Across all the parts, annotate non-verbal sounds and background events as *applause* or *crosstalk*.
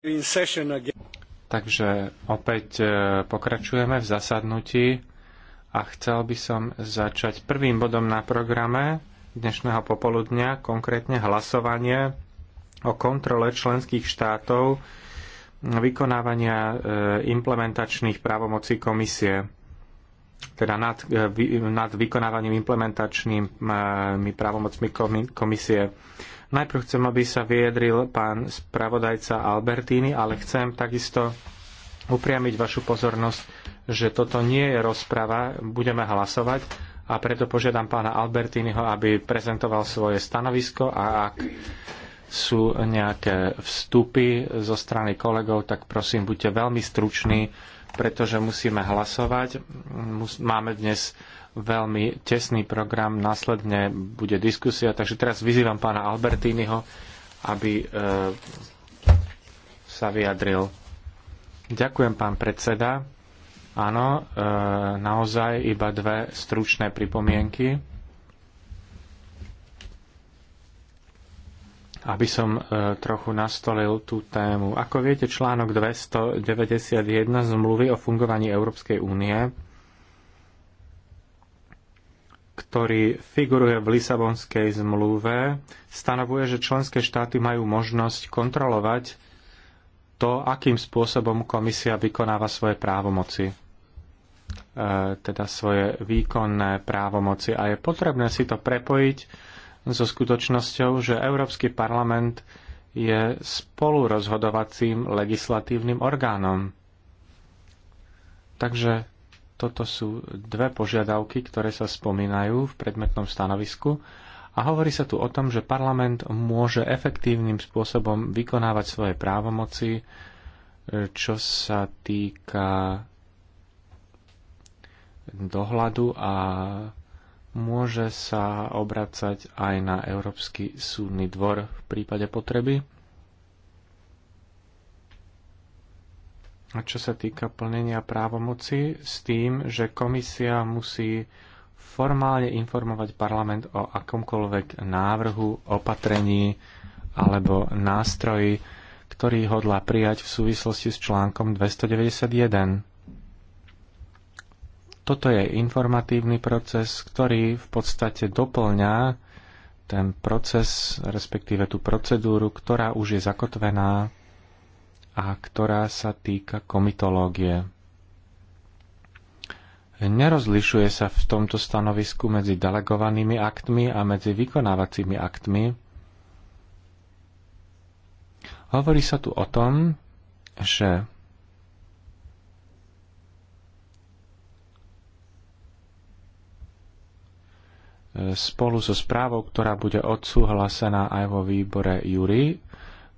Takže opäť e, pokračujeme v zasadnutí a chcel by som začať prvým bodom na programe dnešného popoludnia, konkrétne hlasovanie o kontrole členských štátov vykonávania e, implementačných právomocí komisie teda nad, e, nad vykonávaním implementačnými právomocmi komisie. Najprv chcem, aby sa vyjadril pán spravodajca Albertini, ale chcem takisto upriamiť vašu pozornosť, že toto nie je rozprava, budeme hlasovať a preto požiadam pána Albertiniho, aby prezentoval svoje stanovisko a ak sú nejaké vstupy zo strany kolegov, tak prosím, buďte veľmi struční, pretože musíme hlasovať. Máme dnes veľmi tesný program, následne bude diskusia, takže teraz vyzývam pána Albertínyho, aby e, sa vyjadril. Ďakujem, pán predseda. Áno, e, naozaj iba dve stručné pripomienky. Aby som e, trochu nastolil tú tému. Ako viete, článok 291 zmluvy o fungovaní Európskej únie ktorý figuruje v Lisabonskej zmluve, stanovuje, že členské štáty majú možnosť kontrolovať to, akým spôsobom komisia vykonáva svoje právomoci e, teda svoje výkonné právomoci. A je potrebné si to prepojiť so skutočnosťou, že Európsky parlament je spolurozhodovacím legislatívnym orgánom. Takže toto sú dve požiadavky, ktoré sa spomínajú v predmetnom stanovisku a hovorí sa tu o tom, že parlament môže efektívnym spôsobom vykonávať svoje právomoci, e, čo sa týka dohľadu a môže sa obracať aj na Európsky súdny dvor v prípade potreby. A čo sa týka plnenia právomoci, s tým, že komisia musí formálne informovať parlament o akomkoľvek návrhu, opatrení alebo nástroji, ktorý hodla prijať v súvislosti s článkom 291. Toto je informatívny proces, ktorý v podstate doplňa ten proces, respektíve tú procedúru, ktorá už je zakotvená a ktorá sa týka komitológie. Nerozlišuje sa v tomto stanovisku medzi delegovanými aktmi a medzi vykonávacími aktmi. Hovorí sa tu o tom, že spolu so správou, ktorá bude odsúhlasená aj vo výbore Júri,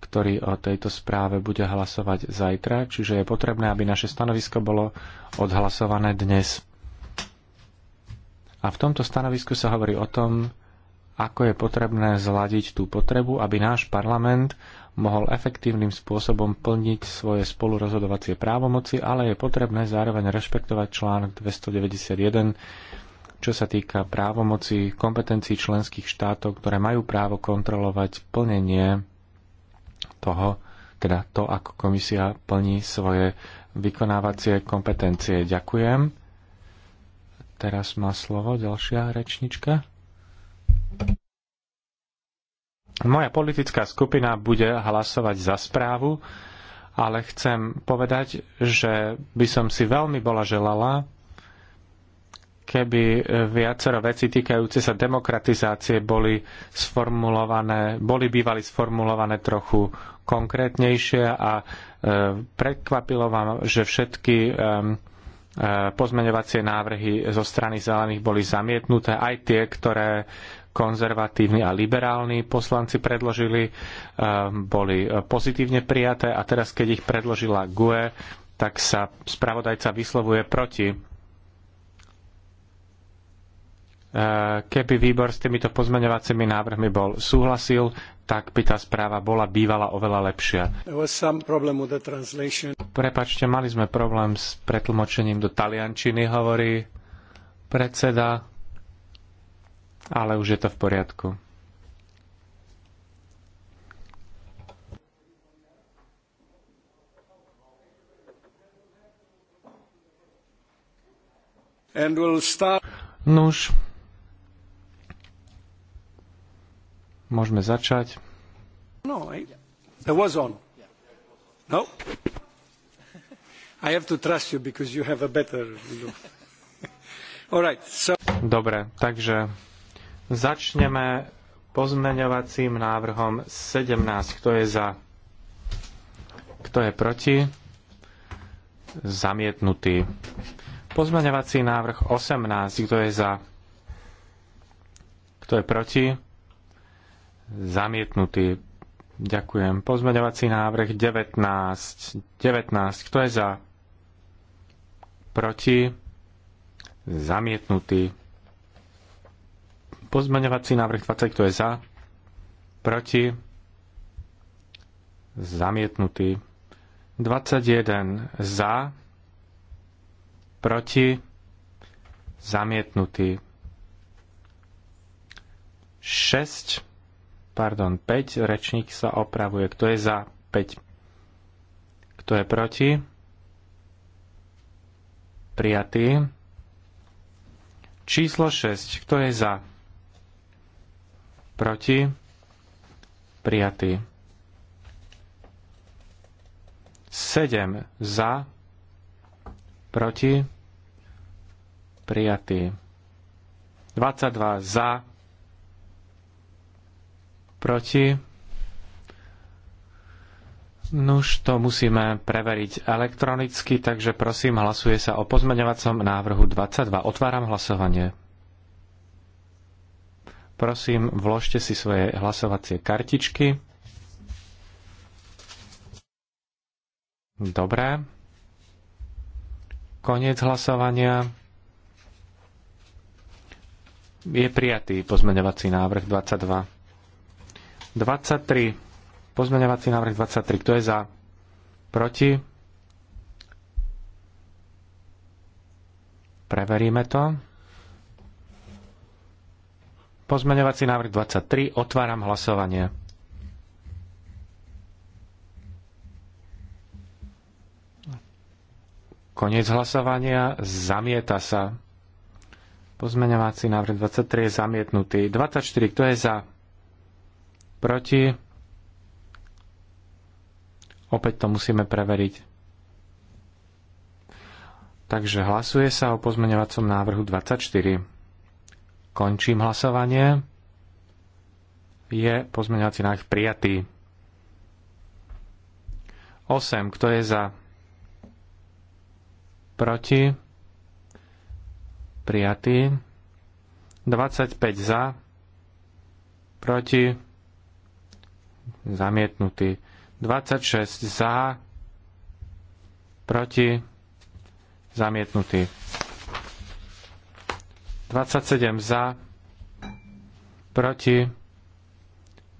ktorý o tejto správe bude hlasovať zajtra, čiže je potrebné, aby naše stanovisko bolo odhlasované dnes. A v tomto stanovisku sa hovorí o tom, ako je potrebné zladiť tú potrebu, aby náš parlament mohol efektívnym spôsobom plniť svoje spolurozhodovacie právomoci, ale je potrebné zároveň rešpektovať článok 291, čo sa týka právomoci kompetencií členských štátov, ktoré majú právo kontrolovať plnenie toho, teda to, ako komisia plní svoje vykonávacie kompetencie. Ďakujem. Teraz má slovo ďalšia rečnička. Moja politická skupina bude hlasovať za správu, ale chcem povedať, že by som si veľmi bola želala, keby viacero veci týkajúce sa demokratizácie boli sformulované, boli bývali sformulované trochu konkrétnejšie a e, prekvapilo vám, že všetky e, e, pozmeňovacie návrhy zo strany zelených boli zamietnuté, aj tie, ktoré konzervatívni a liberálni poslanci predložili, boli pozitívne prijaté a teraz, keď ich predložila GUE, tak sa spravodajca vyslovuje proti keby výbor s týmito pozmeňovacími návrhmi bol súhlasil, tak by tá správa bola bývala oveľa lepšia. Prepačte, mali sme problém s pretlmočením do taliančiny, hovorí predseda, ale už je to v poriadku. And we'll start... Nuž, Môžeme začať. No, it was on. No. I have to trust you because you have a better... *laughs* All right, so... Dobre, takže začneme pozmeňovacím návrhom 17. Kto je za? Kto je proti? Zamietnutý. Pozmeňovací návrh 18. Kto je za? Kto je proti? Zamietnutý. Ďakujem. Pozmeňovací návrh 19. 19. Kto je za? Proti? Zamietnutý. Pozmeňovací návrh 20. Kto je za? Proti? Zamietnutý. 21. Za? Proti? Zamietnutý. 6 Pardon, 5. Rečník sa opravuje. Kto je za 5? Kto je proti? Prijatý. Číslo 6. Kto je za? Proti? Prijatý. 7. Za? Proti? Prijatý. 22. Za? Proti? Nuž, to musíme preveriť elektronicky, takže prosím, hlasuje sa o pozmeňovacom návrhu 22. Otváram hlasovanie. Prosím, vložte si svoje hlasovacie kartičky. Dobre. Koniec hlasovania. Je prijatý pozmeňovací návrh 22. 23. Pozmeňovací návrh 23. Kto je za? Proti? Preveríme to. Pozmeňovací návrh 23. Otváram hlasovanie. Koniec hlasovania. Zamieta sa. Pozmeňovací návrh 23 je zamietnutý. 24. Kto je za? Proti? Opäť to musíme preveriť. Takže hlasuje sa o pozmeňovacom návrhu 24. Končím hlasovanie. Je pozmeňovací návrh prijatý. 8. Kto je za? Proti? Prijatý. 25 za. Proti? zamietnutý. 26 za, proti, zamietnutý. 27 za, proti,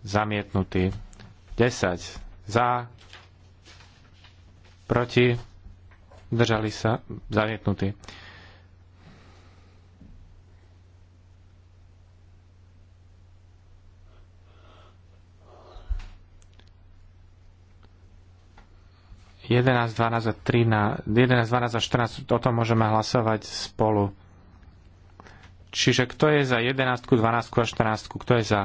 zamietnutý. 10 za, proti, držali sa, zamietnutý. 11, 12 a 13, 11, 12 a 14, o tom môžeme hlasovať spolu. Čiže kto je za 11, 12 a 14? Kto je za?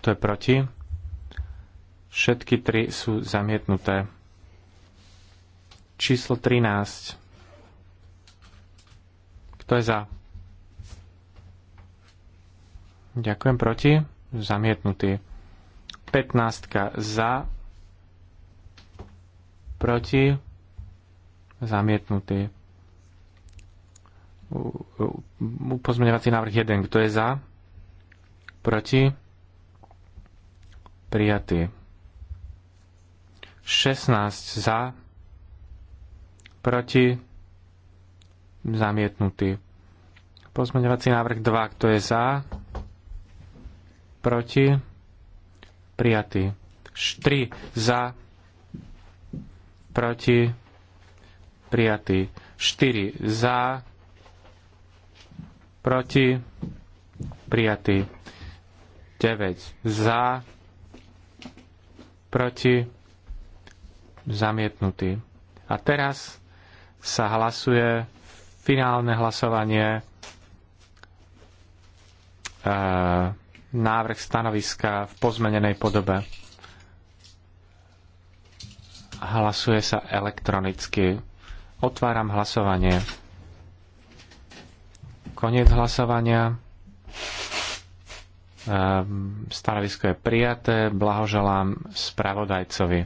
Kto je proti? Všetky tri sú zamietnuté. Číslo 13. Kto je za? Ďakujem proti. Zamietnutý. 15 za, proti, zamietnutý. Pozmeňovací návrh 1, kto je za, proti, prijatý. 16 za, proti, zamietnutý. Pozmeňovací návrh 2, kto je za, proti, prijatý. 3 za, proti, prijatý. 4 za, proti, prijatý. 9 za, proti, zamietnutý. A teraz sa hlasuje finálne hlasovanie eh, návrh stanoviska v pozmenenej podobe. Hlasuje sa elektronicky. Otváram hlasovanie. Koniec hlasovania. Ehm, stanovisko je prijaté. Blahoželám spravodajcovi.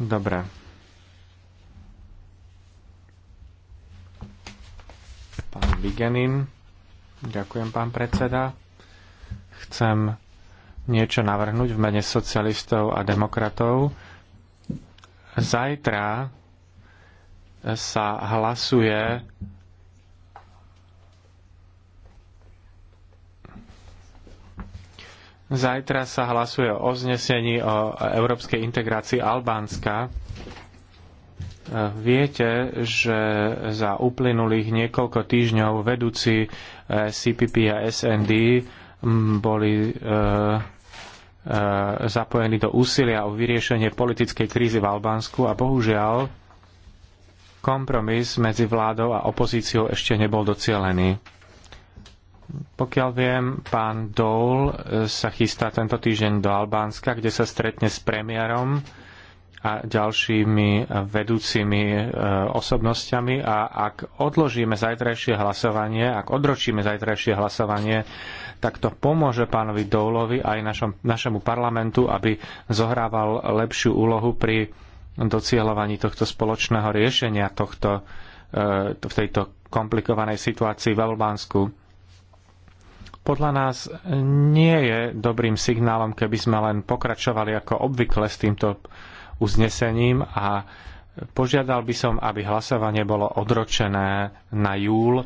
Dobre. Pán Vigenin. Ďakujem, pán predseda. Chcem niečo navrhnúť v mene socialistov a demokratov. Zajtra sa hlasuje Zajtra sa hlasuje o znesení o európskej integrácii Albánska. Viete, že za uplynulých niekoľko týždňov vedúci eh, CPP a SND boli eh, E, zapojení do úsilia o vyriešenie politickej krízy v Albánsku a bohužiaľ kompromis medzi vládou a opozíciou ešte nebol docielený. Pokiaľ viem, pán Dole e, sa chystá tento týždeň do Albánska, kde sa stretne s premiérom a ďalšími vedúcimi e, osobnosťami a ak odložíme zajtrajšie hlasovanie, ak odročíme zajtrajšie hlasovanie, tak to pomôže pánovi Doulovi aj našom, našemu parlamentu, aby zohrával lepšiu úlohu pri docielovaní tohto spoločného riešenia tohto, e, v tejto komplikovanej situácii v Albánsku. Podľa nás nie je dobrým signálom, keby sme len pokračovali ako obvykle s týmto uznesením a požiadal by som, aby hlasovanie bolo odročené na júl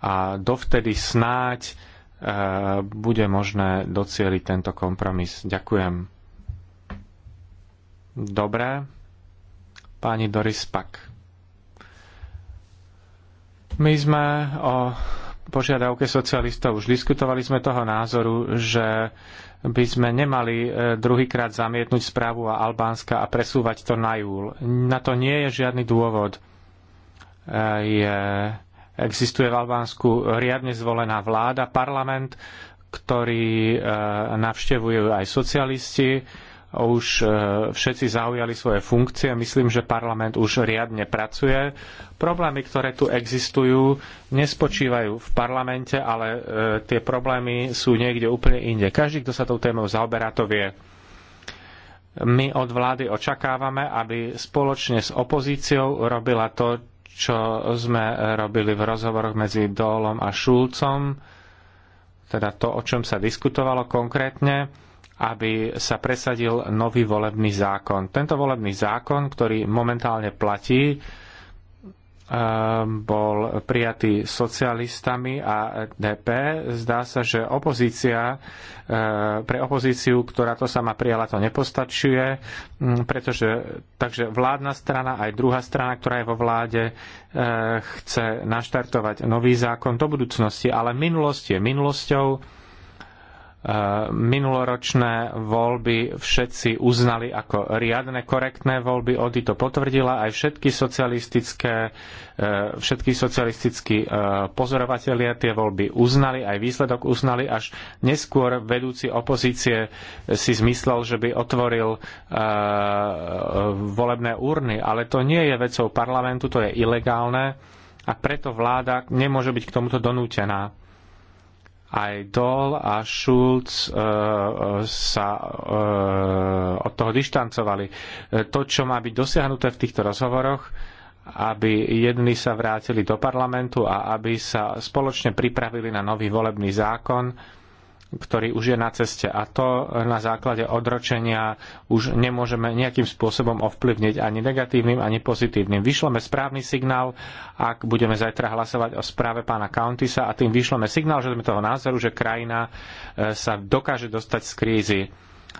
a dovtedy snáď bude možné docieliť tento kompromis. Ďakujem. Dobre. Páni Doris Pak. My sme o požiadavke socialistov už diskutovali sme toho názoru, že by sme nemali e, druhýkrát zamietnúť správu a Albánska a presúvať to na júl. Na to nie je žiadny dôvod. E, je Existuje v Albánsku riadne zvolená vláda, parlament, ktorý eh, navštevujú aj socialisti. Už eh, všetci zaujali svoje funkcie. Myslím, že parlament už riadne pracuje. Problémy, ktoré tu existujú, nespočívajú v parlamente, ale eh, tie problémy sú niekde úplne inde. Každý, kto sa tou témou zaoberá, to vie. My od vlády očakávame, aby spoločne s opozíciou robila to, čo sme robili v rozhovoroch medzi Dolom a Šulcom, teda to, o čom sa diskutovalo konkrétne, aby sa presadil nový volebný zákon. Tento volebný zákon, ktorý momentálne platí, Ehm, bol prijatý socialistami a e DP. Zdá sa, že opozícia, ehm, pre opozíciu, ktorá to sama prijala, to nepostačuje, mm, pretože takže vládna strana, aj druhá strana, ktorá je vo vláde, ehm, chce naštartovať nový zákon do budúcnosti, ale minulosť je minulosťou E, minuloročné voľby všetci uznali ako riadne, korektné voľby. Ody to potvrdila aj všetky socialistické, e, všetky socialistickí e, pozorovatelia tie voľby uznali, aj výsledok uznali, až neskôr vedúci opozície si zmyslel, že by otvoril volebné úrny, ale to nie je vecou parlamentu, to je ilegálne a preto vláda nemôže byť k tomuto donútená aj Dol a Schulz uh, sa uh, od toho dištancovali. To, čo má byť dosiahnuté v týchto rozhovoroch, aby jedni sa vrátili do parlamentu a aby sa spoločne pripravili na nový volebný zákon, ktorý už je na ceste a to na základe odročenia už nemôžeme nejakým spôsobom ovplyvniť ani negatívnym, ani pozitívnym. Vyšleme správny signál, ak budeme zajtra hlasovať o správe pána Countisa a tým vyšleme signál, že sme toho názoru, že krajina e, sa dokáže dostať z krízy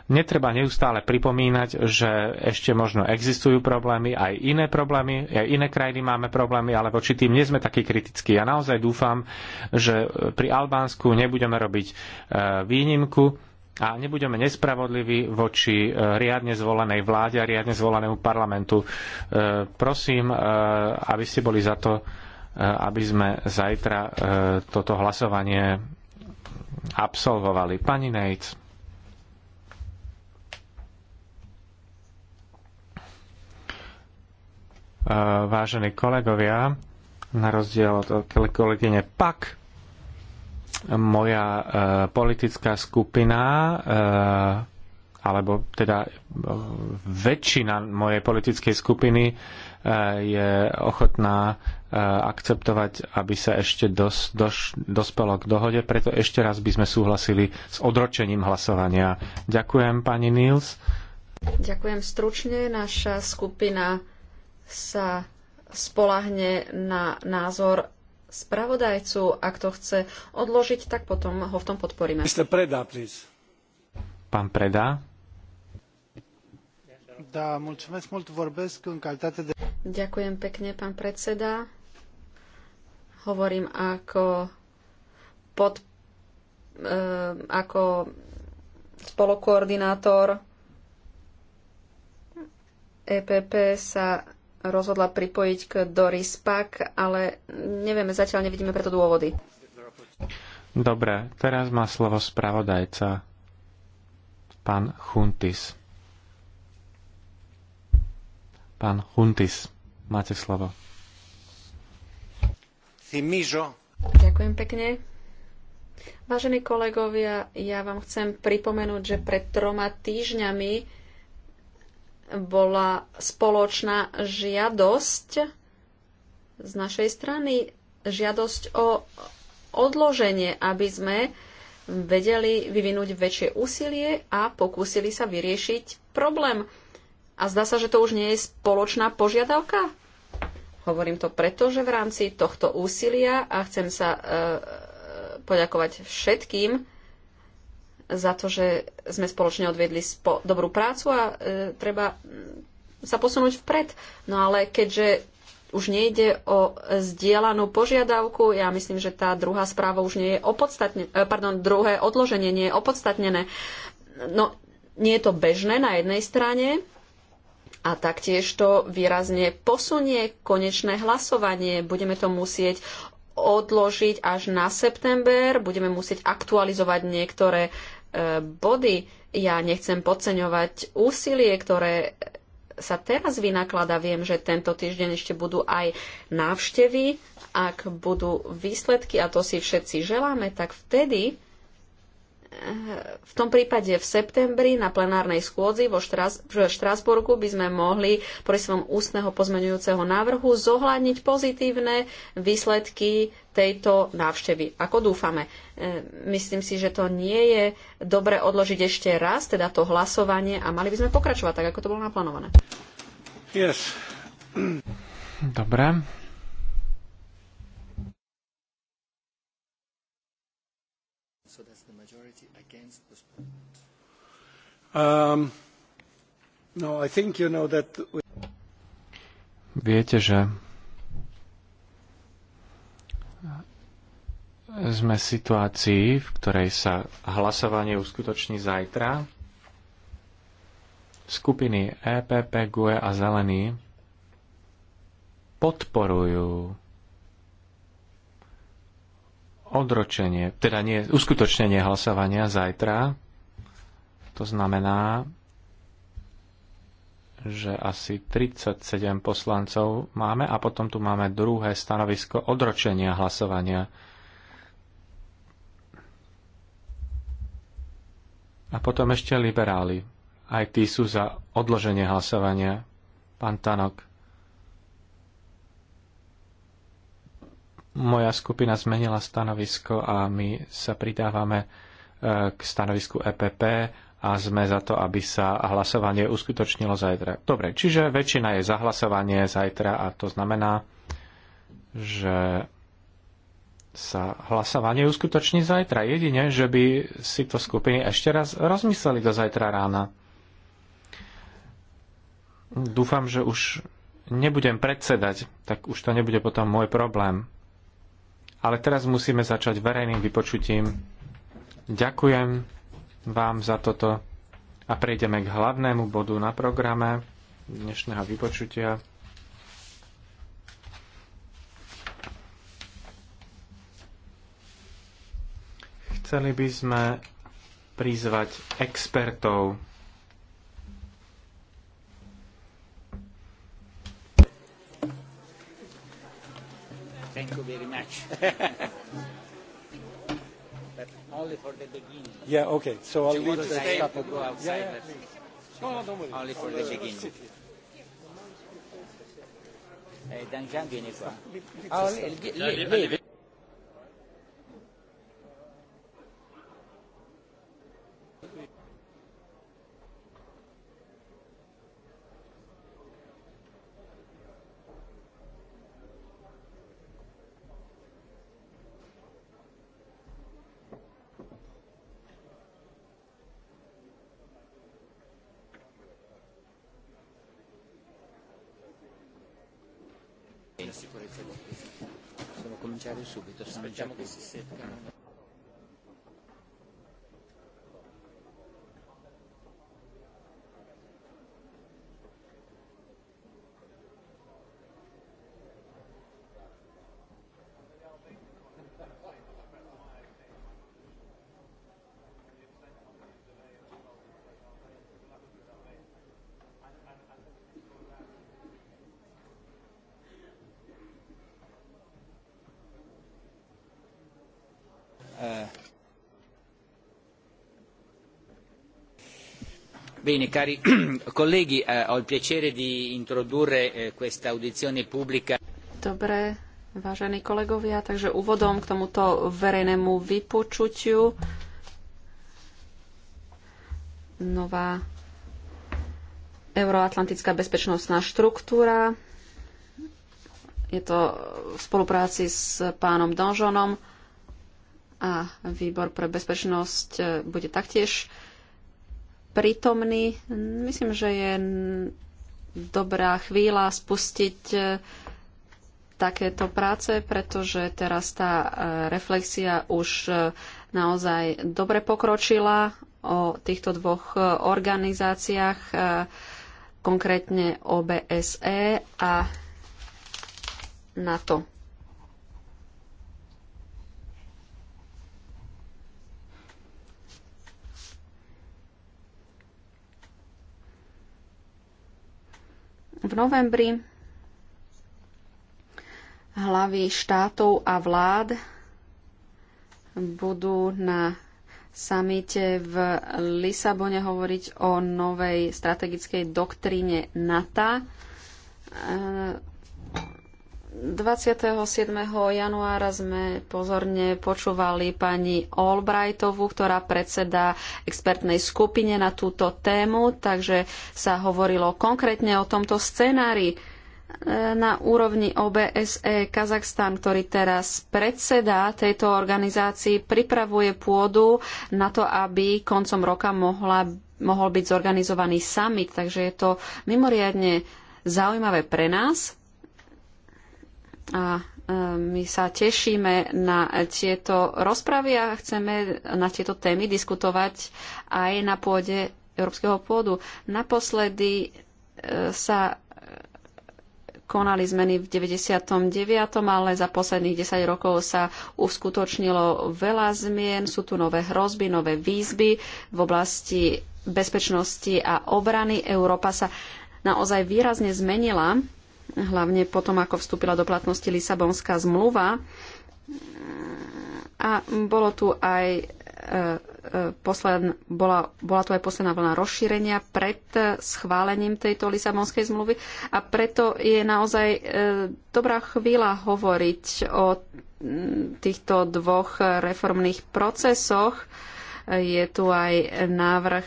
Netreba neustále pripomínať, že ešte možno existujú problémy, aj iné problémy, aj iné krajiny máme problémy, ale voči tým nie sme takí kritickí. Ja naozaj dúfam, že pri Albánsku nebudeme robiť e, výnimku a nebudeme nespravodliví voči e, riadne zvolenej vláde a riadne zvolenému parlamentu. E, prosím, aby ste boli za to, aby sme zajtra toto hlasovanie absolvovali. Pani Nejc. vážení kolegovia, na rozdiel od kolegyne Pak, moja e, politická skupina e, alebo teda e, väčšina mojej politickej skupiny je ochotná akceptovať, aby sa ešte dos, dos, dospelo k dohode, preto ešte raz by sme súhlasili s odročením hlasovania. Ďakujem, pani Nils. Ďakujem stručne. Naša skupina sa spolahne na názor spravodajcu. Ak to chce odložiť, tak potom ho v tom podporíme. Preda, please. Pán Preda. Da, mult, vorbesc în de... Ďakujem pekne, pán predseda. Hovorím ako pod, eh, e, ako spolokoordinátor EPP sa rozhodla pripojiť k Doris Pak, ale nevieme, zatiaľ nevidíme preto dôvody. Dobre, teraz má slovo spravodajca, pán Chuntis. Pán Chuntis, máte slovo. Ďakujem pekne. Vážení kolegovia, ja vám chcem pripomenúť, že pred troma týždňami bola spoločná žiadosť z našej strany, žiadosť o odloženie, aby sme vedeli vyvinúť väčšie úsilie a pokúsili sa vyriešiť problém. A zdá sa, že to už nie je spoločná požiadavka. Hovorím to preto, že v rámci tohto úsilia a chcem sa e, e poďakovať všetkým, za to, že sme spoločne odviedli spo- dobrú prácu a e, treba sa posunúť vpred. No ale keďže už nejde o zdieľanú požiadavku. Ja myslím, že tá druhá správa už nie je opodstatne, e, pardon, druhé odloženie nie je opodstatnené. No, nie je to bežné na jednej strane a taktiež to výrazne posunie konečné hlasovanie. Budeme to musieť odložiť až na september. Budeme musieť aktualizovať niektoré body. Ja nechcem podceňovať úsilie, ktoré sa teraz vynaklada. Viem, že tento týždeň ešte budú aj návštevy. Ak budú výsledky, a to si všetci želáme, tak vtedy v tom prípade v septembri na plenárnej schôdzi vo Štrás- v Štrasburgu by sme mohli pri svojom ústneho pozmeňujúceho návrhu zohľadniť pozitívne výsledky tejto návštevy. Ako dúfame. E, myslím si, že to nie je dobre odložiť ešte raz, teda to hlasovanie a mali by sme pokračovať tak, ako to bolo naplánované. Yes. Dobre. Um, no, Viete, že sme v situácii, v ktorej sa hlasovanie uskutoční zajtra. Skupiny EPP, GUE a zelení. podporujú odročenie, teda nie, uskutočnenie hlasovania zajtra to znamená, že asi 37 poslancov máme a potom tu máme druhé stanovisko odročenia hlasovania. A potom ešte liberáli. Aj tí sú za odloženie hlasovania. Pán Tanok. Moja skupina zmenila stanovisko a my sa pridávame eh, k stanovisku EPP a sme za to, aby sa hlasovanie uskutočnilo zajtra. Dobre, čiže väčšina je za hlasovanie zajtra a to znamená, že sa hlasovanie uskutoční zajtra. Jedine, že by si to skupiny ešte raz rozmysleli do zajtra rána. Dúfam, že už nebudem predsedať, tak už to nebude potom môj problém. Ale teraz musíme začať verejným vypočutím. Ďakujem vám za toto a prejdeme k hlavnému bodu na programe dnešného vypočutia. Chceli by sme prizvať expertov. Thank you very much. *laughs* Only for the beginning. Yeah, okay. So I'll leave the stay yeah, yeah, please. No, no, don't worry. Only for the beginning. Eh, Dan Gian viene qua. Ah, lei, lei, lei. subito. Aspettiamo che si seccano. cari *clears throat* colleghi, eh, ho il piacere di introdurre eh, questa audizione pubblica. Dobre, vážení kolegovia, takže úvodom k tomuto verejnému vypočutiu nová Euroatlantická bezpečnostná štruktúra. Je to v spolupráci s pánom Donžonom a výbor pre bezpečnosť eh, bude taktiež prítomný. Myslím, že je dobrá chvíľa spustiť e, takéto práce, pretože teraz tá e, reflexia už e, naozaj dobre pokročila o týchto dvoch organizáciách, konkrétne OBSE a NATO. v novembri hlavy štátov a vlád budú na samite v Lisabone hovoriť o novej strategickej doktríne NATO. 27. januára sme pozorne počúvali pani Albrightovú, ktorá predseda expertnej skupine na túto tému, takže sa hovorilo konkrétne o tomto scenári e, na úrovni OBSE Kazachstan, ktorý teraz predseda tejto organizácii, pripravuje pôdu na to, aby koncom roka mohla, mohol byť zorganizovaný summit. Takže je to mimoriadne zaujímavé pre nás, a e, my sa tešíme na tieto rozpravy a chceme na tieto témy diskutovať aj na pôde Európskeho pôdu. Naposledy e, sa konali zmeny v 99., ale za posledných 10 rokov sa uskutočnilo veľa zmien. Sú tu nové hrozby, nové výzby v oblasti bezpečnosti a obrany. Európa sa naozaj výrazne zmenila hlavne potom, ako vstúpila do platnosti Lisabonská zmluva. A bolo tu aj e, e, posledn, bola, bola tu aj posledná vlna rozšírenia pred schválením tejto Lisabonskej zmluvy a preto je naozaj e, dobrá chvíľa hovoriť o týchto dvoch reformných procesoch. Je tu aj návrh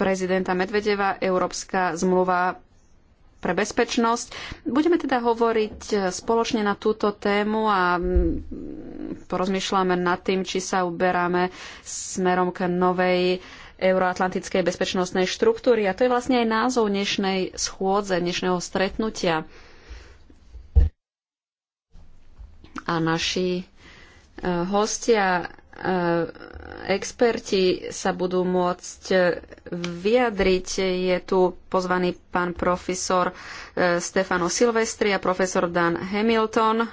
prezidenta Medvedeva, Európska zmluva pre bezpečnosť. Budeme teda hovoriť e, spoločne na túto tému a mm, porozmýšľame nad tým, či sa uberáme smerom k novej euroatlantickej bezpečnostnej štruktúry. A to je vlastne aj názov dnešnej schôdze, dnešného stretnutia. A naši e, hostia e, experti sa budú môcť e, vyjadriť. Je tu pozvaný pán profesor e, Stefano Silvestri a profesor Dan Hamilton.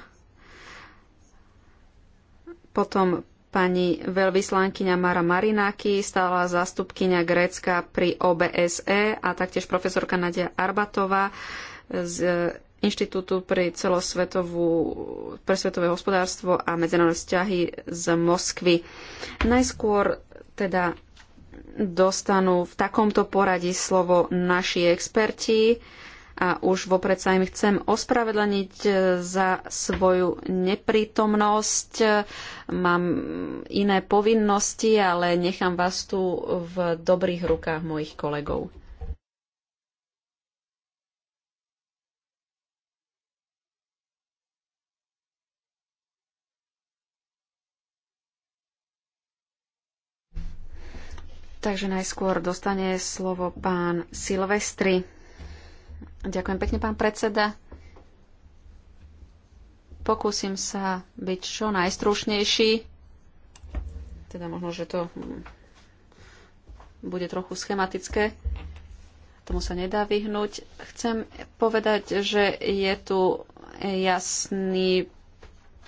Potom pani veľvyslankyňa Mara Marináky, stála zástupkyňa Grécka pri OBSE a taktiež profesorka Nadia Arbatová z Inštitútu pre celosvetovú, pre svetové hospodárstvo a medzinárodné vzťahy z Moskvy. Najskôr teda dostanú v takomto poradí slovo naši experti a už vopred sa im chcem ospravedlniť e, za svoju neprítomnosť. Mám iné povinnosti, ale nechám vás tu v dobrých rukách mojich kolegov. Takže najskôr dostane slovo pán Silvestri. Ďakujem pekne, pán predseda. Pokúsim sa byť čo najstrušnejší. Teda možno, že to bude trochu schematické. Tomu sa nedá vyhnúť. Chcem povedať, že je tu jasný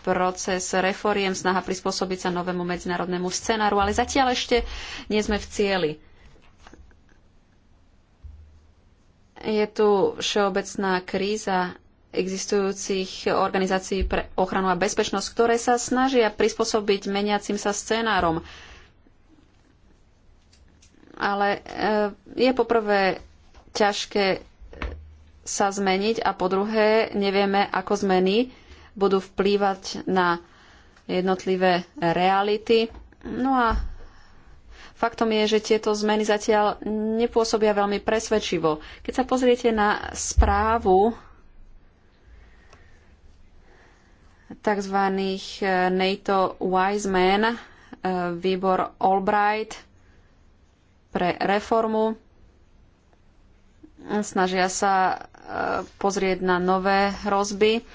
proces reforiem, snaha prispôsobiť sa novému medzinárodnému scenáru, ale zatiaľ ešte nie sme v cieli. Je tu všeobecná kríza existujúcich organizácií pre ochranu a bezpečnosť, ktoré sa snažia prispôsobiť meniacim sa scenárom. Ale e, je poprvé ťažké sa zmeniť a po druhé nevieme, ako zmeny budú vplývať na jednotlivé reality. No a faktom je, že tieto zmeny zatiaľ nepôsobia veľmi presvedčivo. Keď sa pozriete na správu tzv. Eh, NATO Wise Man eh, výbor Albright pre reformu, snažia sa eh, pozrieť na nové hrozby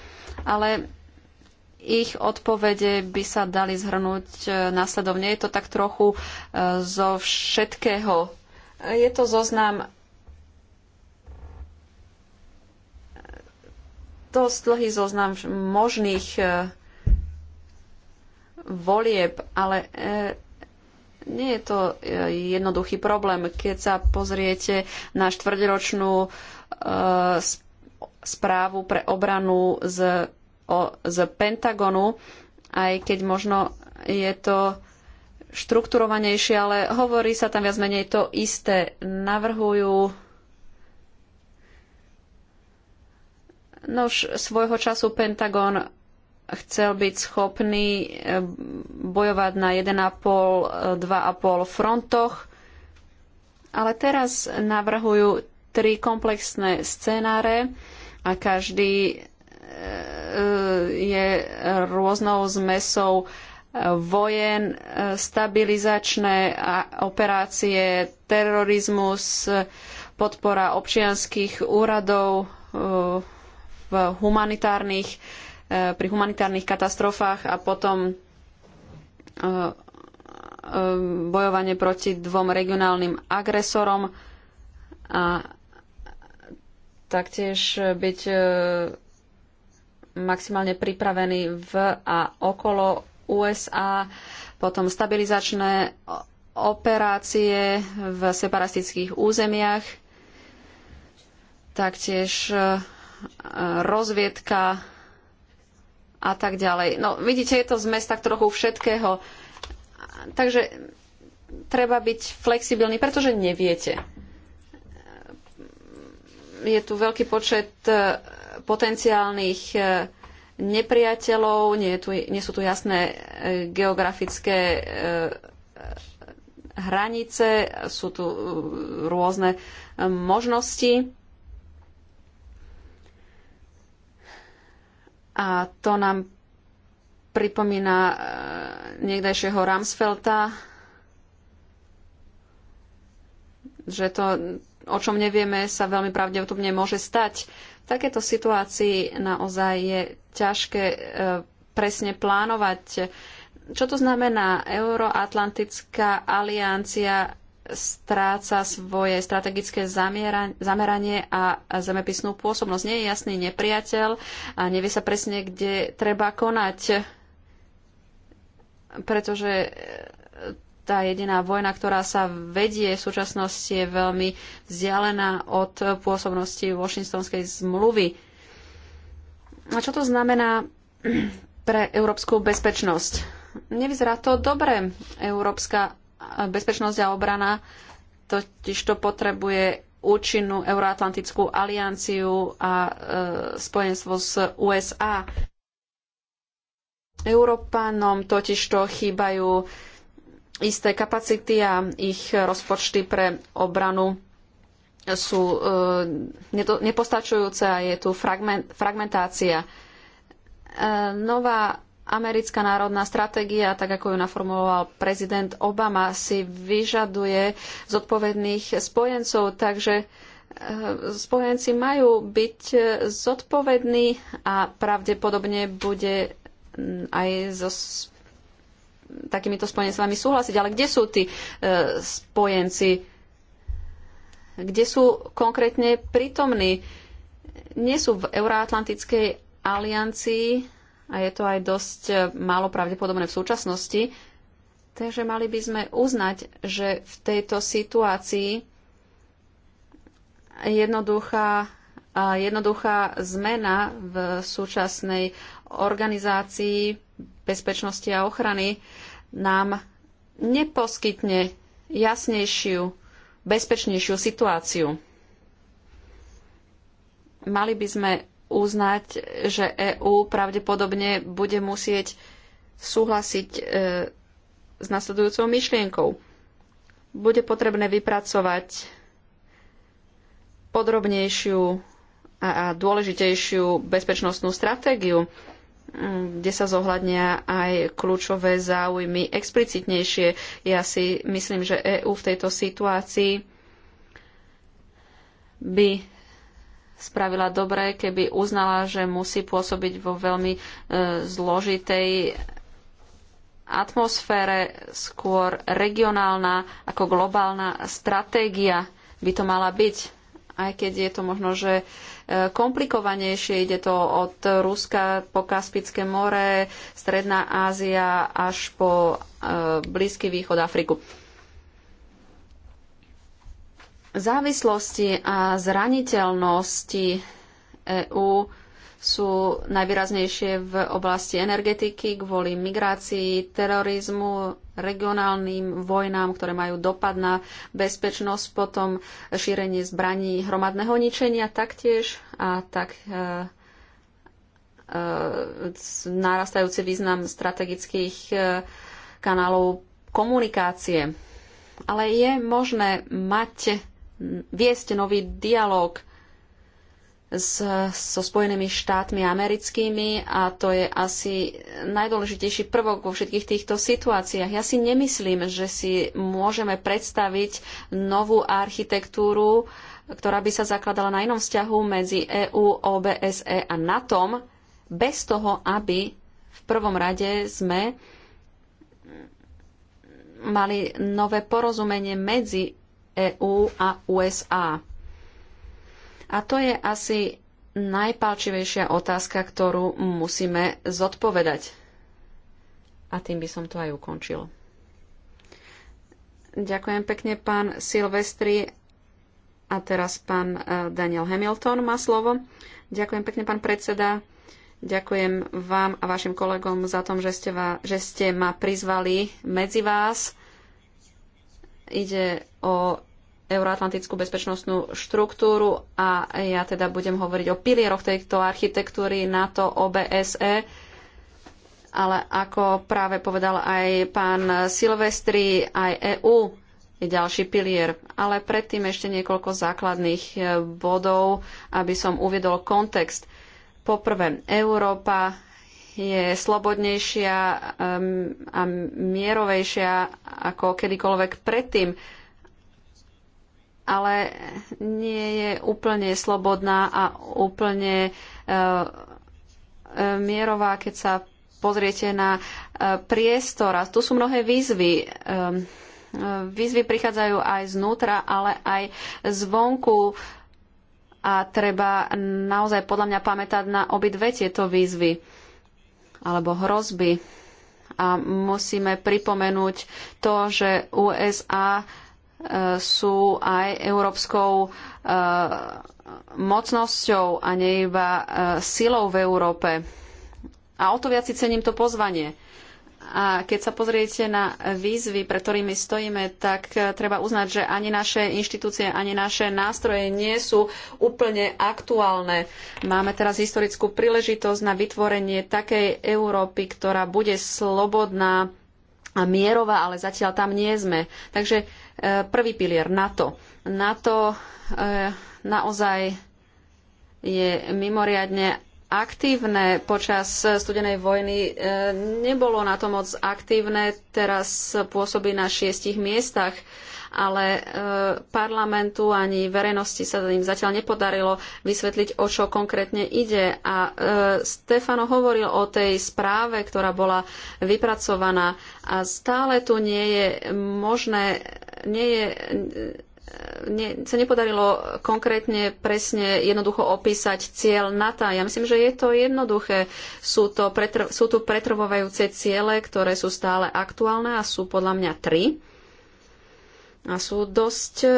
ale ich odpovede by sa dali zhrnúť e, následovne. Je to tak trochu e, zo všetkého. Je to zoznam dosť dlhý zoznam možných e, volieb, ale nie je to jednoduchý problém. Keď sa pozriete na štvrťročnú správu pre obranu z, o, z Pentagonu, aj keď možno je to štrukturovanejšie, ale hovorí sa tam viac menej to isté. Navrhujú Nož svojho času Pentagon chcel byť schopný eh, bojovať na 1,5, 2,5 eh, frontoch, ale teraz navrhujú tri komplexné scenáre a každý e, je rôznou zmesou e, vojen, e, stabilizačné operácie, terorizmus, podpora občianských úradov v humanitárnych, pri humanitárnych katastrofách a potom bojovanie proti dvom regionálnym agresorom a taktiež byť e, maximálne pripravený v a okolo USA, potom stabilizačné operácie v separatistických územiach, taktiež e, rozviedka a tak ďalej. No, vidíte, je to zmes tak trochu všetkého. Takže treba byť flexibilný, pretože neviete je tu veľký počet e, potenciálnych e, nepriateľov, nie, tu, nie sú tu jasné e, geografické hranice, sú tu rôzne možnosti. A to nám pripomína niekdajšieho Ramsfelta, že to o čom nevieme, sa veľmi pravdepodobne môže stať. V takéto situácii naozaj je ťažké e, presne plánovať. Čo to znamená? Euroatlantická aliancia stráca svoje strategické zameranie a zemepisnú pôsobnosť. Nie je jasný nepriateľ a nevie sa presne, kde treba konať, pretože tá jediná vojna, ktorá sa vedie v súčasnosti, je veľmi vzdialená od pôsobnosti Washingtonskej zmluvy. A čo to znamená *clears throat* pre európsku bezpečnosť? Nevyzerá to dobre. Európska bezpečnosť a obrana totiž to potrebuje účinnú Euroatlantickú alianciu a e, spojenstvo s USA. Európanom totiž to chýbajú isté kapacity a ich rozpočty pre obranu sú e, nepostačujúce a je tu fragmentácia. E, nová americká národná stratégia, tak ako ju naformuloval prezident Obama, si vyžaduje zodpovedných spojencov, takže e, spojenci majú byť zodpovední a pravdepodobne bude aj zo takýmito spojencami súhlasiť, ale kde sú tí e, spojenci? Kde sú konkrétne prítomní? Nie sú v Euroatlantickej aliancii a je to aj dosť e, málo pravdepodobné v súčasnosti. Takže mali by sme uznať, že v tejto situácii jednoduchá, jednoduchá zmena v súčasnej organizácii bezpečnosti a ochrany nám neposkytne jasnejšiu, bezpečnejšiu situáciu. Mali by sme uznať, že EÚ pravdepodobne bude musieť súhlasiť e, s nasledujúcou myšlienkou. Bude potrebné vypracovať podrobnejšiu a, a dôležitejšiu bezpečnostnú stratégiu kde sa zohľadnia aj kľúčové záujmy explicitnejšie. Ja si myslím, že EÚ v tejto situácii by spravila dobre, keby uznala, že musí pôsobiť vo veľmi e, zložitej atmosfére, skôr regionálna ako globálna stratégia by to mala byť, aj keď je to možno, že e, komplikovanejšie. Ide to od Ruska po Kaspické more, Stredná Ázia až po e, Blízky východ Afriku. Závislosti a zraniteľnosti EÚ sú najvýraznejšie v oblasti energetiky kvôli migrácii, terorizmu, regionálnym vojnám, ktoré majú dopad na bezpečnosť, potom šírenie zbraní hromadného ničenia taktiež a tak e, e narastajúci význam strategických e, kanálov komunikácie. Ale je možné mať, viesť nový dialog s, so Spojenými štátmi americkými a to je asi najdôležitejší prvok vo všetkých týchto situáciách. Ja si nemyslím, že si môžeme predstaviť novú architektúru, ktorá by sa zakladala na inom vzťahu medzi EÚ, OBSE a NATO, bez toho, aby v prvom rade sme mali nové porozumenie medzi EÚ a USA. A to je asi najpálčivejšia otázka, ktorú musíme zodpovedať. A tým by som to aj ukončil. Ďakujem pekne, pán Silvestri. A teraz pán eh, Daniel Hamilton má slovo. Ďakujem pekne, pán predseda. Ďakujem vám a vašim kolegom za to, že že ste ma prizvali medzi vás. Ide o euroatlantickú bezpečnostnú štruktúru a ja teda budem hovoriť o pilieroch tejto architektúry NATO, OBSE, ale ako práve povedal aj pán Silvestri, aj EU je ďalší pilier. Ale predtým ešte niekoľko základných e, bodov, aby som uviedol kontext. Poprvé, Európa je slobodnejšia a mierovejšia ako kedykoľvek predtým ale nie je úplne slobodná a úplne e, e, mierová, keď sa pozriete na e, priestor. A tu sú mnohé výzvy. Výzvy prichádzajú aj znútra, ale aj zvonku a treba naozaj podľa mňa pamätať na obidve tieto výzvy alebo hrozby. A musíme pripomenúť to, že USA sú aj európskou e, mocnosťou a nie iba e, silou v Európe. A o to viac si cením to pozvanie. A keď sa pozriete na výzvy, pre ktorými stojíme, tak e, treba uznať, že ani naše inštitúcie, ani naše nástroje nie sú úplne aktuálne. Máme teraz historickú príležitosť na vytvorenie takej Európy, ktorá bude slobodná a mierová, ale zatiaľ tam nie sme. Takže Eh, prvý pilier NATO. NATO eh, naozaj je mimoriadne aktívne počas studenej vojny. Eh, nebolo na to moc aktívne, teraz pôsobí na šiestich miestach, ale parlamentu ani verejnosti sa im zatiaľ nepodarilo vysvetliť, o čo konkrétne ide. A Stefano hovoril o tej správe, ktorá bola vypracovaná a stále tu nie je možné nie je, nie, sa nepodarilo konkrétne, presne, jednoducho opísať cieľ NATO. Ja myslím, že je to jednoduché. Sú, to sú tu pretrvovajúce ciele, ktoré sú stále aktuálne a sú podľa mňa tri. A sú dosť e,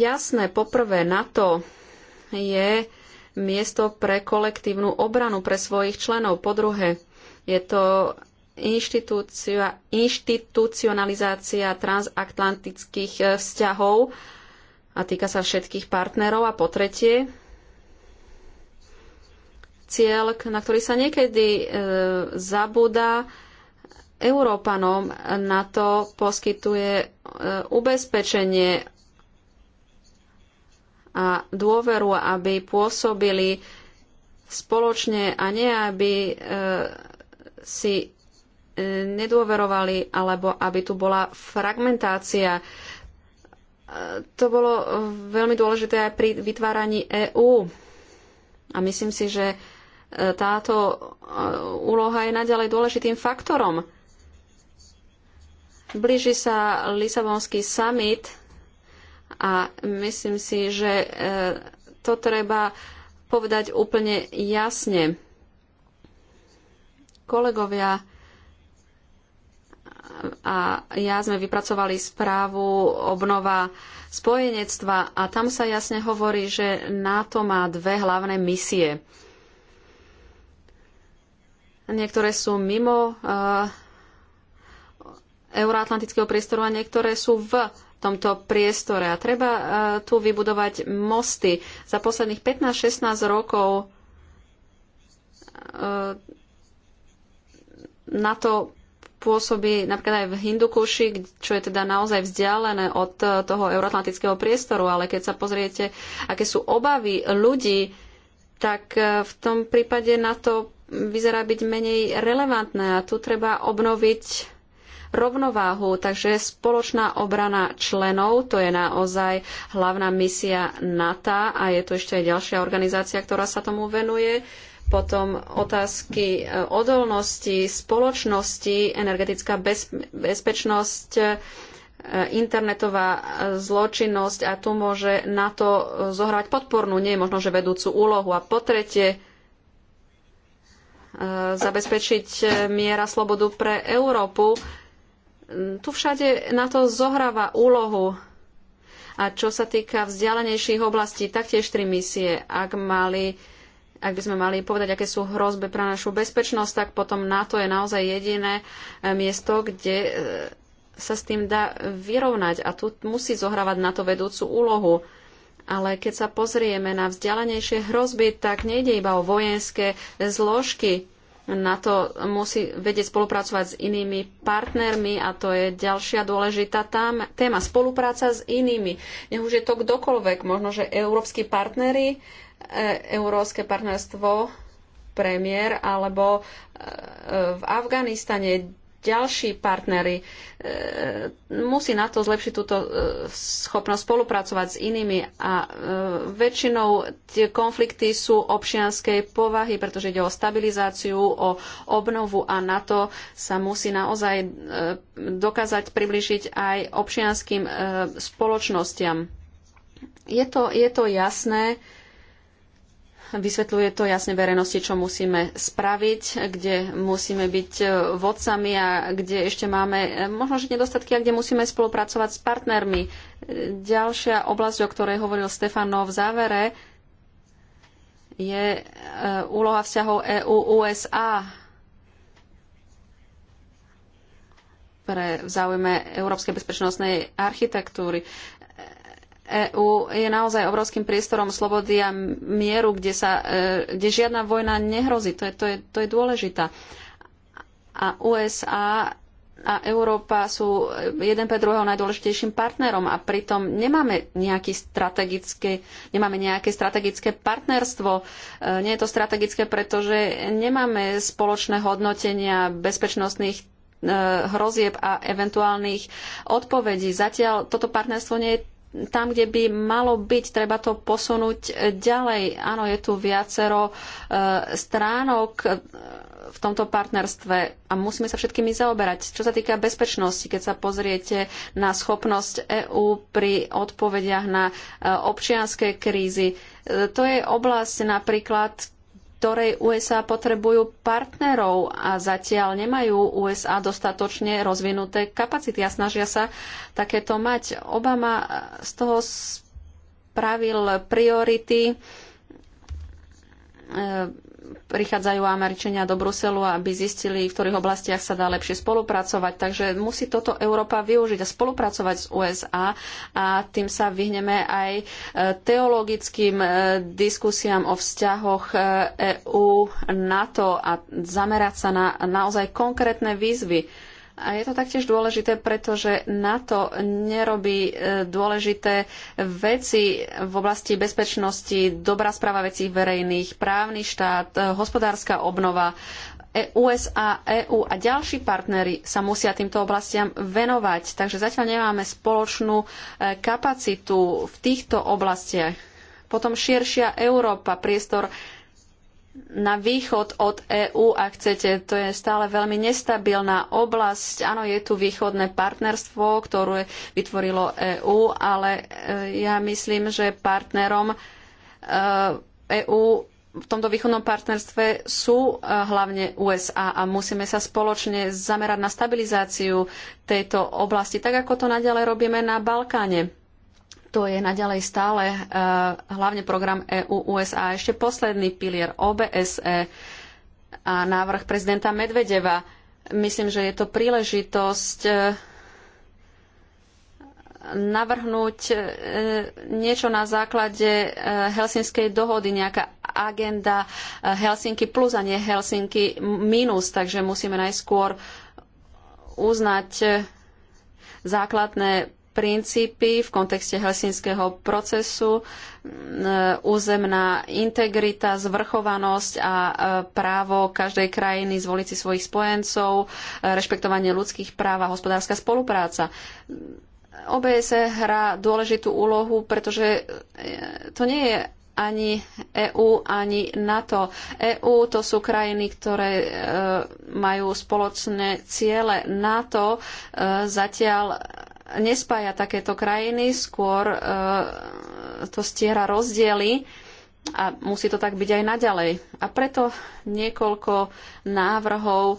jasné. Poprvé, NATO je miesto pre kolektívnu obranu pre svojich členov. Po druhé, je to inštitucionalizácia transatlantických e, vzťahov a týka sa všetkých partnerov. A po tretie, cieľ, na ktorý sa niekedy e, zabúda, Európanom na to poskytuje e, ubezpečenie a dôveru, aby pôsobili spoločne a nie aby e, si E, nedôverovali alebo aby tu bola fragmentácia. E, to bolo veľmi dôležité aj pri vytváraní EÚ. A myslím si, že e, táto úloha je naďalej dôležitým faktorom. Blíži sa Lisabonský summit a myslím si, že to treba povedať úplne jasne. Kolegovia, a ja sme vypracovali správu obnova spojenectva a tam sa jasne hovorí, že NATO má dve hlavné misie. Niektoré sú mimo uh, euroatlantického priestoru a niektoré sú v tomto priestore. A treba uh, tu vybudovať mosty. Za posledných 15-16 rokov uh, eh, na to pôsobí napríklad aj v Hindukuši, čo je teda naozaj vzdialené od eh, toho euroatlantického priestoru, ale keď sa pozriete, aké sú obavy ľudí, tak eh, v tom prípade na to vyzerá byť menej relevantné a tu treba obnoviť rovnováhu, takže spoločná obrana členov, to je naozaj hlavná misia NATO a je tu ešte aj ďalšia organizácia, ktorá sa tomu venuje. Potom otázky e, odolnosti spoločnosti, energetická bezpečnosť, e, internetová e, zločinnosť a tu môže na to zohrať podpornú, nie je možno, že vedúcu úlohu. A po tretie, zabezpečiť miera slobodu pre Európu. Tu všade na to zohráva úlohu. A čo sa týka vzdialenejších oblastí, taktiež tri misie. Ak mali ak by sme mali povedať, aké sú hrozby pre našu bezpečnosť, tak potom NATO je naozaj jediné eh, miesto, kde eh, sa s tým dá vyrovnať a tu musí zohrávať NATO vedúcu úlohu. Ale keď sa pozrieme na vzdialenejšie hrozby, tak nejde iba o vojenské zložky. Na to musí vedieť spolupracovať s inými partnermi a to je ďalšia dôležitá téma. Spolupráca s inými. Nech už je to kdokoľvek. Možno, že európsky partnery, e, európske partnerstvo premiér, alebo e, v Afganistane ďalší partnery. E, musí na to zlepšiť túto e, schopnosť spolupracovať s inými a e, väčšinou tie konflikty sú občianskej povahy, pretože ide o stabilizáciu, o obnovu a na to sa musí naozaj dokázať približiť aj občianským spoločnostiam. Je to, je to jasné, Vysvetľuje to jasne verejnosti, čo musíme spraviť, kde musíme byť e, vodcami a kde ešte máme e, možno že nedostatky a kde musíme spolupracovať s partnermi. E, ďalšia oblasť, o ktorej hovoril Stefano v závere, je úloha vzťahov EU-USA pre v záujme európskej bezpečnostnej architektúry. EÚ je naozaj obrovským priestorom slobody a mieru, kde, sa, e, kde žiadna vojna nehrozí. To je, to je, to je A USA a Európa sú jeden pre druhého najdôležitejším partnerom a pritom nemáme, nejaký strategické, nemáme nejaké strategické partnerstvo. E, nie je to strategické, pretože nemáme spoločné hodnotenia bezpečnostných e, hrozieb a eventuálnych odpovedí. Zatiaľ toto partnerstvo nie je tam, kde by malo byť, treba to posunúť ďalej. Áno, je tu viacero e, stránok e, v tomto partnerstve a musíme sa všetkými zaoberať. Čo sa týka bezpečnosti, keď sa pozriete na schopnosť EÚ pri odpovediach na e, občianské krízy, to je oblasť napríklad, ktorej USA potrebujú partnerov a zatiaľ nemajú USA dostatočne rozvinuté kapacity a snažia sa takéto mať. Obama z toho spravil priority prichádzajú Američania do Bruselu, aby zistili, v ktorých oblastiach sa dá lepšie spolupracovať. Takže musí toto Európa využiť a spolupracovať s USA a tým sa vyhneme aj e, teologickým e, diskusiám o vzťahoch EU-NATO e a zamerať sa na naozaj konkrétne výzvy a je to taktiež dôležité, pretože NATO nerobí e, dôležité veci v oblasti bezpečnosti, dobrá správa vecí verejných, právny štát, e, hospodárska obnova. E, USA, EU a ďalší partnery sa musia týmto oblastiam venovať. Takže zatiaľ nemáme spoločnú kapacitu v týchto oblastiach. Potom širšia Európa, priestor na východ od EÚ, ak chcete. To je stále veľmi nestabilná oblasť. Áno, je tu východné partnerstvo, ktoré vytvorilo EÚ, ale e, ja myslím, že partnerom EÚ e v tomto východnom partnerstve sú e, hlavne USA a musíme sa spoločne zamerať na stabilizáciu tejto oblasti, tak ako to naďalej robíme na Balkáne. To je naďalej stále eh, hlavne program EU-USA. Ešte posledný pilier OBSE a návrh prezidenta Medvedeva. Myslím, že je to príležitosť eh, navrhnúť eh, niečo na základe Helsinskej dohody, nejaká agenda Helsinky plus a nie Helsinky minus, takže musíme najskôr uznať základné princípy v kontexte helsinského procesu, územná integrita, zvrchovanosť a e, právo každej krajiny zvoliť si svojich spojencov, e, rešpektovanie ľudských práv a hospodárska spolupráca. OBS e hrá dôležitú úlohu, pretože to nie je ani EÚ, ani NATO. EÚ to sú krajiny, ktoré e, majú spoločné ciele. NATO e, zatiaľ nespája takéto krajiny, skôr e, to stiera rozdiely a musí to tak byť aj naďalej. A preto niekoľko návrhov e,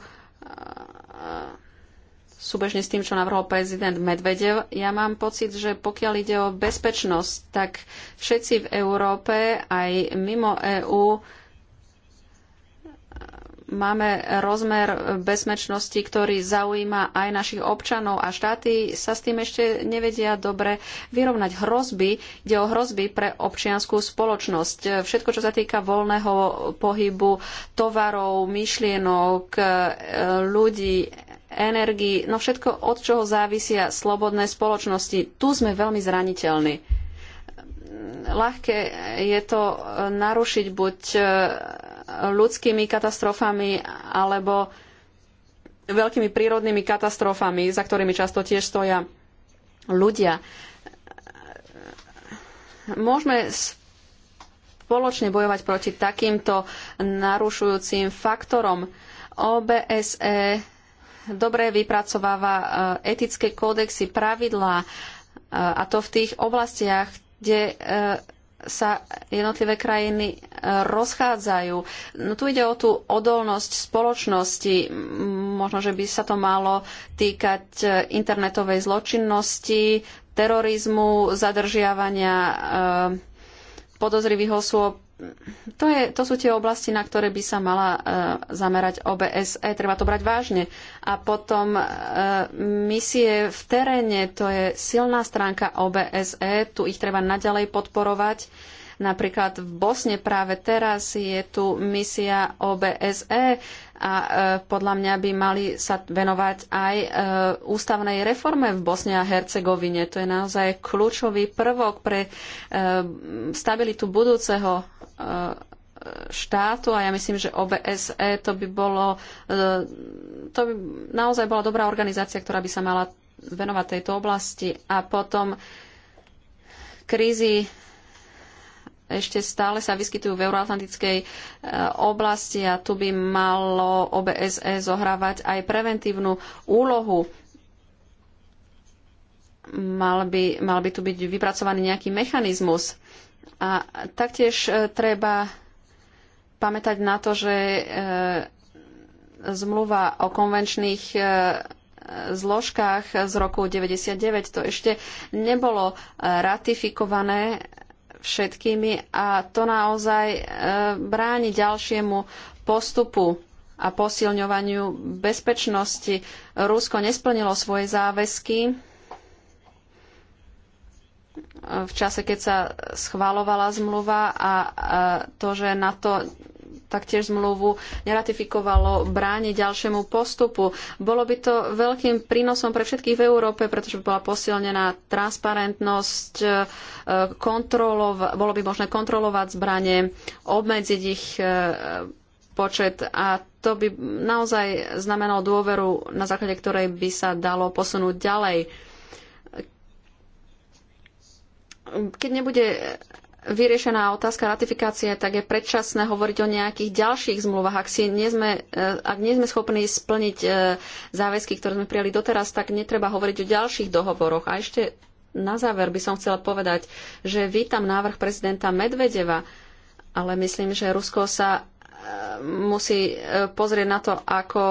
súbežne s tým, čo navrhol prezident Medvedev. Ja mám pocit, že pokiaľ ide o bezpečnosť, tak všetci v Európe, aj mimo EÚ, máme rozmer bezpečnosti, ktorý zaujíma aj našich občanov a štáty sa s tým ešte nevedia dobre vyrovnať. Hrozby, ide o hrozby pre občianskú spoločnosť. Všetko, čo sa týka voľného pohybu tovarov, myšlienok, e, ľudí, energii, no všetko, od čoho závisia slobodné spoločnosti. Tu sme veľmi zraniteľní ľahké je to narušiť buď e, ľudskými katastrofami alebo veľkými prírodnými katastrofami, za ktorými často tiež stoja ľudia. Môžeme spoločne bojovať proti takýmto narušujúcim faktorom. OBSE dobre vypracováva e, etické kódexy, pravidlá e, a to v tých oblastiach, kde e, sa jednotlivé krajiny e, rozchádzajú. No tu ide o tú odolnosť spoločnosti. Možno, že by sa to malo týkať e, internetovej zločinnosti, terorizmu, zadržiavania e, podozrivých osôb, to, je, to sú tie oblasti, na ktoré by sa mala uh, zamerať OBSE. Treba to brať vážne. A potom uh, misie v teréne, to je silná stránka OBSE. Tu ich treba naďalej podporovať. Napríklad v Bosne práve teraz je tu misia OBSE a e, podľa mňa by mali sa venovať aj e, ústavnej reforme v Bosne a Hercegovine. To je naozaj kľúčový prvok pre e, stabilitu budúceho štátu a ja myslím, že OBSE to by bolo, e, to by naozaj bola dobrá organizácia, ktorá by sa mala venovať tejto oblasti a potom krízy ešte stále sa vyskytujú v euroatlantickej e, oblasti a tu by malo OBSE zohrávať aj preventívnu úlohu. Mal by, mal by tu byť vypracovaný nejaký mechanizmus a taktiež e, treba pamätať na to, že e, zmluva o konvenčných e, zložkách z roku 99 to ešte nebolo ratifikované všetkými a to naozaj bráni ďalšiemu postupu a posilňovaniu bezpečnosti. Rusko nesplnilo svoje záväzky v čase, keď sa schválovala zmluva a to, že na to taktiež zmluvu neratifikovalo, bráni ďalšiemu postupu. Bolo by to veľkým prínosom pre všetkých v Európe, pretože by bola posilnená transparentnosť, e, kontrolov, bolo by možné kontrolovať zbranie, obmedziť ich e, počet a to by naozaj znamenalo dôveru, na základe ktorej by sa dalo posunúť ďalej keď nebude vyriešená otázka ratifikácie, tak je predčasné hovoriť o nejakých ďalších zmluvách. Ak, si nie sme, e, ak nie sme schopní splniť e, záväzky, ktoré sme prijali doteraz, tak netreba hovoriť o ďalších dohovoroch. A ešte na záver by som chcela povedať, že vítam návrh prezidenta Medvedeva, ale myslím, že Rusko sa e, musí pozrieť na to, ako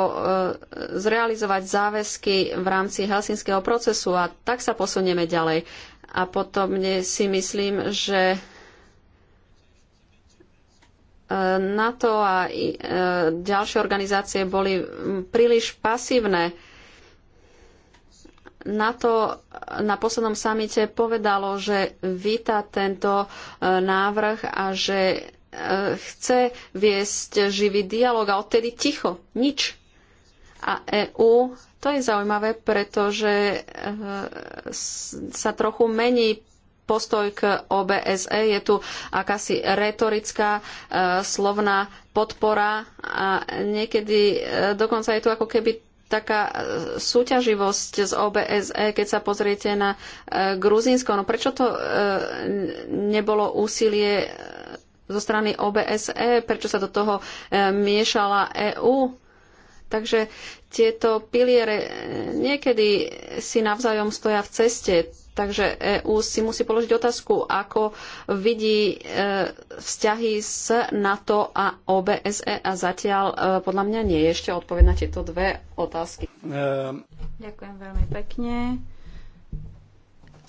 zrealizovať záväzky v rámci helsinského procesu a tak sa posunieme ďalej. A potom si myslím, že e, NATO a e, ďalšie organizácie boli príliš pasívne. NATO e, na poslednom samite povedalo, že víta tento návrh a že chce viesť živý dialog a odtedy ticho, nič a EÚ. To je zaujímavé, pretože e, sa trochu mení postoj k OBSE. Je tu akási retorická e, slovná podpora a niekedy e, dokonca je tu ako keby taká súťaživosť z OBSE, keď sa pozriete na Gruzínsko. No prečo to nebolo úsilie zo strany OBSE? Prečo sa do toho miešala EÚ? Takže tieto piliere niekedy si navzájom stoja v ceste. Takže EÚ si musí položiť otázku, ako vidí e, vzťahy s NATO a OBSE a zatiaľ e, podľa mňa nie je ešte odpoveď na tieto dve otázky. Ehm. Ďakujem veľmi pekne.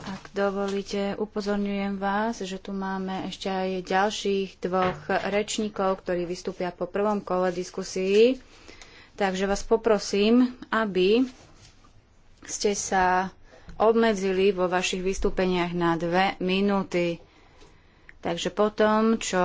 Ak dovolíte, upozorňujem vás, že tu máme ešte aj ďalších dvoch rečníkov, ktorí vystúpia po prvom kole diskusii. Takže vás poprosím, aby ste sa obmedzili vo vašich vystúpeniach na dve minúty. Takže potom, čo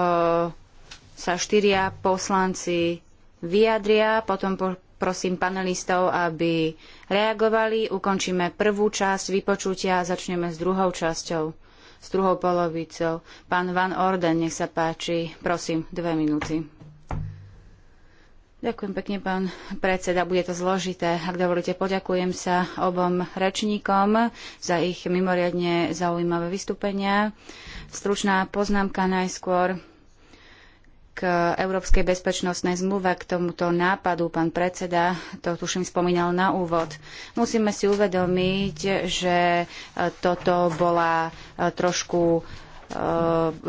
sa štyria poslanci vyjadria, potom prosím panelistov, aby reagovali. Ukončíme prvú časť vypočutia a začneme s druhou časťou, s druhou polovicou. Pán Van Orden, nech sa páči, prosím, dve minúty. Ďakujem pekne, pán predseda. Bude to zložité. Ak dovolíte, poďakujem sa obom rečníkom za ich mimoriadne zaujímavé vystúpenia. Stručná poznámka najskôr k Európskej bezpečnostnej zmluve, k tomuto nápadu, pán predseda, to tuším spomínal na úvod. Musíme si uvedomiť, že toto bola trošku E,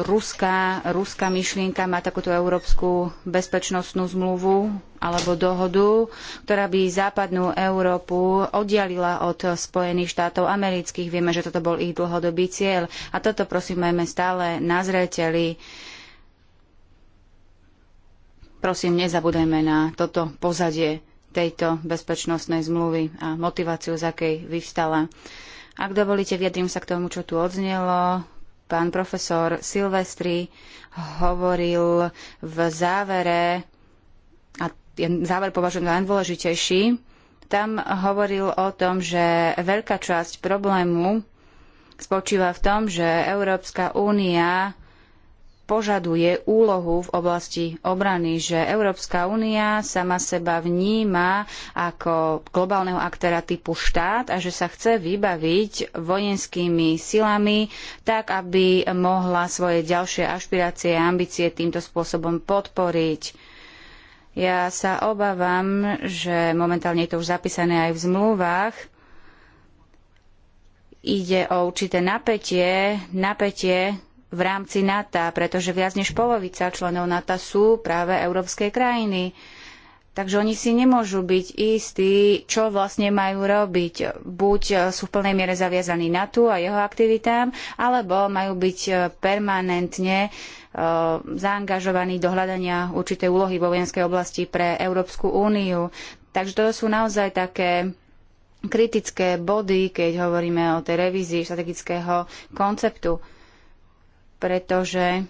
ruská, ruská myšlienka má takúto európsku bezpečnostnú zmluvu alebo dohodu, ktorá by západnú Európu oddialila od Spojených štátov amerických. Vieme, že toto bol ich dlhodobý cieľ. A toto prosím majme stále na zreteli. Prosím, nezabudajme na toto pozadie tejto bezpečnostnej zmluvy a motiváciu, z akej vyvstala. Ak dovolíte, vyjadrím sa k tomu, čo tu odznelo Pán profesor Silvestri hovoril v závere, a záver považujem za najdôležitejší, tam hovoril o tom, že veľká časť problému spočíva v tom, že Európska únia požaduje úlohu v oblasti obrany, že Európska únia sama seba vníma ako globálneho aktéra typu štát a že sa chce vybaviť vojenskými silami tak, aby mohla svoje ďalšie ašpirácie a ambície týmto spôsobom podporiť. Ja sa obávam, že momentálne je to už zapísané aj v zmluvách, ide o určité napätie, napätie v rámci NATO, pretože viac než polovica členov NATO sú práve európske krajiny. Takže oni si nemôžu byť istí, čo vlastne majú robiť. Buď sú v plnej miere zaviazaní NATO a jeho aktivitám, alebo majú byť e, permanentne e, zaangažovaní do hľadania určitej úlohy vo vojenskej oblasti pre Európsku úniu. Takže to sú naozaj také kritické body, keď hovoríme o tej revízii strategického konceptu pretože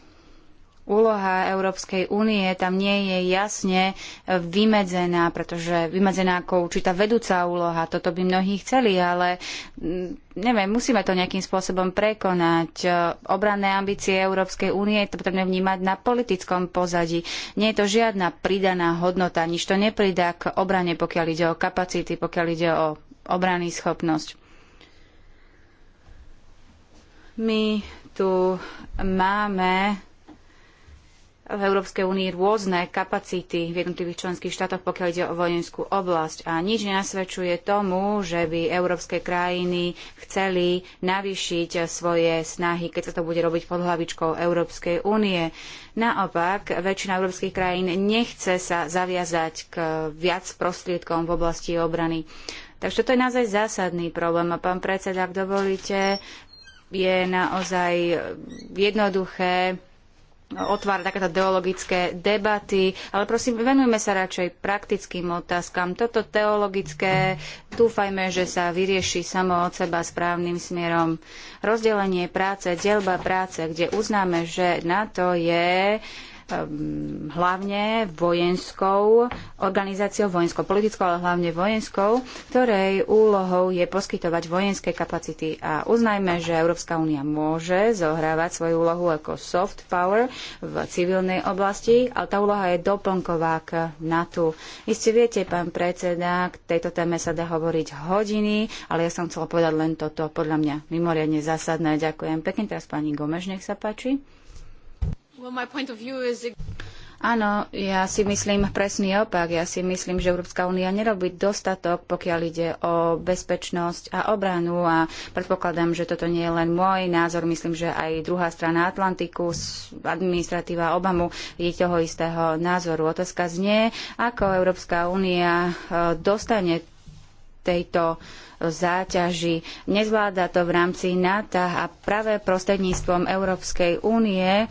úloha Európskej únie tam nie je jasne vymedzená, pretože vymedzená ako určitá vedúca úloha, toto by mnohí chceli, ale mm, neviem, musíme to nejakým spôsobom prekonať. Obranné ambície Európskej únie to potrebné vnímať na politickom pozadí. Nie je to žiadna pridaná hodnota, nič to nepridá k obrane, pokiaľ ide o kapacity, pokiaľ ide o obrany schopnosť. My tu máme v Európskej únii rôzne kapacity v jednotlivých členských štátoch, pokiaľ ide o vojenskú oblasť. A nič nenasvedčuje tomu, že by európske krajiny chceli navýšiť svoje snahy, keď sa to bude robiť pod hlavičkou Európskej únie. Naopak, väčšina európskych krajín nechce sa zaviazať k viac prostriedkom v oblasti obrany. Takže to je naozaj zásadný problém. A pán predseda, ak dovolíte, je naozaj jednoduché otvára takéto teologické debaty, ale prosím, venujme sa radšej praktickým otázkam. Toto teologické, dúfajme, že sa vyrieši samo od seba správnym smerom. Rozdelenie práce, delba práce, kde uznáme, že na to je uh, Ehm, hlavne vojenskou organizáciou, vojenskou politickou, ale hlavne vojenskou, ktorej úlohou je poskytovať vojenské kapacity. A uznajme, že Európska únia môže zohrávať svoju úlohu ako soft power v civilnej oblasti, ale tá úloha je doplnková k NATO. Iste viete, pán predseda, k tejto téme sa dá hovoriť hodiny, ale ja som chcela povedať len toto, podľa mňa mimoriadne zásadné. Ďakujem pekne. Teraz pani Gomež, nech sa páči. Áno, ja si myslím presný opak. Ja si myslím, že Európska únia nerobí dostatok, pokiaľ ide o bezpečnosť a obranu a predpokladám, že toto nie je len môj názor. Myslím, že aj druhá strana Atlantiku, administratíva Obamu je toho istého názoru. Otázka znie, ako Európska únia e, dostane tejto záťaži. Nezvláda to v rámci NATO a práve prostredníctvom Európskej únie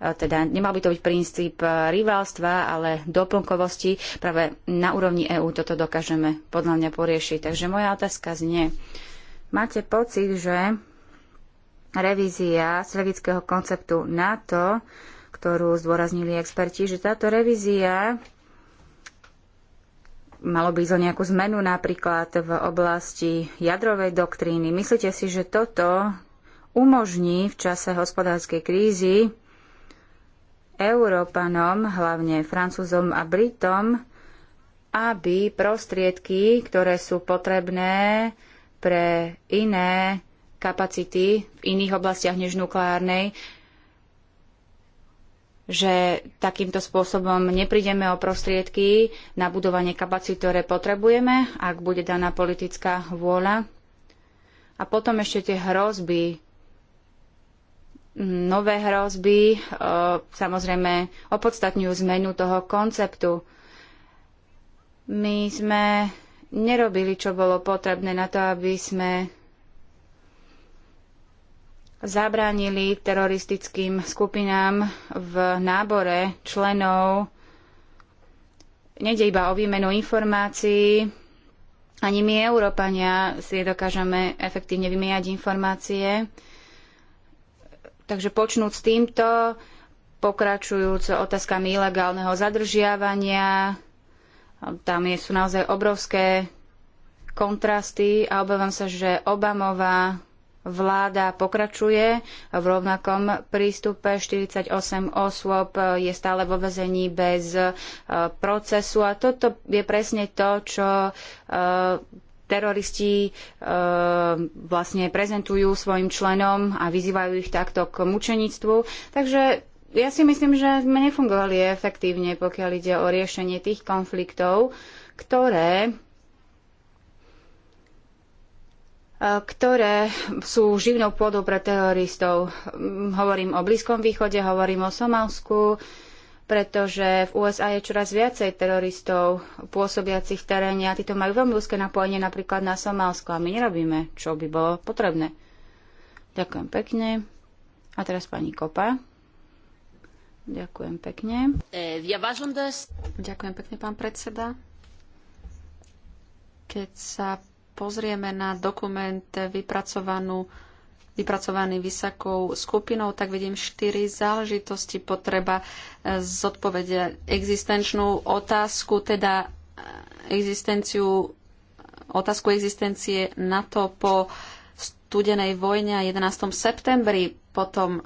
E, teda nemal by to byť princíp e, rivalstva, ale doplnkovosti. Práve na úrovni EÚ toto dokážeme podľa mňa poriešiť. Takže moja otázka znie. Máte pocit, že revízia strategického konceptu NATO, ktorú zdôraznili experti, že táto revízia malo by ísť o nejakú zmenu napríklad v oblasti jadrovej doktríny. Myslíte si, že toto umožní v čase hospodárskej krízy Európanom, hlavne Francúzom a Britom, aby prostriedky, ktoré sú potrebné pre iné kapacity v iných oblastiach než nukleárnej, že takýmto spôsobom neprídeme o prostriedky na budovanie kapacít, ktoré potrebujeme, ak bude daná politická vôľa. A potom ešte tie hrozby, nové hrozby e, samozrejme opodstatňujú zmenu toho konceptu. My sme nerobili, čo bolo potrebné na to, aby sme zabránili teroristickým skupinám v nábore členov. Nede iba o výmenu informácií, ani my, Európania, si dokážeme efektívne vymieňať informácie. Takže počnúť s týmto, pokračujúc otázkami ilegálneho zadržiavania, tam je, sú naozaj obrovské kontrasty a obávam sa, že Obamová vláda pokračuje v rovnakom prístupe. 48 osôb je stále vo vezení bez eh, procesu a toto je presne to, čo eh, teroristi e, vlastne prezentujú svojim členom a vyzývajú ich takto k mučenictvu. Takže ja si myslím, že sme nefungovali efektívne, pokiaľ ide o riešenie tých konfliktov, ktoré e, ktoré sú živnou pôdou pre teroristov. Hovorím o Blízkom východe, hovorím o Somálsku, pretože v USA je čoraz viacej teroristov pôsobiacich v teréne a títo majú veľmi úzke napojenie napríklad na Somálsko a my nerobíme, čo by bolo potrebné. Ďakujem pekne. A teraz pani Kopa. Ďakujem pekne. Ďakujem pekne, pán predseda. Keď sa pozrieme na dokument vypracovanú vypracovaný vysokou skupinou, tak vidím štyri záležitosti. Potreba e, zodpovedať existenčnú otázku, teda e, existenciu, otázku existencie NATO po studenej vojne 11. septembri, potom e,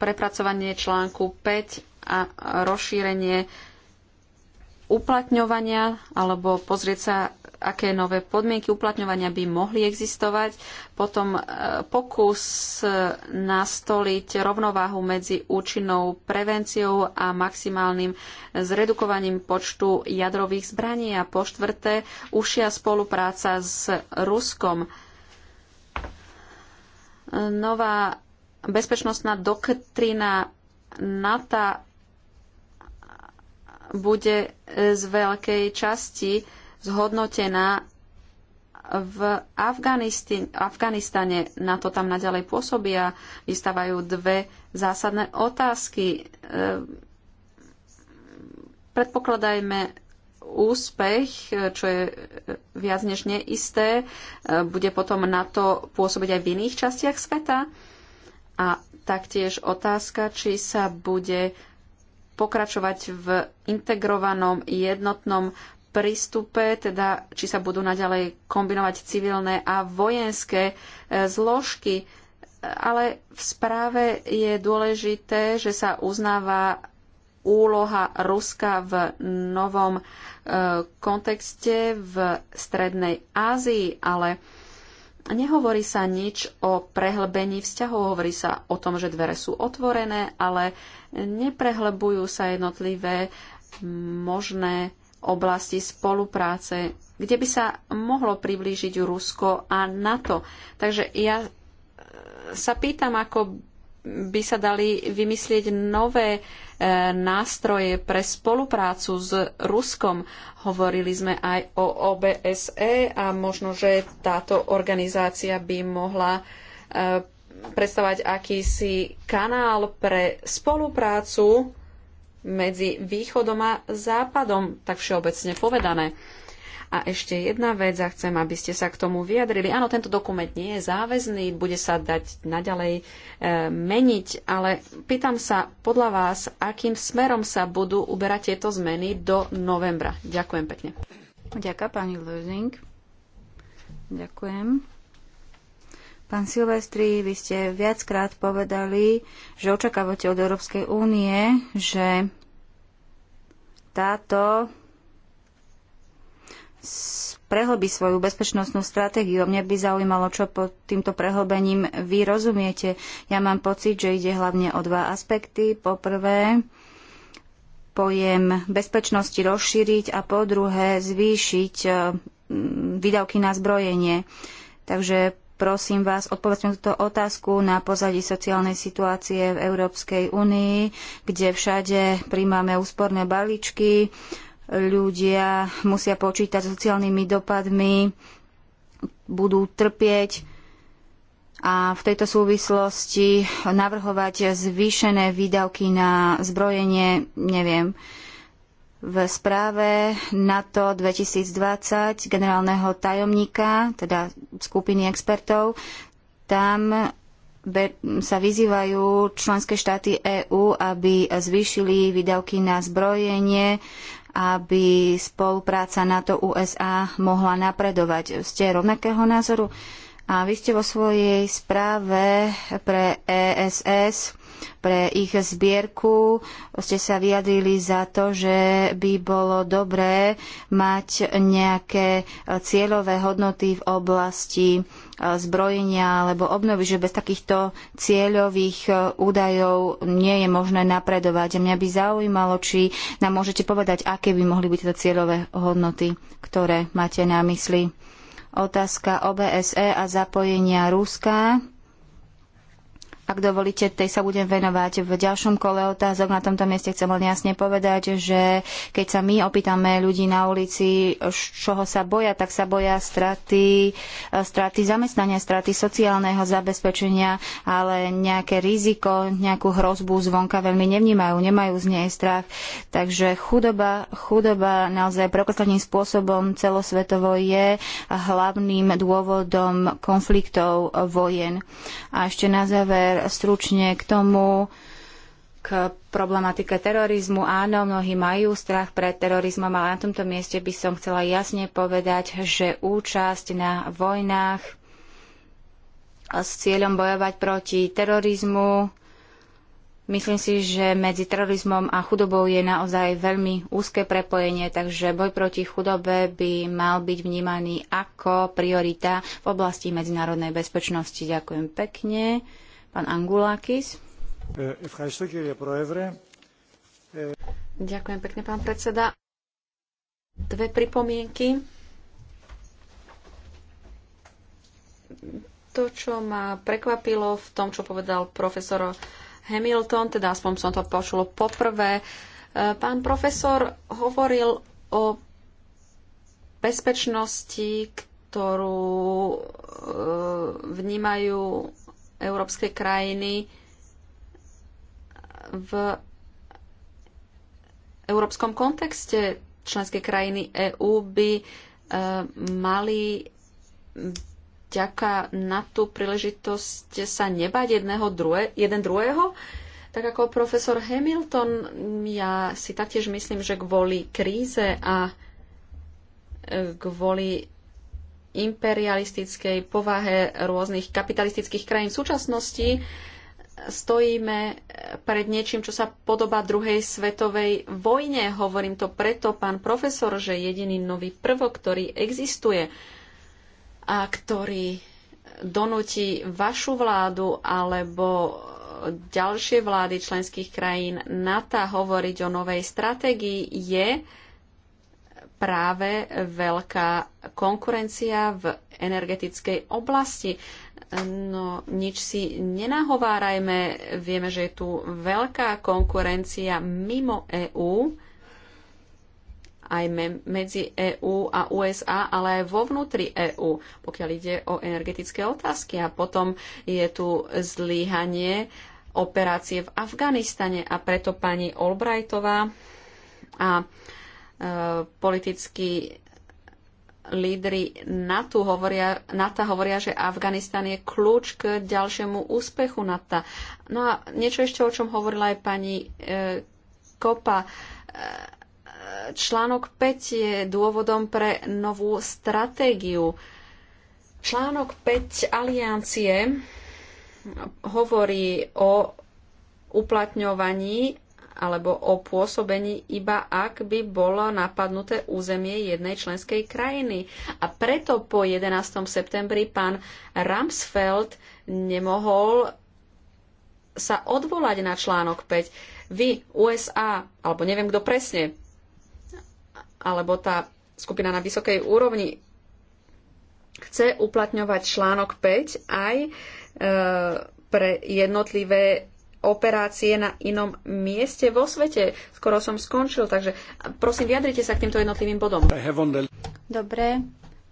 prepracovanie článku 5 a rozšírenie uplatňovania alebo pozrieť sa, aké nové podmienky uplatňovania by mohli existovať. Potom e, pokus e, nastoliť rovnováhu medzi účinnou prevenciou a maximálnym zredukovaním počtu jadrových zbraní a po štvrté užšia spolupráca s Ruskom. Nová bezpečnostná doktrína NATO bude z veľkej časti zhodnotená v Afganistane. Na to tam naďalej pôsobia. Vystávajú dve zásadné otázky. E, predpokladajme úspech, čo je viac než neisté, e, bude potom na to pôsobiť aj v iných častiach sveta. A taktiež otázka, či sa bude pokračovať v integrovanom jednotnom prístupe, teda či sa budú naďalej kombinovať civilné a vojenské e, zložky. Ale v správe je dôležité, že sa uznáva úloha Ruska v novom e, kontexte v Strednej Ázii, ale Nehovorí sa nič o prehlbení vzťahov, hovorí sa o tom, že dvere sú otvorené, ale neprehlbujú sa jednotlivé možné oblasti spolupráce, kde by sa mohlo priblížiť Rusko a NATO. Takže ja e, sa pýtam, ako by sa dali vymyslieť nové e, nástroje pre spoluprácu s Ruskom. Hovorili sme aj o OBSE a možno, že táto organizácia by mohla e, predstavať akýsi kanál pre spoluprácu medzi východom a západom, tak všeobecne povedané. A ešte jedna vec a chcem, aby ste sa k tomu vyjadrili. Áno, tento dokument nie je záväzný, bude sa dať naďalej e, meniť, ale pýtam sa podľa vás, akým smerom sa budú uberať tieto zmeny do novembra. Ďakujem pekne. Ďakujem pani Lozing. Ďakujem. Pán Silvestri, vy ste viackrát povedali, že očakávate od Európskej únie, že táto prehlbí svoju bezpečnostnú stratégiu. Mne by zaujímalo, čo pod týmto prehlbením vy rozumiete. Ja mám pocit, že ide hlavne o dva aspekty. Po prvé, pojem bezpečnosti rozšíriť a po druhé zvýšiť e, výdavky na zbrojenie. Takže prosím vás, odpovedzme túto otázku na pozadí sociálnej situácie v Európskej únii, kde všade príjmame úsporné balíčky ľudia musia počítať s sociálnymi dopadmi, budú trpieť a v tejto súvislosti navrhovať zvýšené výdavky na zbrojenie, neviem. V správe NATO 2020 generálneho tajomníka, teda skupiny expertov, tam sa vyzývajú členské štáty EÚ, aby zvýšili výdavky na zbrojenie aby spolupráca NATO-USA mohla napredovať. Ste rovnakého názoru? A vy ste vo svojej správe pre ESS pre ich zbierku ste sa vyjadrili za to, že by bolo dobré mať nejaké e, cieľové hodnoty v oblasti e, zbrojenia alebo obnovy, že bez takýchto cieľových e, údajov nie je možné napredovať. A mňa by zaujímalo, či nám môžete povedať, aké by mohli byť tieto cieľové hodnoty, ktoré máte na mysli. Otázka OBSE a zapojenia Ruska. Ak dovolíte, tej sa budem venovať v ďalšom kole otázok. Na tomto mieste chcem len jasne povedať, že keď sa my opýtame ľudí na ulici, z čoho sa boja, tak sa boja straty, e, straty zamestnania, straty sociálneho zabezpečenia, ale nejaké riziko, nejakú hrozbu zvonka veľmi nevnímajú, nemajú z nej strach. Takže chudoba, chudoba naozaj prekladným spôsobom celosvetovo je hlavným dôvodom konfliktov vojen. A ešte na záver stručne k tomu, k problematike terorizmu. Áno, mnohí majú strach pred terorizmom, ale na tomto mieste by som chcela jasne povedať, že účasť na vojnách s cieľom bojovať proti terorizmu, myslím si, že medzi terorizmom a chudobou je naozaj veľmi úzke prepojenie, takže boj proti chudobe by mal byť vnímaný ako priorita v oblasti medzinárodnej bezpečnosti. Ďakujem pekne. Pán Ďakujem pekne, pán predseda. Dve pripomienky. To, čo ma prekvapilo v tom, čo povedal profesor Hamilton, teda aspoň som to počulo poprvé. E, pán profesor hovoril o bezpečnosti, ktorú e, vnímajú európske krajiny v európskom kontexte členské krajiny EÚ by e, mali vďaka na tú príležitosť sa nebať jedného druhé, jeden druhého. Tak ako profesor Hamilton, ja si taktiež myslím, že kvôli kríze a e, kvôli imperialistickej povahe rôznych kapitalistických krajín. V súčasnosti stojíme pred niečím, čo sa podobá druhej svetovej vojne. Hovorím to preto, pán profesor, že jediný nový prvok, ktorý existuje a ktorý donúti vašu vládu alebo ďalšie vlády členských krajín tá hovoriť o novej stratégii je práve veľká konkurencia v energetickej oblasti. No, nič si nenahovárajme. Vieme, že je tu veľká konkurencia mimo EÚ, aj me- medzi EÚ a USA, ale aj vo vnútri EÚ, pokiaľ ide o energetické otázky. A potom je tu zlíhanie operácie v Afganistane a preto pani Albrightová a politickí lídry NATO hovoria, NATO hovoria, že Afganistan je kľúč k ďalšiemu úspechu NATO. No a niečo ešte, o čom hovorila aj pani e, Kopa. E, článok 5 je dôvodom pre novú stratégiu. Článok 5 aliancie hovorí o uplatňovaní alebo o pôsobení, iba ak by bolo napadnuté územie jednej členskej krajiny. A preto po 11. septembri pán Ramsfeld nemohol sa odvolať na článok 5. Vy, USA, alebo neviem kto presne, alebo tá skupina na vysokej úrovni chce uplatňovať článok 5 aj e, pre jednotlivé operácie na inom mieste vo svete. Skoro som skončil, takže prosím, vyjadrite sa k týmto jednotlivým bodom. Dobre,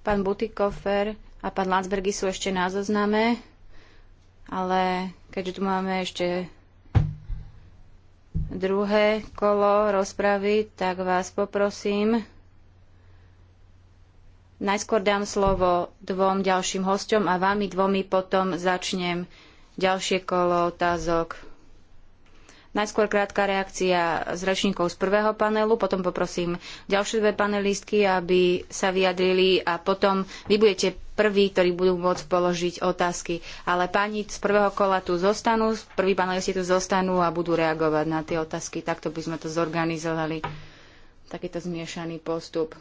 pán Butikofer a pán Landsbergy sú ešte na zozname, ale keďže tu máme ešte druhé kolo rozpravy, tak vás poprosím, Najskôr dám slovo dvom ďalším hosťom a vami dvomi potom začnem ďalšie kolo otázok. Najskôr krátka reakcia z rečníkov z prvého panelu, potom poprosím ďalšie dve panelistky, aby sa vyjadrili a potom vy budete prví, ktorí budú môcť položiť otázky. Ale páni z prvého kola tu zostanú, prví panelisti tu zostanú a budú reagovať na tie otázky. Takto by sme to zorganizovali. Takýto zmiešaný postup,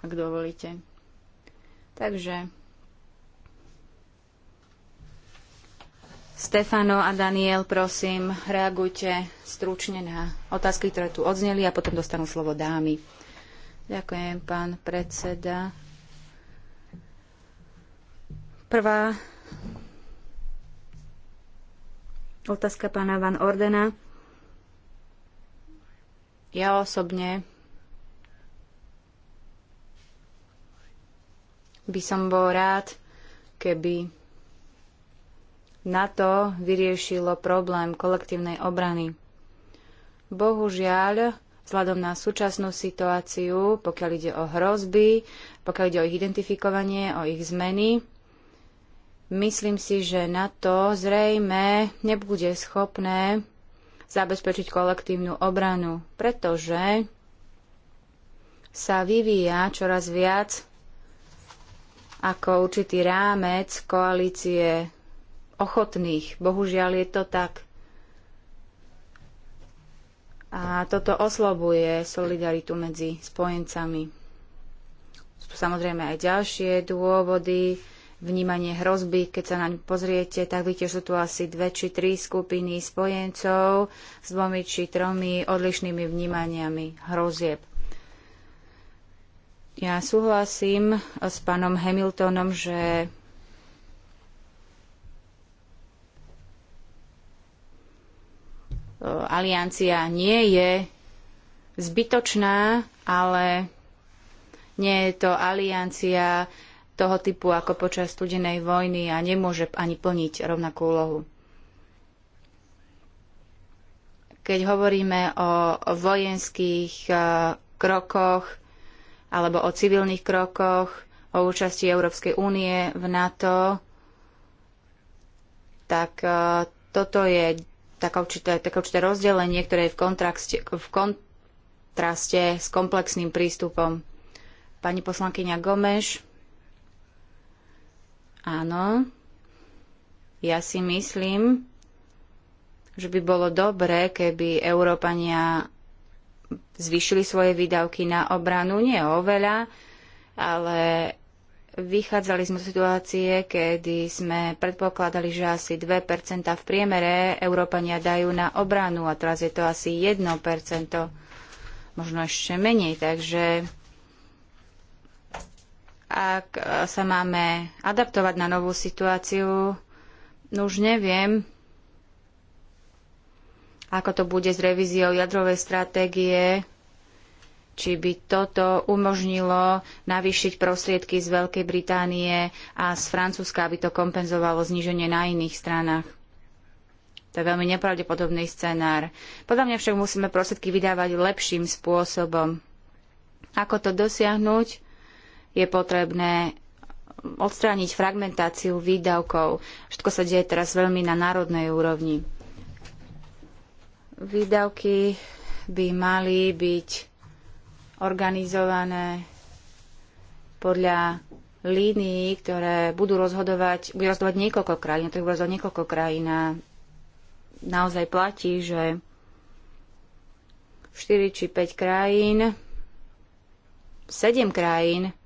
ak dovolíte. Takže Stefano a Daniel, prosím, reagujte stručne na otázky, ktoré tu odzneli a potom dostanú slovo dámy. Ďakujem, pán predseda. Prvá otázka pána Van Ordena. Ja osobne by som bol rád, keby NATO vyriešilo problém kolektívnej obrany. Bohužiaľ, vzhľadom na súčasnú situáciu, pokiaľ ide o hrozby, pokiaľ ide o ich identifikovanie, o ich zmeny, myslím si, že NATO zrejme nebude schopné zabezpečiť kolektívnu obranu, pretože sa vyvíja čoraz viac ako určitý rámec koalície ochotných. Bohužiaľ je to tak. A toto oslobuje solidaritu medzi spojencami. Sú tu samozrejme aj ďalšie dôvody, vnímanie hrozby. Keď sa na ňu pozriete, tak vidíte, že sú tu asi dve či tri skupiny spojencov s dvomi či tromi odlišnými vnímaniami hrozieb. Ja súhlasím s pánom Hamiltonom, že aliancia nie je zbytočná, ale nie je to aliancia toho typu ako počas studenej vojny a nemôže ani plniť rovnakú úlohu. Keď hovoríme o vojenských e, krokoch alebo o civilných krokoch, o účasti Európskej únie v NATO, tak e, toto je taká určité, také určité rozdelenie, ktoré je v, v kontraste s komplexným prístupom. Pani poslankyňa Gomeš. Áno. Ja si myslím, že by bolo dobré, keby Európania zvýšili svoje výdavky na obranu, nie oveľa, ale Vychádzali sme z situácie, kedy sme predpokladali, že asi 2% v priemere Európania dajú na obranu a teraz je to asi 1%, možno ešte menej. Takže ak sa máme adaptovať na novú situáciu, no už neviem, ako to bude s revíziou jadrovej stratégie či by toto umožnilo navýšiť prostriedky z Veľkej Británie a z Francúzska, aby to kompenzovalo zníženie na iných stranách. To je veľmi nepravdepodobný scenár. Podľa mňa však musíme prostriedky vydávať lepším spôsobom. Ako to dosiahnuť? Je potrebné odstrániť fragmentáciu výdavkov. Všetko sa deje teraz veľmi na národnej úrovni. Výdavky by mali byť organizované podľa línií, ktoré budú rozhodovať, bude rozhodovať niekoľko krajín, to bude niekoľko krajín a naozaj platí, že 4 či 5 krajín, 7 krajín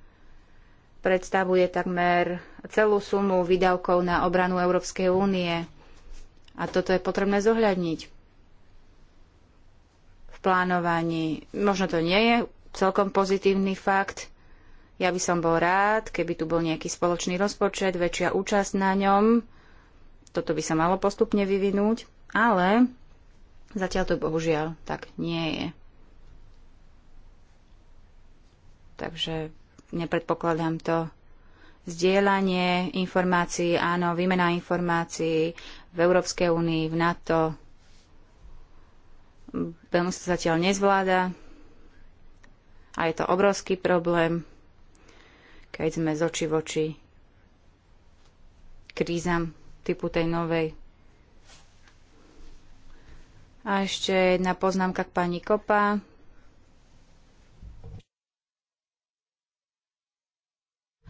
predstavuje takmer celú sumu výdavkov na obranu Európskej únie. A toto je potrebné zohľadniť v plánovaní. Možno to nie je celkom pozitívny fakt. Ja by som bol rád, keby tu bol nejaký spoločný rozpočet, väčšia účasť na ňom. Toto by sa malo postupne vyvinúť, ale zatiaľ to bohužiaľ tak nie je. Takže nepredpokladám to. Zdieľanie informácií, áno, výmena informácií v Európskej únii, v NATO. Veľmi sa zatiaľ nezvláda a je to obrovský problém, keď sme z oči v oči krízam typu tej novej. A ešte jedna poznámka k pani Kopa.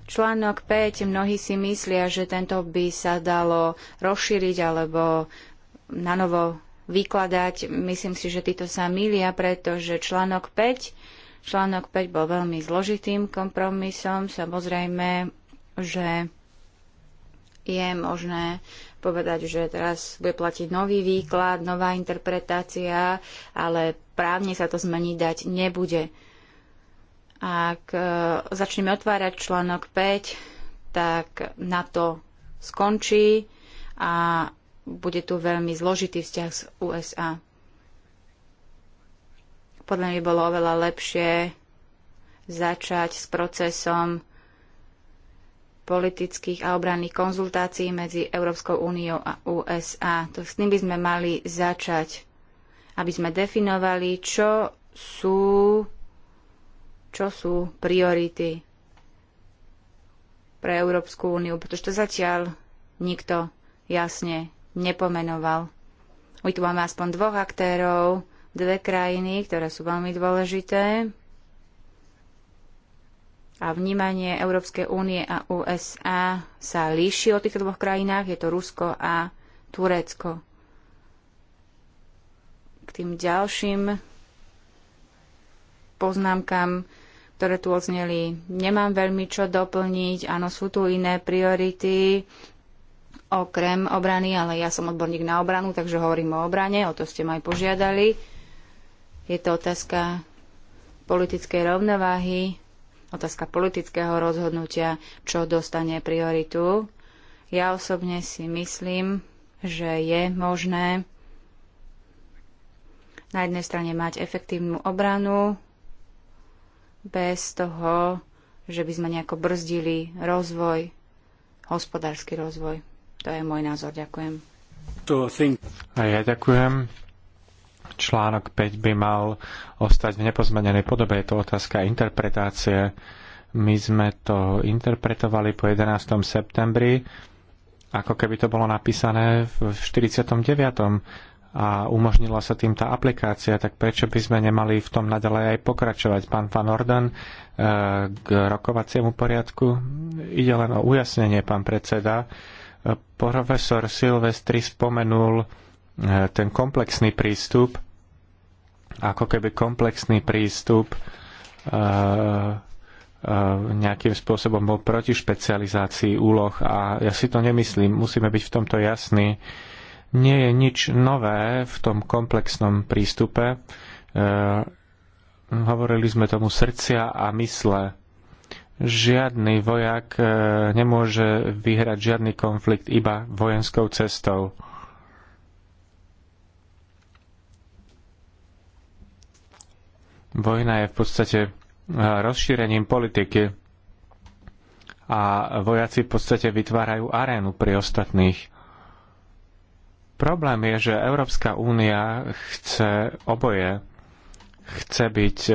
Článok 5. Mnohí si myslia, že tento by sa dalo rozšíriť alebo nanovo vykladať. Myslím si, že títo sa milia, pretože článok 5 Článok 5 bol veľmi zložitým kompromisom. Samozrejme, že je možné povedať, že teraz bude platiť nový výklad, nová interpretácia, ale právne sa to zmeniť dať nebude. Ak e, začneme otvárať článok 5, tak na to skončí a bude tu veľmi zložitý vzťah s USA. Podľa mňa by bolo oveľa lepšie začať s procesom politických a obranných konzultácií medzi Európskou úniou a USA. To s tým by sme mali začať, aby sme definovali, čo sú, čo sú priority pre Európsku úniu, pretože to zatiaľ nikto jasne nepomenoval. My tu máme aspoň dvoch aktérov, dve krajiny, ktoré sú veľmi dôležité a vnímanie Európskej únie a USA sa líši o týchto dvoch krajinách. Je to Rusko a Turecko. K tým ďalším poznámkam, ktoré tu odzneli, nemám veľmi čo doplniť. Áno, sú tu iné priority okrem obrany, ale ja som odborník na obranu, takže hovorím o obrane, o to ste ma aj požiadali. Je to otázka politickej rovnováhy, otázka politického rozhodnutia, čo dostane prioritu. Ja osobne si myslím, že je možné na jednej strane mať efektívnu obranu bez toho, že by sme nejako brzdili rozvoj, hospodársky rozvoj. To je môj názor. Ďakujem. A ja ďakujem článok 5 by mal ostať v nepozmenenej podobe. Je to otázka interpretácie. My sme to interpretovali po 11. septembri, ako keby to bolo napísané v 49 a umožnila sa tým tá aplikácia, tak prečo by sme nemali v tom naďalej aj pokračovať? Pán Van Orden, eh, k rokovaciemu poriadku ide len o ujasnenie, pán predseda. Eh, profesor Silvestri spomenul eh, ten komplexný prístup ako keby komplexný prístup eh, eh, nejakým spôsobom bol proti špecializácii úloh a ja si to nemyslím, musíme byť v tomto jasní. Nie je nič nové v tom komplexnom prístupe. Eh, hovorili sme tomu srdcia a mysle. Žiadny vojak nemôže vyhrať žiadny konflikt iba vojenskou cestou. Vojna je v podstate eh, rozšírením politiky a vojaci v podstate vytvárajú arénu pri ostatných. Problém je, že Európska únia chce oboje chce byť e,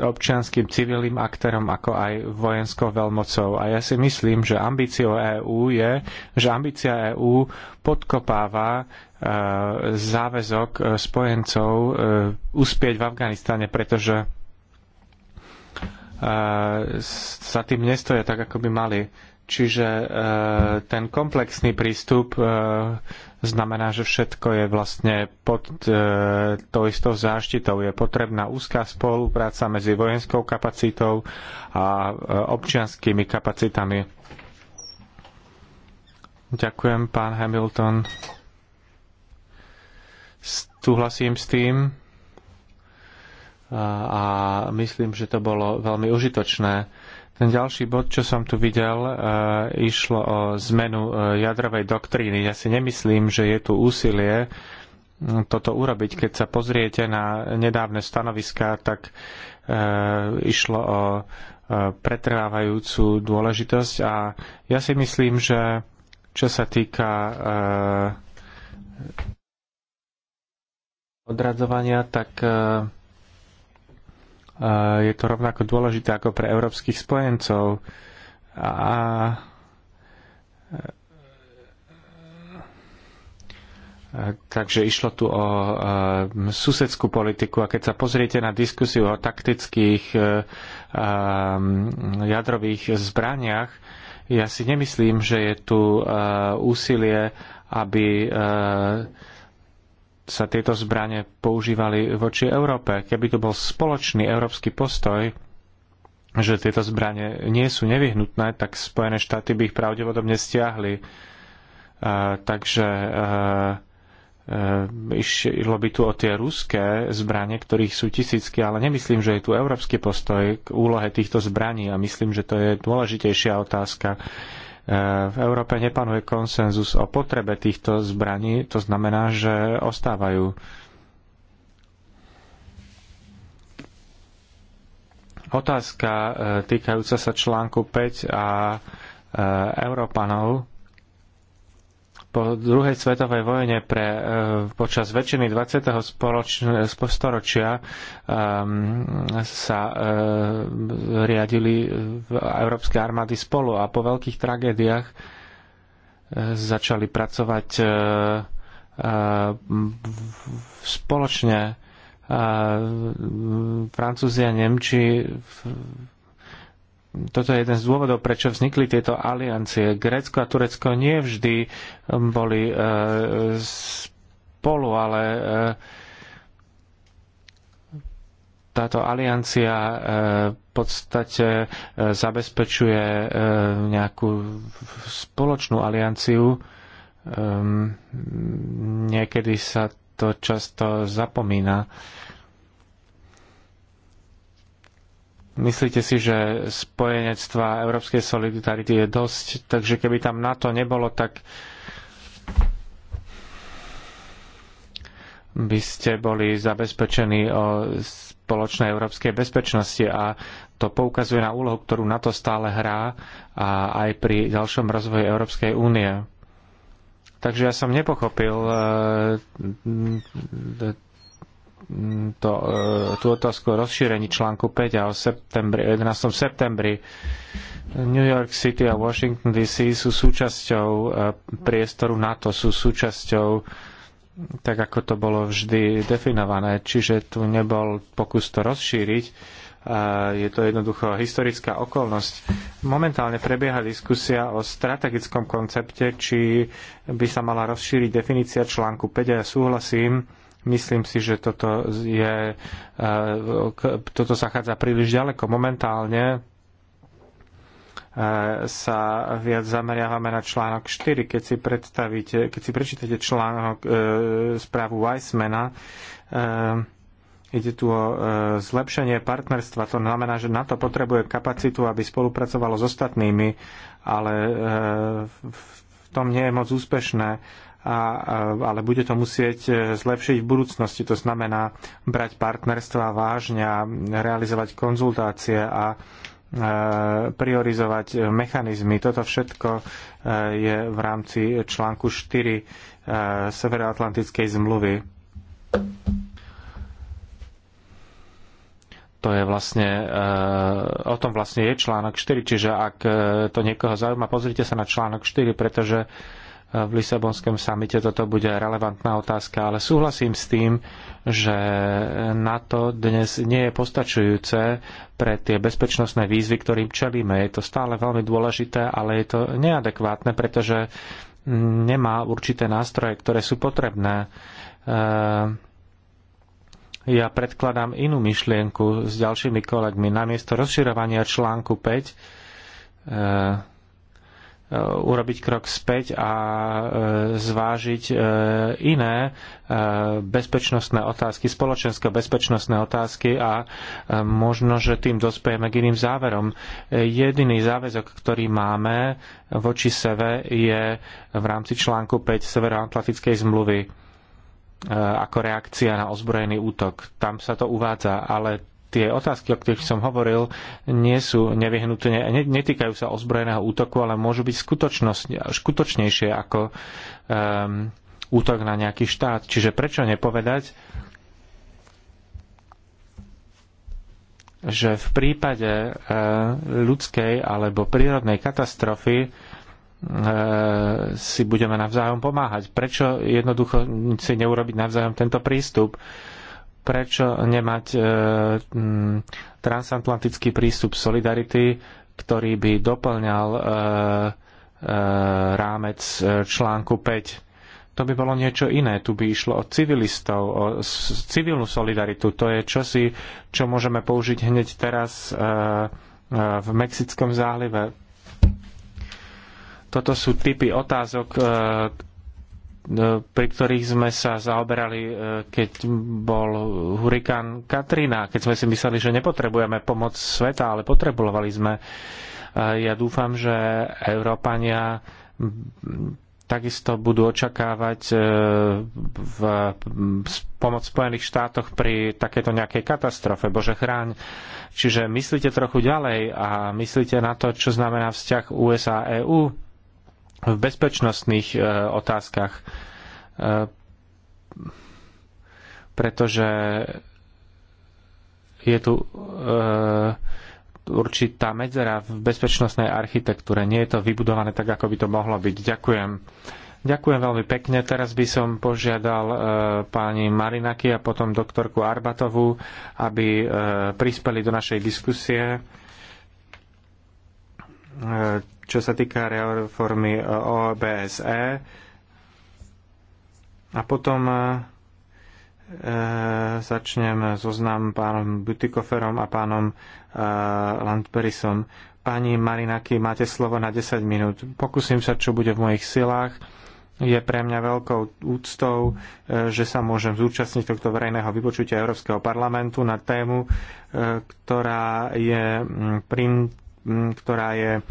občianským civilným aktérom ako aj vojenskou veľmocou. A ja si myslím, že ambíciou EÚ je, že ambícia EÚ podkopáva e, záväzok e, spojencov uspieť v Afganistane, pretože sa tým nestoja tak, ako by mali. Čiže e, ten komplexný prístup e, znamená, že všetko je vlastne pod e, tou istou záštitou. Je potrebná úzká spolupráca medzi vojenskou kapacitou a občianskými kapacitami. Ďakujem, pán Hamilton. Súhlasím s tým a myslím, že to bolo veľmi užitočné ten ďalší bod, čo som tu videl, e, išlo o zmenu e, jadrovej doktríny. Ja si nemyslím, že je tu úsilie toto urobiť. Keď sa pozriete na nedávne stanoviská, tak e, išlo o pretrvávajúcu dôležitosť a ja si myslím, že čo sa týka odradzovania, tak je to rovnako dôležité ako pre európskych spojencov. A Takže išlo tu o susedskú politiku a keď sa pozriete na diskusiu o taktických e, jadrových zbraniach, ja si nemyslím, že je tu e, úsilie, aby e, sa tieto zbranie používali voči Európe. Keby to bol spoločný európsky postoj, že tieto zbranie nie sú nevyhnutné, tak Spojené štáty by ich pravdepodobne stiahli. E, takže e, išlo by tu o tie ruské zbranie, ktorých sú tisícky, ale nemyslím, že je tu európsky postoj k úlohe týchto zbraní a myslím, že to je dôležitejšia otázka. Eh, v Európe nepanuje konsenzus o potrebe týchto zbraní, to znamená, že ostávajú otázka eh, týkajúca sa článku 5 a eh, Európanov po druhej svetovej vojne pre, e, počas väčšiny 20. storočia storočia e, sa e, riadili európske armády spolu a po veľkých tragédiách začali pracovať spoločne Francúzi a Nemči toto je jeden z dôvodov, prečo vznikli tieto aliancie. Grécko a Turecko nie vždy um, boli uh, spolu, ale uh, táto aliancia uh, v podstate zabezpečuje nejakú spoločnú alianciu. Um, niekedy sa to často zapomína. Myslíte si, že spojenectva európskej solidarity je dosť, takže keby tam NATO nebolo, tak by ste boli zabezpečení o spoločnej európskej bezpečnosti a to poukazuje na úlohu, ktorú NATO stále hrá a aj pri ďalšom rozvoji Európskej únie. Takže ja som nepochopil eh, to, e, tú otázku o rozšírení článku 5 a o septembri, 11. septembri. New York City a Washington DC sú súčasťou e, priestoru NATO, sú súčasťou tak ako to bolo vždy definované, čiže tu nebol pokus to rozšíriť. E, je to jednoducho historická okolnosť. Momentálne prebieha diskusia o strategickom koncepte, či by sa mala rozšíriť definícia článku 5 a ja súhlasím, Myslím si, že toto, je, e, toto zachádza príliš ďaleko. Momentálne e, sa viac zameriavame na článok 4. Keď si, predstavíte, keď si prečítate článok e, správu Weissmana, e, ide tu o e, zlepšenie partnerstva. To znamená, že na to potrebuje kapacitu, aby spolupracovalo s ostatnými, ale e, v tom nie je moc úspešné. E, a, ale bude to musieť e, zlepšiť v budúcnosti. To znamená brať partnerstva vážne a realizovať konzultácie a e, priorizovať mechanizmy. Toto všetko e, je v rámci článku 4 Severoatlantickej zmluvy. To je vlastne, o tom vlastne je článok 4, čiže ak to niekoho zaujíma, pozrite sa na článok 4, pretože v Lisabonskom samite toto bude relevantná otázka, ale súhlasím s tým, že NATO dnes nie je postačujúce pre tie bezpečnostné výzvy, ktorým čelíme. Je to stále veľmi dôležité, ale je to neadekvátne, pretože nemá určité nástroje, ktoré sú potrebné. E, ja predkladám inú myšlienku s ďalšími kolegmi. Namiesto rozširovania článku 5 Eh, urobiť krok späť a eh, zvážiť eh, iné bezpečnostné otázky, spoločenské bezpečnostné otázky a možno, že tým dospejeme k iným záverom. Jediný záväzok, ktorý máme voči sebe je v rámci článku 5 Severoatlantickej zmluvy ako reakcia na ozbrojený útok. Tam sa to uvádza, ale tie otázky, o ktorých som hovoril, nie sú nevyhnutné, netýkajú sa ozbrojeného útoku, ale môžu byť skutočnejšie ako um, útok na nejaký štát. Čiže prečo nepovedať, že v prípade eh, ľudskej alebo prírodnej katastrofy eh, si budeme navzájom pomáhať. Prečo jednoducho si neurobiť navzájom tento prístup? prečo nemať e, transatlantický prístup solidarity, ktorý by doplňal e, e, rámec e, článku 5. To by bolo niečo iné. Tu by išlo o civilistov, o civilnú solidaritu. To je čosi, čo môžeme použiť hneď teraz e, e, v Mexickom zálive. Toto sú typy otázok, e, E, pri ktorých sme sa zaoberali, e, keď bol hurikán Katrina, keď sme si mysleli, že nepotrebujeme pomoc sveta, ale potrebovali sme. E, ja dúfam, že Európania takisto budú očakávať v pomoc Spojených štátoch pri takéto nejakej katastrofe. Bože chráň. Čiže myslíte trochu ďalej a myslíte na to, čo znamená vzťah USA-EU v bezpečnostných e, otázkach, e, pretože je tu e, určitá medzera v bezpečnostnej architektúre. Nie je to vybudované tak, ako by to mohlo byť. Ďakujem. Ďakujem veľmi pekne. Teraz by som požiadal e, pani Marinaky a potom doktorku Arbatovú, aby e, prispeli do našej diskusie. E, čo sa týka reformy OBSE. E a potom e, začnem zoznam pánom Butikoferom a pánom Landperisom. Pani Marinaki, máte slovo na 10 minút. Pokúsim sa, čo bude v mojich silách. Je pre mňa veľkou úctou, že sa môžem zúčastniť tohto verejného vypočutia Európskeho parlamentu na tému, ktorá je prim ktorá je e,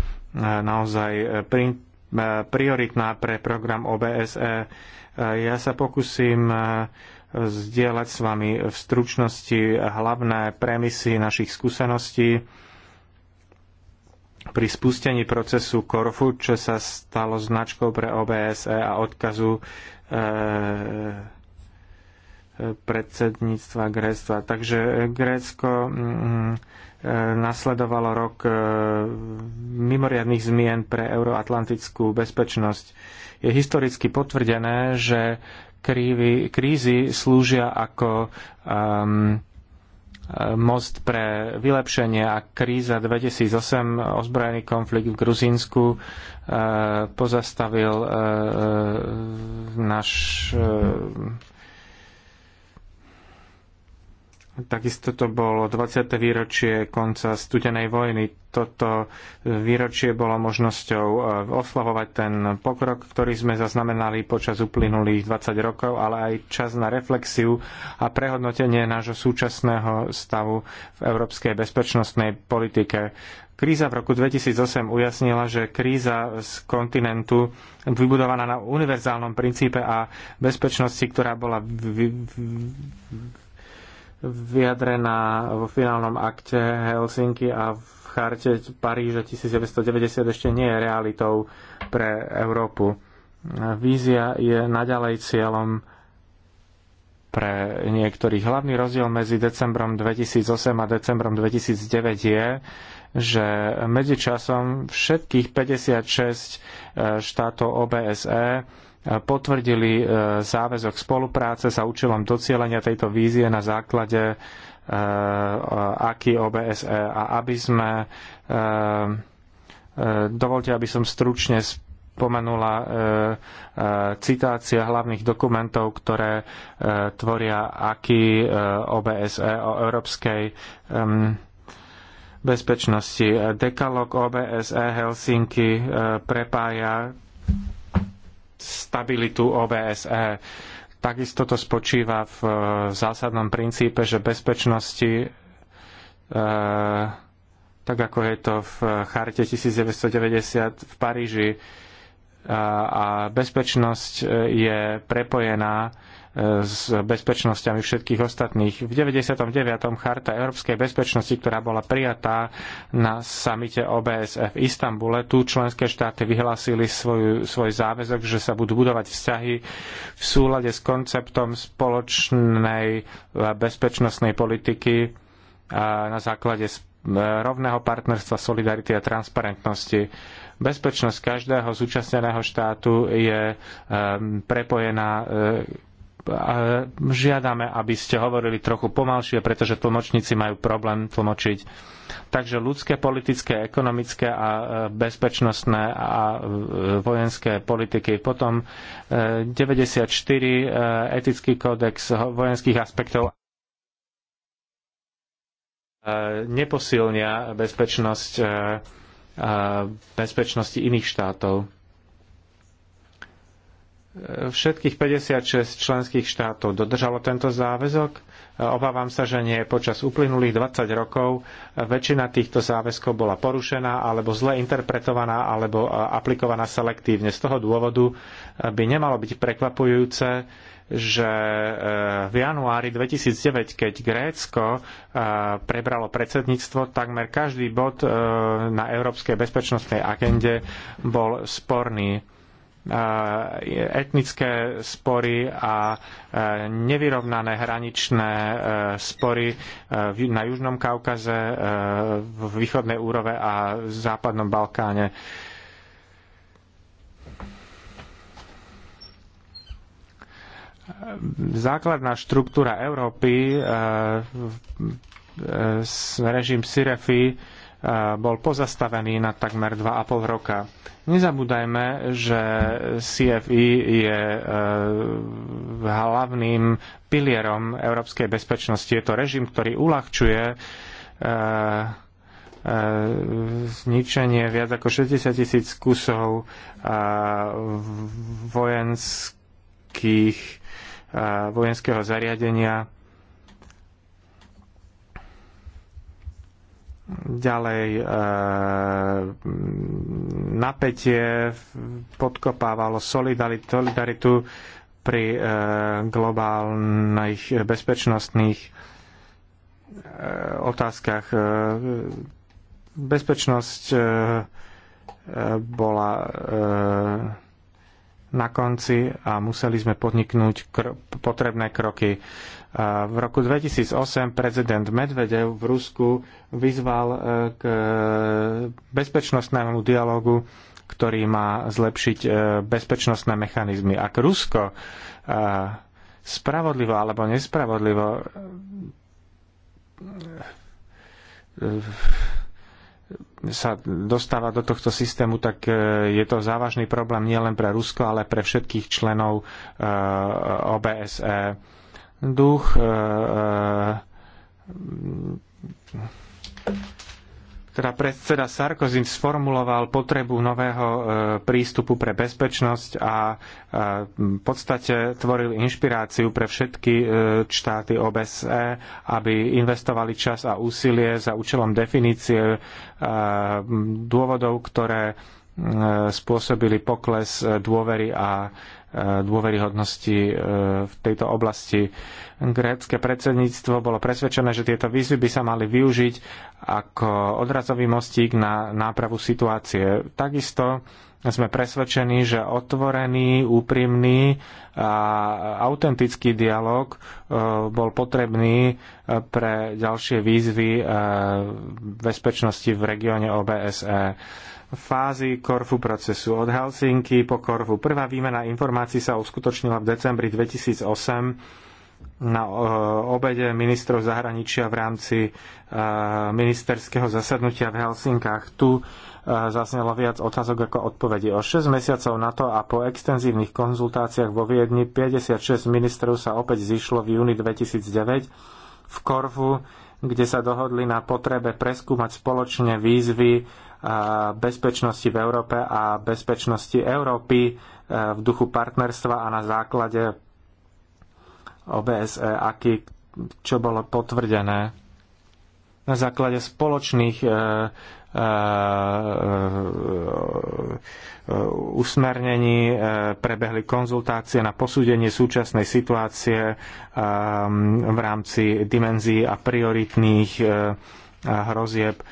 naozaj e, e, prioritná pre program OBSE. Ja sa pokúsim zdieľať s vami v stručnosti hlavné premisy našich skúseností pri spustení procesu Korfu, čo sa stalo značkou pre OBSE a odkazu predsedníctva Grécka. Takže Grécko nasledovalo rok e, mimoriadných zmien pre euroatlantickú bezpečnosť. Je historicky potvrdené, že krívy, krízy slúžia ako um, most pre vylepšenie a kríza 2008, ozbrojený konflikt v Gruzínsku uh, pozastavil uh, náš uh, Takisto to bolo 20. výročie konca studenej vojny. Toto výročie bolo možnosťou e, oslavovať ten pokrok, ktorý sme zaznamenali počas uplynulých 20 rokov, ale aj čas na reflexiu a prehodnotenie nášho súčasného stavu v európskej bezpečnostnej politike. Kríza v roku 2008 ujasnila, že kríza z kontinentu vybudovaná na univerzálnom princípe a bezpečnosti, ktorá bola vyjadrená vo finálnom akte Helsinky a v charte Paríža 1990 ešte nie je realitou pre Európu. Vízia je naďalej cieľom pre niektorých. Hlavný rozdiel medzi decembrom 2008 a decembrom 2009 je, že medzičasom všetkých 56 e, štátov OBSE potvrdili e, záväzok spolupráce sa účelom docielenia tejto vízie na základe e, aký OBSE a aby sme e, dovolte, aby som stručne spomenula citácia hlavných dokumentov, ktoré tvoria aký OBSE o európskej bezpečnosti. Dekalog OBSE Helsinky prepája stabilitu OBSE. Takisto to spočíva v e, zásadnom princípe, že bezpečnosti e, tak ako je to v charte 1990 v Paríži a bezpečnosť e, je prepojená s bezpečnosťami všetkých ostatných. V 99. charta Európskej bezpečnosti, ktorá bola prijatá na samite OBSF v Istambule, tu členské štáty vyhlásili svoju, svoj záväzok, že sa budú budovať vzťahy v súlade s konceptom spoločnej e, bezpečnostnej politiky e, na základe e, rovného partnerstva, solidarity a transparentnosti bezpečnosť každého zúčastneného štátu je prepojená žiadame, aby ste hovorili trochu pomalšie, pretože tlmočníci majú problém tlmočiť. Takže ľudské, politické, ekonomické a e, bezpečnostné a e, vojenské politiky. Potom 94 e, etický kódex vojenských aspektov neposilnia bezpečnosť bezpečnosti iných štátov všetkých 56 členských štátov dodržalo tento záväzok. Obávam sa, že nie. Počas uplynulých 20 rokov väčšina týchto záväzkov bola porušená alebo zle interpretovaná alebo aplikovaná selektívne. Z toho dôvodu e, by nemalo byť prekvapujúce, že e, v januári 2009, keď Grécko e, prebralo predsedníctvo, takmer každý bod na európskej bezpečnostnej agende bol sporný E, etnické spory a e, nevyrovnané hraničné e, spory na Južnom Kaukaze, v východnej úrove a západnom Balkáne. Základná štruktúra Európy, režim Sirefi, bol pozastavený na takmer 2,5 roka. Nezabúdajme, že CFI je e, hlavným pilierom európskej bezpečnosti. Je to režim, ktorý uľahčuje e, e, zničenie viac ako 60 tisíc kusov vojenských, vojenského zariadenia Ďalej e, napätie podkopávalo solidaritu pri e, globálnych bezpečnostných e, otázkach. E, bezpečnosť e, e, bola e, na konci a museli sme podniknúť kr- potrebné kroky. V roku 2008 prezident Medvedev v Rusku vyzval e, k e, bezpečnostnému dialogu, ktorý má zlepšiť e, bezpečnostné mechanizmy. Ak Rusko spravodlivo alebo nespravodlivo sa dostáva do tohto systému, tak je to závažný problém nielen pre Rusko, ale pre všetkých členov OBSE duch e, e, teda predseda Sarkozy sformuloval potrebu nového e, prístupu pre bezpečnosť a v podstate tvoril inšpiráciu pre všetky štáty OBSE, aby investovali čas a úsilie za účelom definície dôvodov, ktoré spôsobili pokles dôvery a dôveryhodnosti e, v tejto oblasti. Grécke predsedníctvo bolo presvedčené, že tieto výzvy by sa mali využiť ako odrazový mostík na nápravu situácie. Takisto sme presvedčení, že otvorený, úprimný a autentický dialog e, bol potrebný e, pre ďalšie výzvy bezpečnosti v regióne OBSE fázy Korfu procesu. Od Helsinky po Korfu. Prvá výmena informácií sa uskutočnila v decembri 2008 na obede ministrov zahraničia v rámci e, ministerského zasadnutia v Helsinkách. Tu e, zaznelo viac otázok ako odpovedí. O 6 mesiacov na to a po extenzívnych konzultáciách vo Viedni 56 ministrov sa opäť zišlo v júni 2009 v Korfu, kde sa dohodli na potrebe preskúmať spoločne výzvy bezpečnosti v Európe a bezpečnosti Európy e, v duchu partnerstva a na základe OBSE, aký, čo bolo potvrdené na základe spoločných e, e, usmernení prebehli konzultácie na posúdenie súčasnej situácie v rámci dimenzií a prioritných hrozieb e,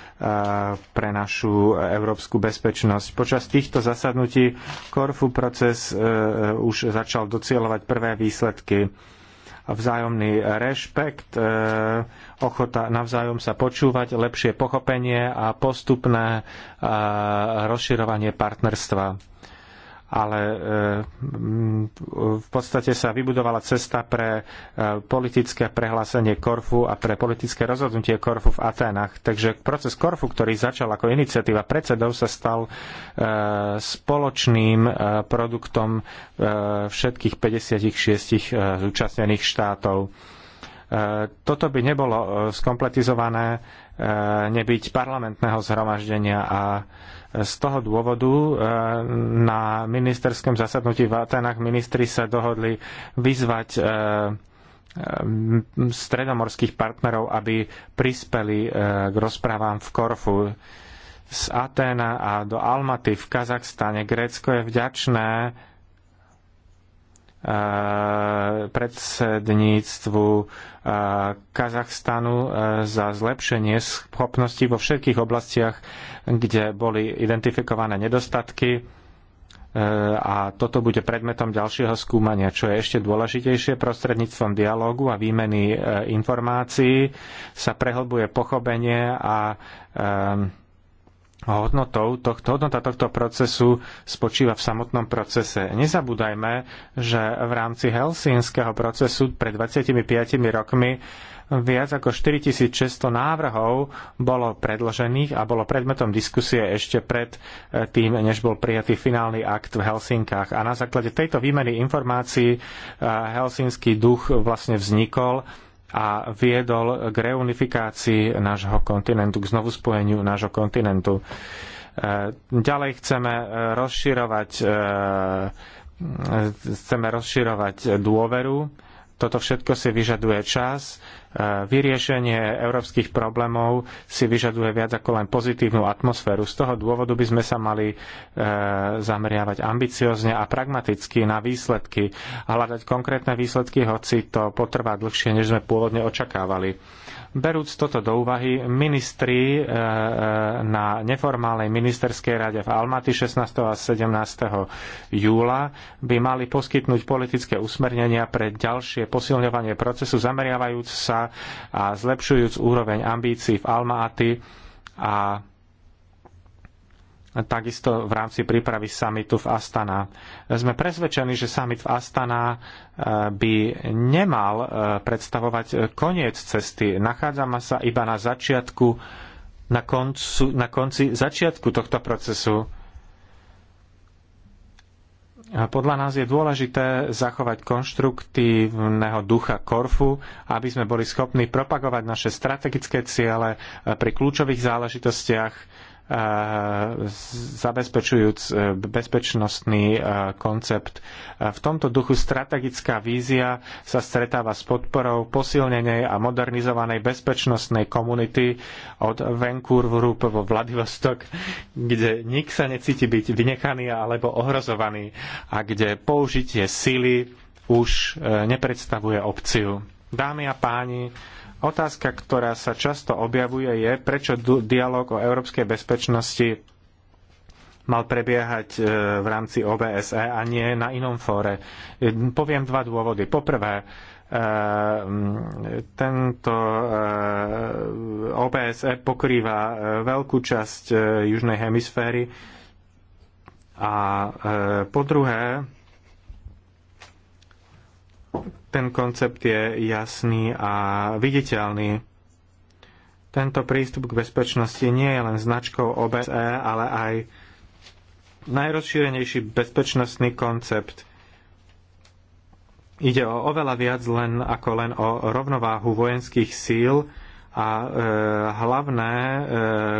pre našu európsku bezpečnosť. Počas týchto zasadnutí Korfu proces e, už začal docielovať prvé výsledky vzájomný rešpekt, e, ochota navzájom sa počúvať, lepšie pochopenie a postupné rozširovanie partnerstva ale eh, mm, v podstate sa vybudovala cesta pre eh, politické prehlásenie Korfu a pre politické rozhodnutie Korfu v Aténach. Takže proces Korfu, ktorý začal ako iniciatíva predsedov, sa stal eh, spoločným produktom všetkých 56 zúčastnených štátov toto by nebolo skompletizované nebyť parlamentného zhromaždenia a z toho dôvodu e, na ministerskom zasadnutí v Atenách ministri sa dohodli vyzvať e, e, stredomorských partnerov, aby prispeli k rozprávám v Korfu. Z Aténa a do Almaty v Kazachstane Grécko je vďačné predsedníctvu Kazachstanu za zlepšenie schopností vo všetkých oblastiach, kde boli identifikované nedostatky e, a toto bude predmetom ďalšieho skúmania, čo je ešte dôležitejšie. Prostredníctvom dialógu a výmeny e, informácií sa prehlbuje pochopenie a e, hodnotou, tohto, hodnota tohto procesu spočíva v samotnom procese. Nezabúdajme, že v rámci helsínskeho procesu pred 25 rokmi viac ako 4600 návrhov bolo predložených a bolo predmetom diskusie ešte pred eh, tým, než bol prijatý finálny akt v Helsinkách. A na základe tejto výmeny informácií eh, helsínsky duch vlastne vznikol a viedol k reunifikácii nášho kontinentu, k znovu spojeniu nášho kontinentu. E, ďalej chceme rozširovať, e, chceme rozširovať dôveru. Toto všetko si vyžaduje čas E, vyriešenie európskych problémov si vyžaduje viac ako len pozitívnu atmosféru. Z toho dôvodu by sme sa mali e, zameriavať ambiciozne a pragmaticky na výsledky a hľadať konkrétne výsledky, hoci to potrvá dlhšie, než sme pôvodne očakávali Berúc toto do úvahy, ministri e, e, na neformálnej ministerskej rade v Almaty 16. a 17. júla by mali poskytnúť politické usmernenia pre ďalšie posilňovanie procesu, zameriavajúc sa a zlepšujúc úroveň ambícií v Almaty a takisto v rámci prípravy samitu v Astana. Sme presvedčení, že samit v Astana e, by nemal e, predstavovať koniec cesty. Nachádzame sa iba na začiatku, na, koncu, na konci začiatku tohto procesu. Podľa nás je dôležité zachovať konštruktívneho ducha Korfu, aby sme boli schopní propagovať naše strategické ciele e, pri kľúčových záležitostiach, zabezpečujúc e, bezpečnostný e, koncept. V tomto duchu strategická vízia sa stretáva s podporou posilnenej a modernizovanej bezpečnostnej komunity od Vancouveru po Vladivostok, kde nik sa necíti byť vynechaný alebo ohrozovaný a kde použitie sily už e, nepredstavuje opciu. Dámy a páni, Otázka, ktorá sa často objavuje, je, prečo dialog o európskej bezpečnosti mal prebiehať e, v rámci OBSE a nie na inom fóre. E, poviem dva dôvody. Poprvé, e, tento OBSE pokrýva veľkú časť južnej hemisféry a po druhé, ten koncept je jasný a viditeľný. Tento prístup k bezpečnosti nie je len značkou OBSE, ale aj najrozšírenejší bezpečnostný koncept. Ide o oveľa viac len ako len o rovnováhu vojenských síl, a e, hlavné e,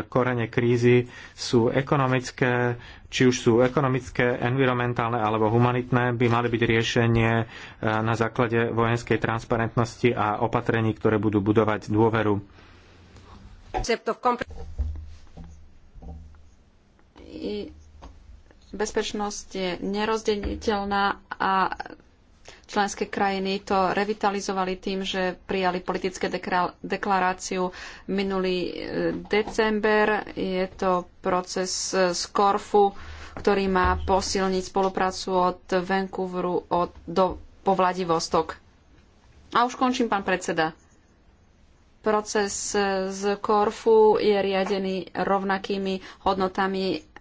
korene krízy sú ekonomické, či už sú ekonomické, environmentálne alebo humanitné, by mali byť riešenie e, na základe vojenskej transparentnosti a opatrení, ktoré budú budovať dôveru. Bezpečnosť je nerozdeliteľná a Členské krajiny to revitalizovali tým, že prijali politické deklaráciu minulý e, december. Je to proces e, z Korfu, ktorý má posilniť spoluprácu od Vancouveru od, do, po Vladivostok. A už končím, pán predseda. Proces e, z Korfu je riadený rovnakými hodnotami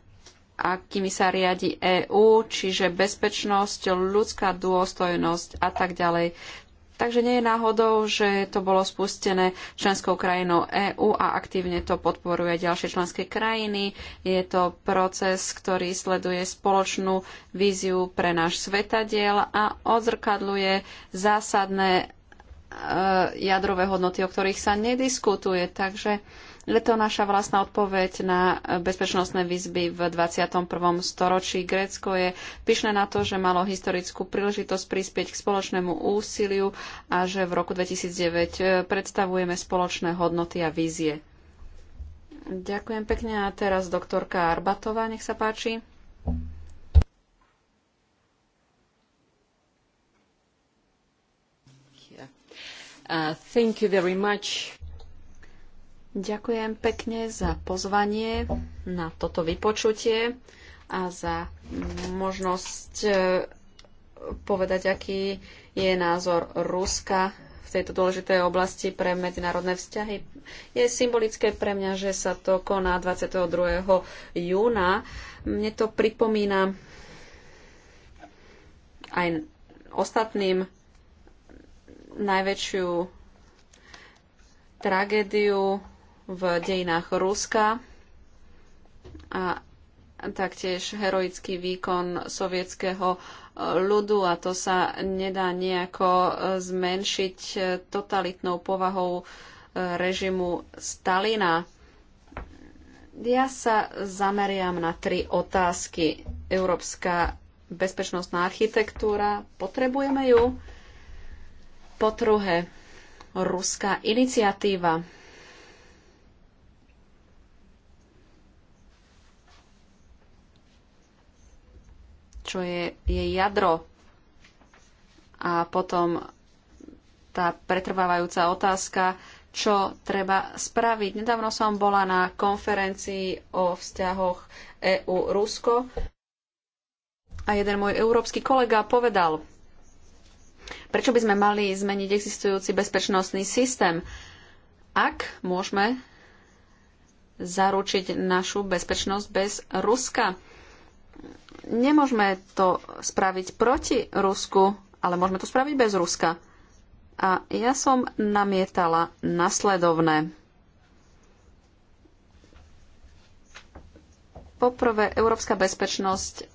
akými sa riadi EÚ, čiže bezpečnosť, ľudská dôstojnosť a tak ďalej. Takže nie je náhodou, že to bolo spustené členskou krajinou EÚ a aktívne to podporuje ďalšie členské krajiny. Je to proces, ktorý sleduje spoločnú víziu pre náš svetadiel a odzrkadluje zásadné e, jadrové hodnoty, o ktorých sa nediskutuje. Takže je to naša vlastná odpoveď na bezpečnostné výzby v 21. storočí. Grécko je pyšné na to, že malo historickú príležitosť prispieť k spoločnému úsiliu a že v roku 2009 predstavujeme spoločné hodnoty a vízie. Ďakujem pekne a teraz doktorka Arbatová, nech sa páči. Uh, thank you very much. Ďakujem pekne za pozvanie na toto vypočutie a za možnosť e, povedať, aký je názor Ruska v tejto dôležitej oblasti pre medzinárodné vzťahy. Je symbolické pre mňa, že sa to koná 22. júna. Mne to pripomína aj ostatným najväčšiu tragédiu v dejinách Ruska a taktiež heroický výkon sovietského e, ľudu a to sa nedá nejako e, zmenšiť e, totalitnou povahou režimu Stalina. Ja sa zameriam na tri otázky. Európska bezpečnostná architektúra, potrebujeme ju? Po druhé, ruská iniciatíva čo je jej jadro. A potom tá pretrvávajúca otázka, čo treba spraviť. Nedávno som bola na konferencii o vzťahoch EU-Rusko a jeden môj európsky kolega povedal, prečo by sme mali zmeniť existujúci bezpečnostný systém, ak môžeme zaručiť našu bezpečnosť bez Ruska nemôžeme to spraviť proti Rusku, ale môžeme to spraviť bez Ruska. A ja som namietala nasledovné. Poprvé, európska bezpečnosť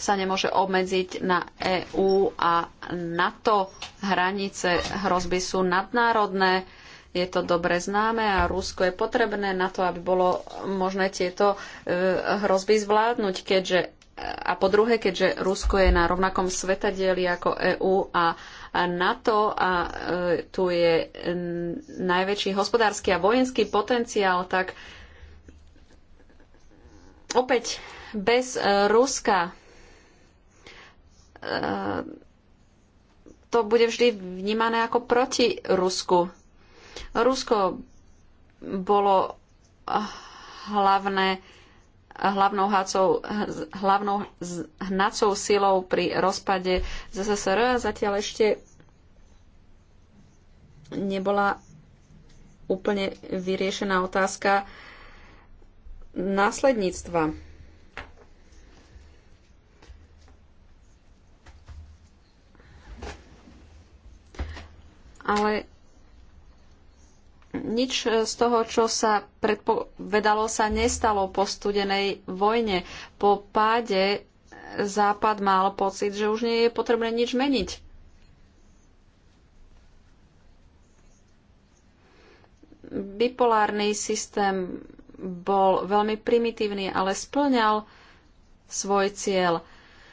sa nemôže obmedziť na EÚ a NATO. Hranice hrozby sú nadnárodné, je to dobre známe a Rusko je potrebné na to, aby bolo možné tieto e, hrozby zvládnuť, keďže a po druhé, keďže Rusko je na rovnakom svetadieli ako EÚ a NATO a e, tu je najväčší hospodársky a vojenský potenciál, tak opäť bez e, Ruska e, to bude vždy vnímané ako proti Rusku. Rusko bolo ah, hlavné hlavnou, hlavnou hnacou silou pri rozpade ZSSR a zatiaľ ešte nebola úplne vyriešená otázka následníctva. Ale nič z toho, čo sa predpovedalo, sa nestalo po studenej vojne. Po páde Západ mal pocit, že už nie je potrebné nič meniť. Bipolárny systém bol veľmi primitívny, ale splňal svoj cieľ.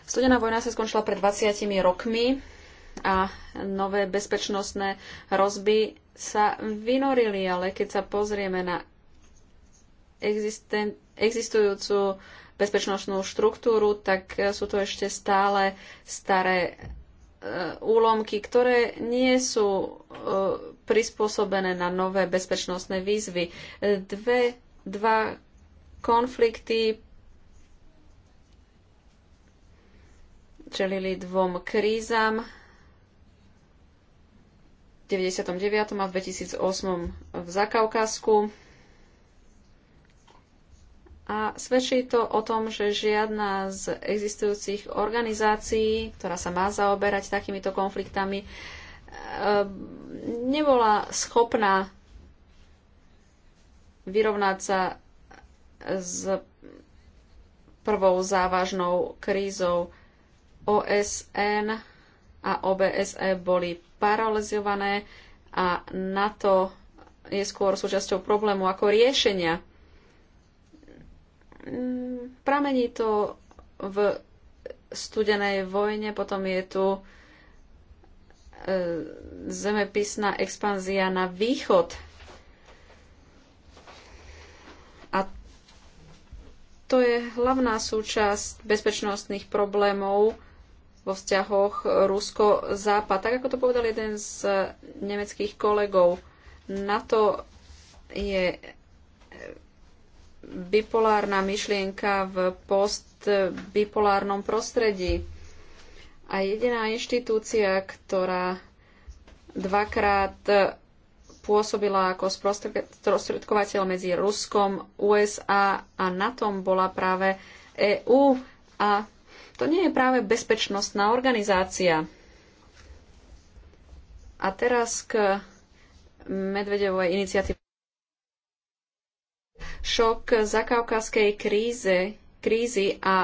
Studená vojna sa skončila pred 20 rokmi a nové bezpečnostné rozby sa vynorili, ale keď sa pozrieme na existen- existujúcu bezpečnostnú štruktúru, tak e, sú to ešte stále staré e, úlomky, ktoré nie sú e, prispôsobené na nové bezpečnostné výzvy. E, dve, dva konflikty čelili dvom krízam 99. a v 2008. v Zakaukasku. A svedčí to o tom, že žiadna z existujúcich organizácií, ktorá sa má zaoberať takýmito konfliktami, e, nebola schopná vyrovnať sa s prvou závažnou krízou OSN a OBSE boli paralizované a na to je skôr súčasťou problému ako riešenia. Mm, pramení to v studenej vojne, potom je tu e, zemepisná expanzia na východ. A to je hlavná súčasť bezpečnostných problémov vo vzťahoch Rusko-Západ. Tak ako to povedal jeden z nemeckých kolegov, NATO je eh, bipolárna myšlienka v postbipolárnom prostredí. A jediná inštitúcia, ktorá dvakrát eh, pôsobila ako sprostredkovateľ medzi Ruskom, USA a NATO, bola práve EÚ a to nie je práve bezpečnostná organizácia. A teraz k Medvedevovej iniciatíve. Šok zakaukazkej krízy a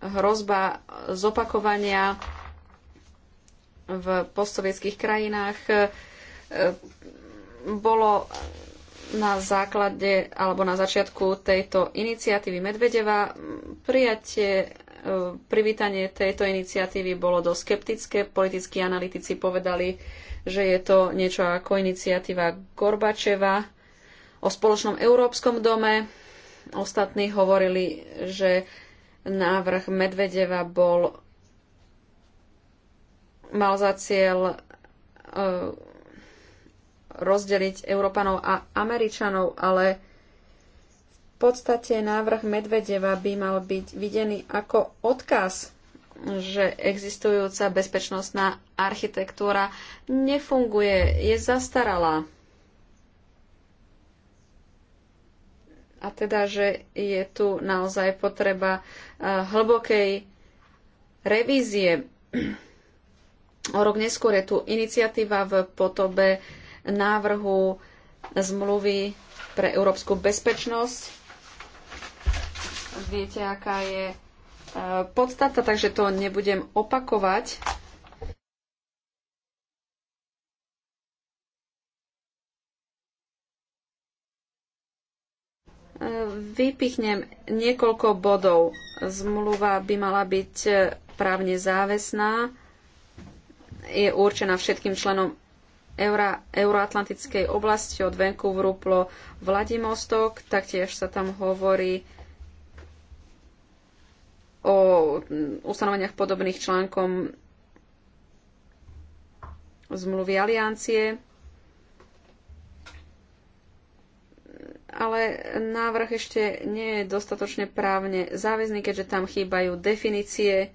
hrozba zopakovania v postsovietských krajinách e, bolo na základe alebo na začiatku tejto iniciatívy Medvedeva prijatie Eh, privítanie tejto iniciatívy bolo dosť skeptické. Politickí analytici povedali, že je to niečo ako iniciatíva Gorbačeva o spoločnom európskom dome. Ostatní hovorili, že návrh Medvedeva bol mal za cieľ eh, rozdeliť Európanov a Američanov, ale podstate návrh Medvedeva by mal byť videný ako odkaz, že existujúca bezpečnostná architektúra nefunguje, je zastaralá. A teda, že je tu naozaj potreba eh, hlbokej revízie. O rok neskôr je tu iniciatíva v potobe návrhu zmluvy pre európsku bezpečnosť Viete, aká je e, podstata, takže to nebudem opakovať. E, vypichnem niekoľko bodov. Zmluva by mala byť e, právne závesná, Je určená všetkým členom euroatlantickej oblasti od Vancouveru po Vladimostok. Taktiež sa tam hovorí o ustanoveniach podobných článkom zmluvy aliancie. Ale návrh ešte nie je dostatočne právne záväzný, keďže tam chýbajú definície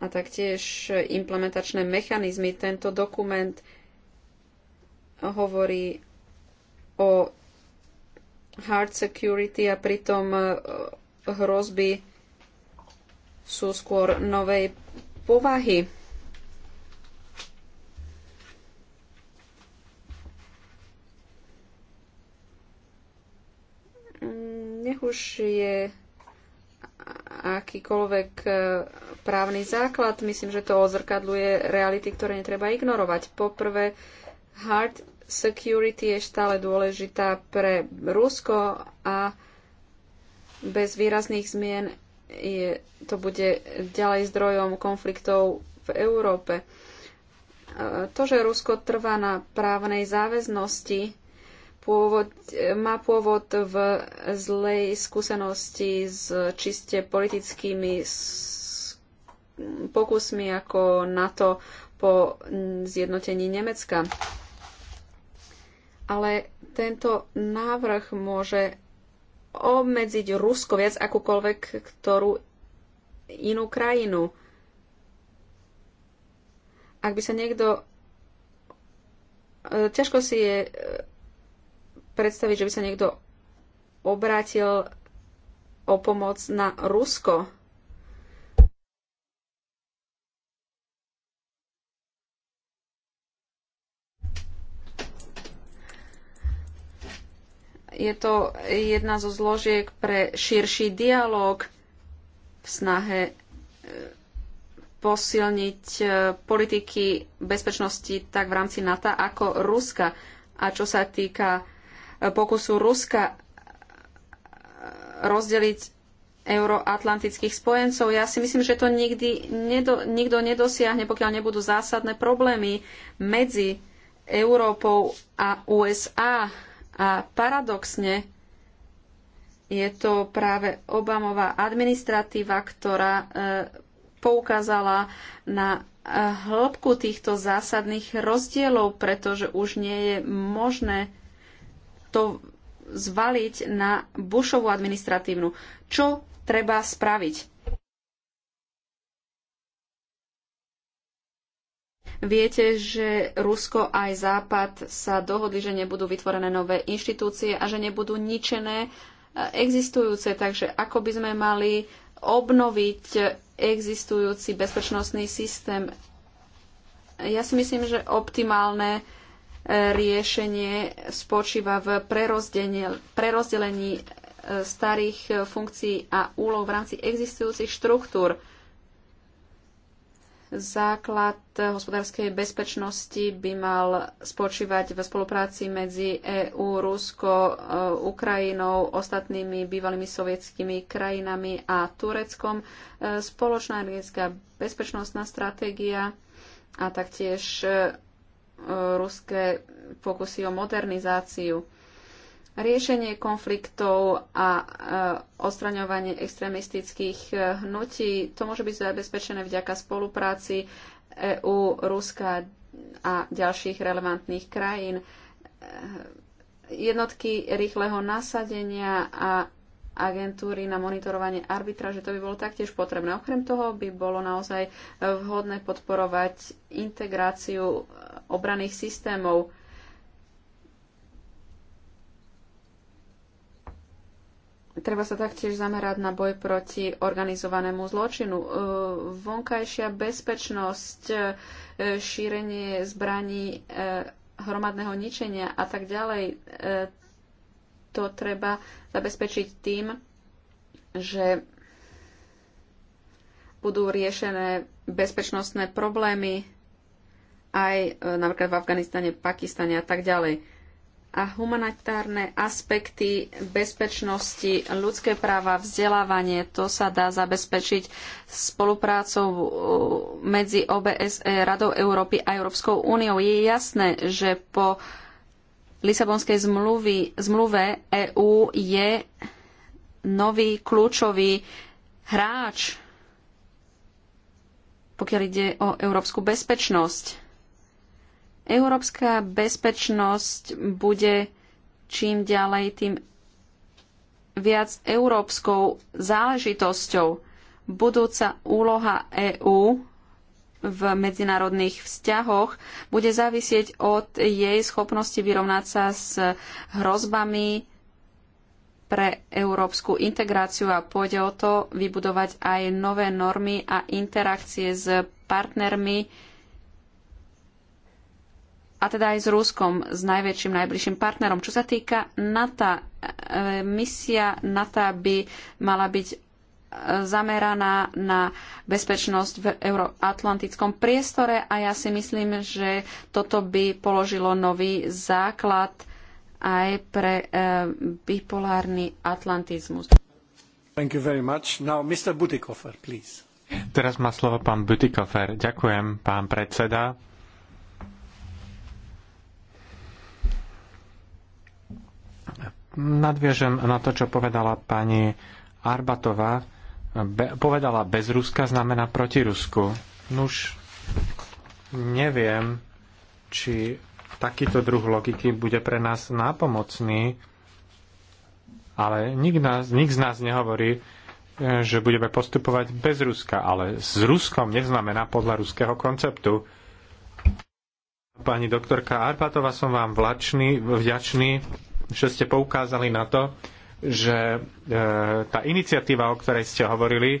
a taktiež implementačné mechanizmy. Tento dokument hovorí o hard security a pritom hrozby sú skôr novej povahy. Nech už je akýkoľvek e, právny základ, myslím, že to odzrkadluje reality, ktoré netreba ignorovať. Poprvé, hard security je stále dôležitá pre Rusko a bez výrazných zmien je, to bude ďalej zdrojom konfliktov v Európe. To, že Rusko trvá na právnej záväznosti, pôvod, má pôvod v zlej skúsenosti s čiste politickými pokusmi ako NATO po zjednotení Nemecka. Ale tento návrh môže obmedziť Rusko viac akúkoľvek ktorú inú krajinu. Ak by sa niekto... E, ťažko si je e, predstaviť, že by sa niekto obrátil o pomoc na Rusko. je to jedna zo zložiek pre širší dialog v snahe e, posilniť e, politiky bezpečnosti tak v rámci NATO ako Ruska. A čo sa týka e, pokusu Ruska rozdeliť euroatlantických spojencov, ja si myslím, že to nikdy nedo, nikto nedosiahne, pokiaľ nebudú zásadné problémy medzi Európou a USA a paradoxne je to práve Obamová administratíva, ktorá e, poukázala na e, hĺbku týchto zásadných rozdielov, pretože už nie je možné to zvaliť na Bushovú administratívnu. Čo treba spraviť? Viete, že Rusko aj Západ sa dohodli, že nebudú vytvorené nové inštitúcie a že nebudú ničené e, existujúce. Takže ako by sme mali obnoviť existujúci bezpečnostný systém? Ja si myslím, že optimálne e, riešenie spočíva v prerozdelení e, starých funkcií a úloh v rámci existujúcich štruktúr. Základ hospodárskej bezpečnosti by mal spočívať v spolupráci medzi EÚ, Rusko, e, Ukrajinou, ostatnými bývalými sovietskými krajinami a Tureckom. E, spoločná energetická bezpečnostná stratégia a taktiež e, ruské pokusy o modernizáciu riešenie konfliktov a e, ostraňovanie extrémistických e, hnutí. To môže byť zabezpečené vďaka spolupráci EÚ, Ruska a ďalších relevantných krajín. E, jednotky rýchleho nasadenia a agentúry na monitorovanie arbitráže to by bolo taktiež potrebné. Okrem toho by bolo naozaj vhodné podporovať integráciu obraných systémov Treba sa taktiež zamerať na boj proti organizovanému zločinu. E, vonkajšia bezpečnosť, e, šírenie zbraní e, hromadného ničenia a tak ďalej. To treba zabezpečiť tým, že budú riešené bezpečnostné problémy aj napríklad v Afganistane, Pakistane a tak ďalej a humanitárne aspekty bezpečnosti, ľudské práva, vzdelávanie, to sa dá zabezpečiť spoluprácou medzi OBSE, Radou Európy a Európskou úniou. Je jasné, že po Lisabonskej zmluvy, zmluve EÚ je nový kľúčový hráč, pokiaľ ide o európsku bezpečnosť. Európska bezpečnosť bude čím ďalej tým viac európskou záležitosťou. Budúca úloha EÚ v medzinárodných vzťahoch bude závisieť od jej schopnosti vyrovnať sa s hrozbami pre európsku integráciu a pôjde o to vybudovať aj nové normy a interakcie s partnermi a teda aj s Ruskom, s najväčším najbližším partnerom. Čo sa týka NATO, e, misia NATO by mala byť e, zameraná na bezpečnosť v euroatlantickom priestore a ja si myslím, že toto by položilo nový základ aj pre e, bipolárny atlantizmus. Thank you very much. Now, Mr. Butikofer, please. Teraz má slovo pán Butikofer. Ďakujem, pán predseda nadviažem na to, čo povedala pani Arbatová. Be, povedala bez Ruska znamená proti Rusku. Nuž, neviem, či takýto druh logiky bude pre nás nápomocný, ale nik, nás, nik z nás nehovorí, e, že budeme postupovať bez Ruska, ale s Ruskom neznamená podľa ruského konceptu. Pani doktorka Arpatova, som vám vlačný, vďačný že ste poukázali na to, že e, tá iniciatíva, o ktorej ste hovorili, e,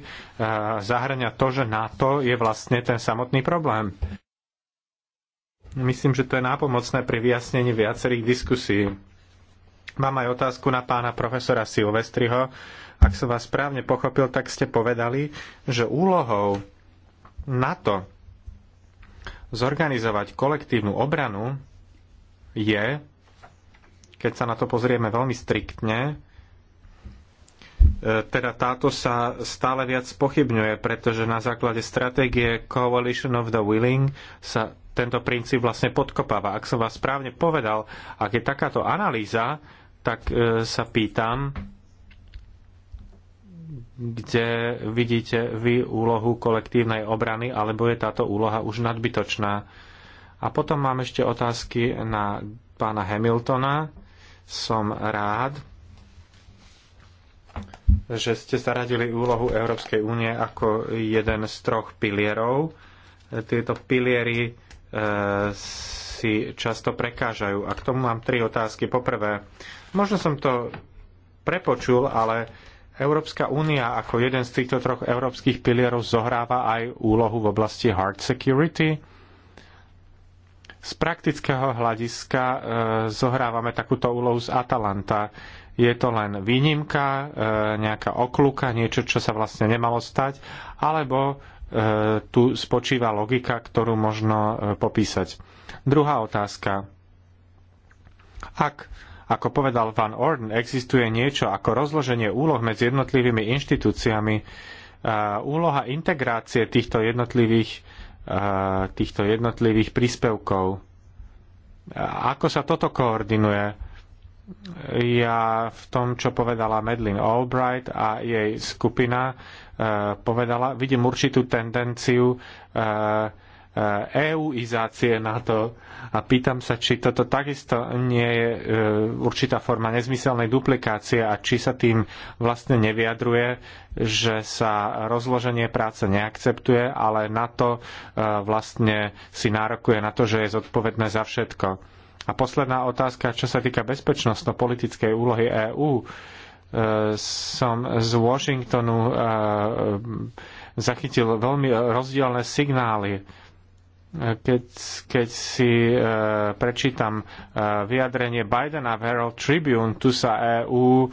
zahrania to, že NATO je vlastne ten samotný problém. Myslím, že to je nápomocné pri vyjasnení viacerých diskusí. Mám aj otázku na pána profesora Silvestriho. Ak som vás správne pochopil, tak ste povedali, že úlohou NATO zorganizovať kolektívnu obranu je keď sa na to pozrieme veľmi striktne, e, teda táto sa stále viac pochybňuje, pretože na základe stratégie Coalition of the Willing sa tento princíp vlastne podkopáva. Ak som vás správne povedal, ak je takáto analýza, tak e, sa pýtam, kde vidíte vy úlohu kolektívnej obrany, alebo je táto úloha už nadbytočná. A potom mám ešte otázky na pána Hamiltona som rád, že ste zaradili úlohu Európskej únie ako jeden z troch pilierov. Tieto piliery e, si často prekážajú. A k tomu mám tri otázky. Poprvé, možno som to prepočul, ale Európska únia ako jeden z týchto troch európskych pilierov zohráva aj úlohu v oblasti hard security z praktického hľadiska e, zohrávame takúto úlohu z Atalanta. Je to len výnimka, e, nejaká okluka, niečo, čo sa vlastne nemalo stať, alebo e, tu spočíva logika, ktorú možno popísať. Druhá otázka. Ak, ako povedal Van Orden, existuje niečo ako rozloženie úloh medzi jednotlivými inštitúciami, úloha integrácie týchto jednotlivých týchto jednotlivých príspevkov. Ako sa toto koordinuje? Ja v tom, čo povedala Medlin Albright a jej skupina, eh, povedala, vidím určitú tendenciu eh, EUizácie eh, e NATO a pýtam sa, či toto takisto nie je eh, určitá forma nezmyselnej duplikácie a či sa tým vlastne nevyjadruje, že sa rozloženie práce neakceptuje, ale NATO eh, vlastne si nárokuje na to, že je zodpovedné za všetko. A posledná otázka, čo sa týka bezpečnostno-politickej úlohy EÚ. Som z Washingtonu hm, hm, hm, zachytil veľmi rozdielne signály E, keď, keď si e, prečítam e, vyjadrenie Bidena v Herald Tribune, tu sa EÚ e,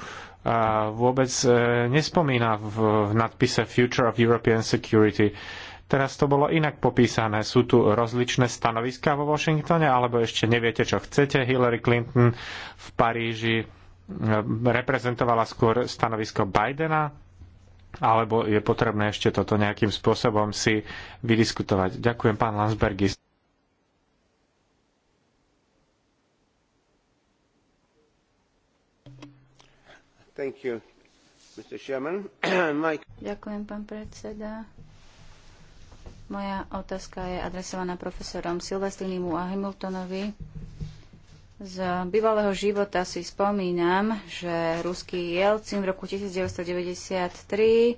vôbec e, nespomína v, v nadpise Future of European Security. Teraz to bolo inak popísané. Sú tu rozličné stanoviská vo Washingtone, alebo ešte neviete, čo chcete. Hillary Clinton v Paríži e, reprezentovala skôr stanovisko Bidena alebo je potrebné ešte toto nejakým spôsobom si vydiskutovať. Ďakujem, pán Lansbergis. Thank you, Mr. Chairman. *clears throat* My... Ďakujem, pán predseda. Moja otázka je adresovaná profesorom Silvestrinimu a Hamiltonovi z bývalého života si spomínam, že ruský Jelcin v roku 1993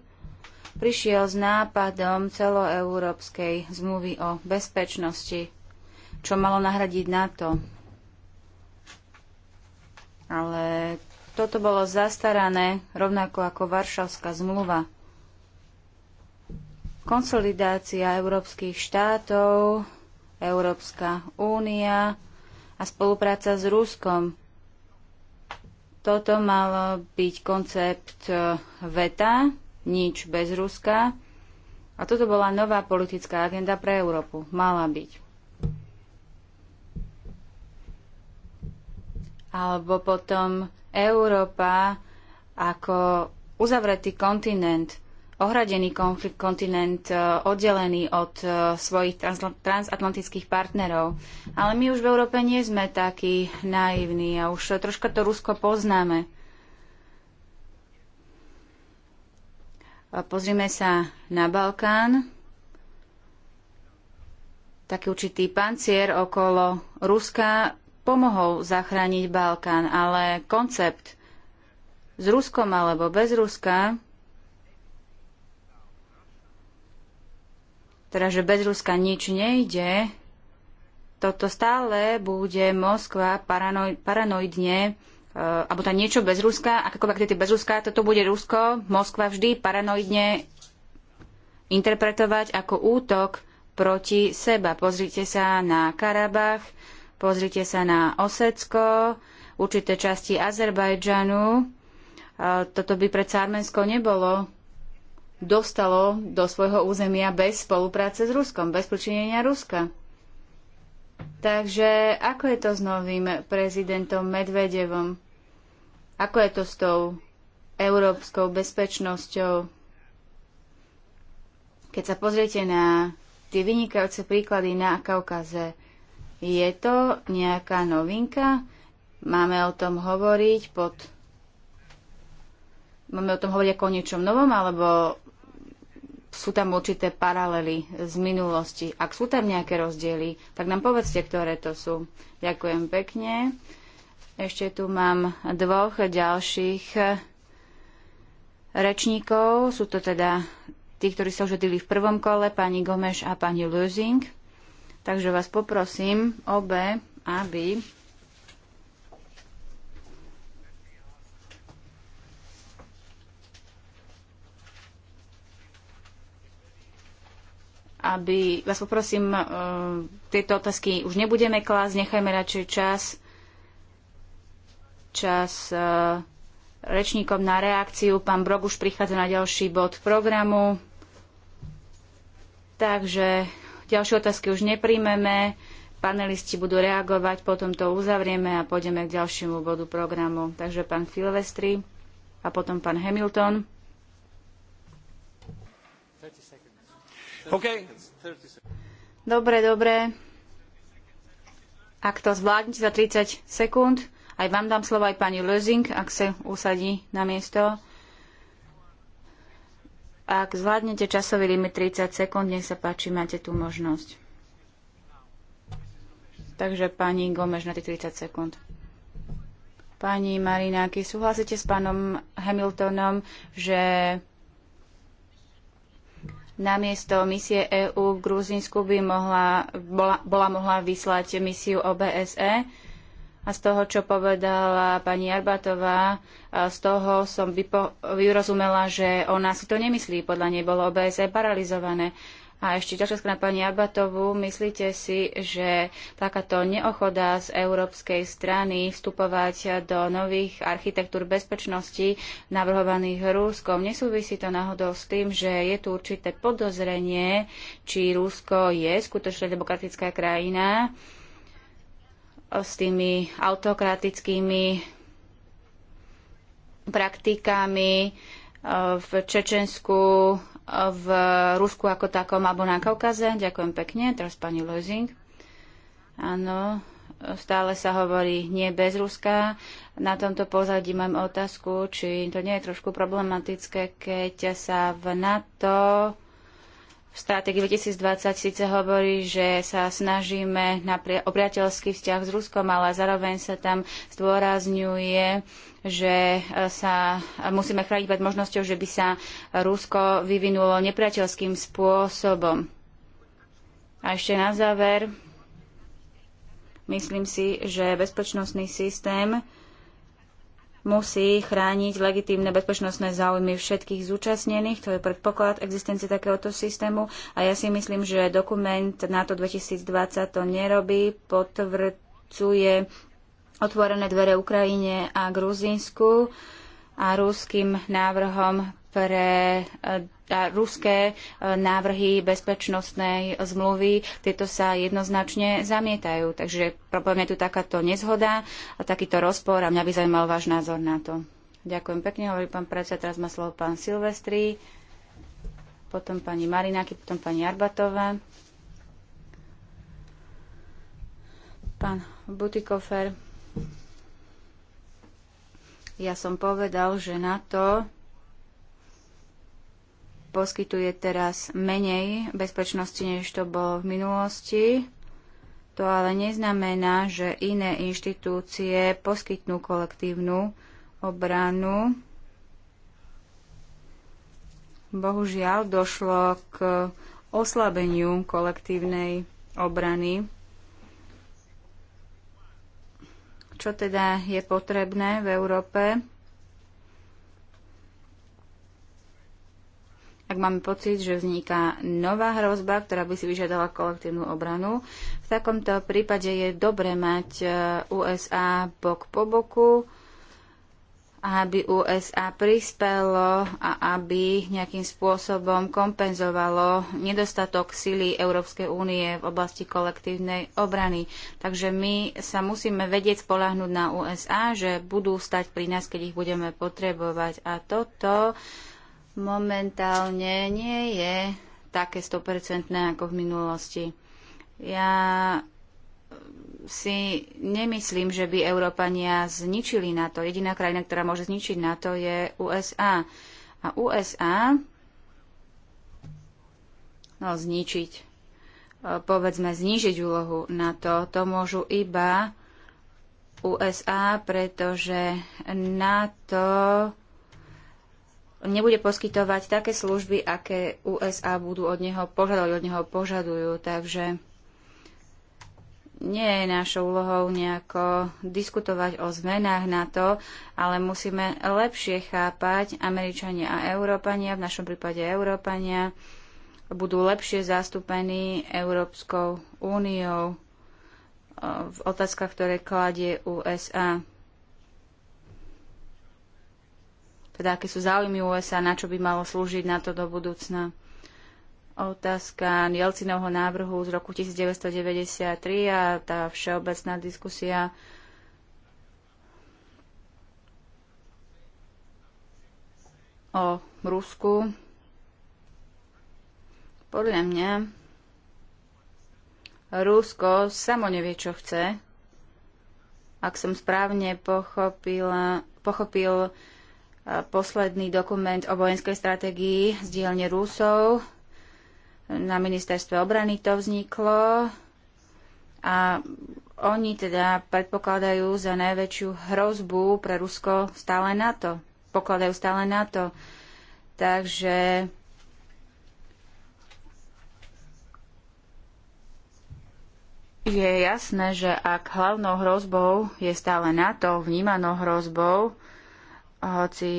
prišiel s nápadom celoeurópskej zmluvy o bezpečnosti, čo malo nahradiť NATO. Ale toto bolo zastarané rovnako ako Varšavská zmluva. Konsolidácia európskych štátov, Európska únia, a spolupráca s Ruskom. Toto mal byť koncept e, VETA, nič bez Ruska. A toto bola nová politická agenda pre Európu. Mala byť. Alebo potom Európa ako uzavretý kontinent – ohradený konflikt, kontinent e, oddelený od e, svojich transatlantických partnerov. Ale my už v Európe nie sme takí naivní a už troška to Rusko poznáme. Pozrime sa na Balkán. Taký určitý pancier okolo Ruska pomohol zachrániť Balkán, ale koncept s Ruskom alebo bez Ruska teda že bez Ruska nič nejde, toto stále bude Moskva paranoj, paranoidne uh, alebo tam niečo bez Ruska, akákoľvek tie bez Ruska, toto bude Rusko, Moskva vždy paranoidne interpretovať ako útok proti seba. Pozrite sa na Karabach, pozrite sa na Osecko, určité časti Azerbajdžanu. E, toto by pre Cármensko nebolo dostalo do svojho územia bez spolupráce s Ruskom, bez počinenia Ruska. Takže ako je to s novým prezidentom Medvedevom? Ako je to s tou európskou bezpečnosťou? Keď sa pozriete na tie vynikajúce príklady na Kaukaze, je to nejaká novinka? Máme o tom hovoriť pod Máme o tom hovoriť ako o niečom novom, alebo sú tam určité paralely z minulosti. Ak sú tam nejaké rozdiely, tak nám povedzte, ktoré to sú. Ďakujem pekne. Ešte tu mám dvoch ďalších rečníkov. Sú to teda tí, ktorí sa už v prvom kole, pani Gomeš a pani Lusing. Takže vás poprosím obe, aby aby vás poprosím, e, tieto otázky už nebudeme klásť, nechajme radšej čas, čas e, rečníkom na reakciu. Pán Brok už prichádza na ďalší bod programu. Takže ďalšie otázky už nepríjmeme. Panelisti budú reagovať, potom to uzavrieme a pôjdeme k ďalšiemu bodu programu. Takže pán Filvestri a potom pán Hamilton. 30 Okay. Dobre, dobre. Ak to zvládnete za 30 sekúnd, aj vám dám slovo aj pani Lözing, ak sa usadí na miesto. Ak zvládnete časový limit 30 sekúnd, nech sa páči, máte tú možnosť. Takže pani Gomež na tých 30 sekúnd. Pani Marináky, súhlasíte s pánom Hamiltonom, že namiesto misie EÚ v Gruzínsku by mohla, bola, bola mohla vyslať misiu OBSE. A z toho, čo povedala pani Arbatová, z toho som vypo, vyrozumela, že ona si to nemyslí. Podľa nej bolo OBSE paralizované. A ešte ďalšia skrana pani Abatovu myslíte si, že takáto neochoda z európskej strany vstupovať do nových architektúr bezpečnosti navrhovaných Rúskom, nesúvisí to náhodou s tým, že je tu určité podozrenie, či Rusko je skutočne demokratická krajina s tými autokratickými praktikami eh, v Čečensku v Rusku ako takom alebo na Kaukaze. Ďakujem pekne. Teraz pani Lozing. Áno, stále sa hovorí nie bez Ruska. Na tomto pozadí mám otázku, či to nie je trošku problematické, keď sa v NATO v stratégii 2020 síce hovorí, že sa snažíme na o priateľský vzťah s Ruskom, ale zároveň sa tam zdôrazňuje, že e, sa musíme chrániť pred možnosťou, že by sa Rusko vyvinulo nepriateľským spôsobom. A ešte na záver, myslím si, že bezpečnostný systém musí chrániť legitímne bezpečnostné záujmy všetkých zúčastnených. To je predpoklad existencie takéhoto systému. A ja si myslím, že dokument NATO 2020 to nerobí, potvrdzuje otvorené dvere Ukrajine a Gruzínsku a rúským návrhom pre e, ruské e, návrhy bezpečnostnej zmluvy. Tieto sa jednoznačne zamietajú. Takže problém je tu takáto nezhoda, takýto rozpor a mňa by zaujímal váš názor na to. Ďakujem pekne, hovorí pán predseda, teraz má slovo pán Silvestri, potom pani Marináky, potom pani Arbatová. Pán Butikofer, ja som povedal, že na to poskytuje teraz menej bezpečnosti, než to bolo v minulosti. To ale neznamená, že iné inštitúcie poskytnú kolektívnu obranu. Bohužiaľ došlo k oslabeniu kolektívnej obrany. Čo teda je potrebné v Európe? ak máme pocit, že vzniká nová hrozba, ktorá by si vyžiadala kolektívnu obranu, v takomto prípade je dobre mať e, USA bok po boku, aby USA prispelo a aby nejakým spôsobom kompenzovalo nedostatok sily Európskej únie v oblasti kolektívnej obrany. Takže my sa musíme vedieť spolahnúť na USA, že budú stať pri nás, keď ich budeme potrebovať. A toto momentálne nie je také 100% ako v minulosti. Ja si nemyslím, že by Európania zničili NATO. Jediná krajina, ktorá môže zničiť NATO je USA. A USA no, zničiť e, povedzme znížiť úlohu NATO, to môžu iba USA, pretože NATO nebude poskytovať také služby, aké USA budú od neho požadovať, od neho požadujú. Takže nie je našou úlohou nejako diskutovať o zmenách na to, ale musíme lepšie chápať Američania a Európania, v našom prípade Európania, budú lepšie zastúpení Európskou úniou eh, v otázkach, ktoré kladie USA. teda aké sú záujmy USA, na čo by malo slúžiť na to do budúcna. Otázka Jelcinovho návrhu z roku 1993 a tá všeobecná diskusia o Rusku. Podľa mňa Rusko samo nevie, čo chce. Ak som správne pochopila, pochopil posledný dokument o vojenskej stratégii z dielne Rusov. Na ministerstve obrany to vzniklo a oni teda predpokladajú za najväčšiu hrozbu pre Rusko stále NATO. Pokladajú stále NATO. Takže je jasné, že ak hlavnou hrozbou je stále NATO, vnímanou hrozbou, hoci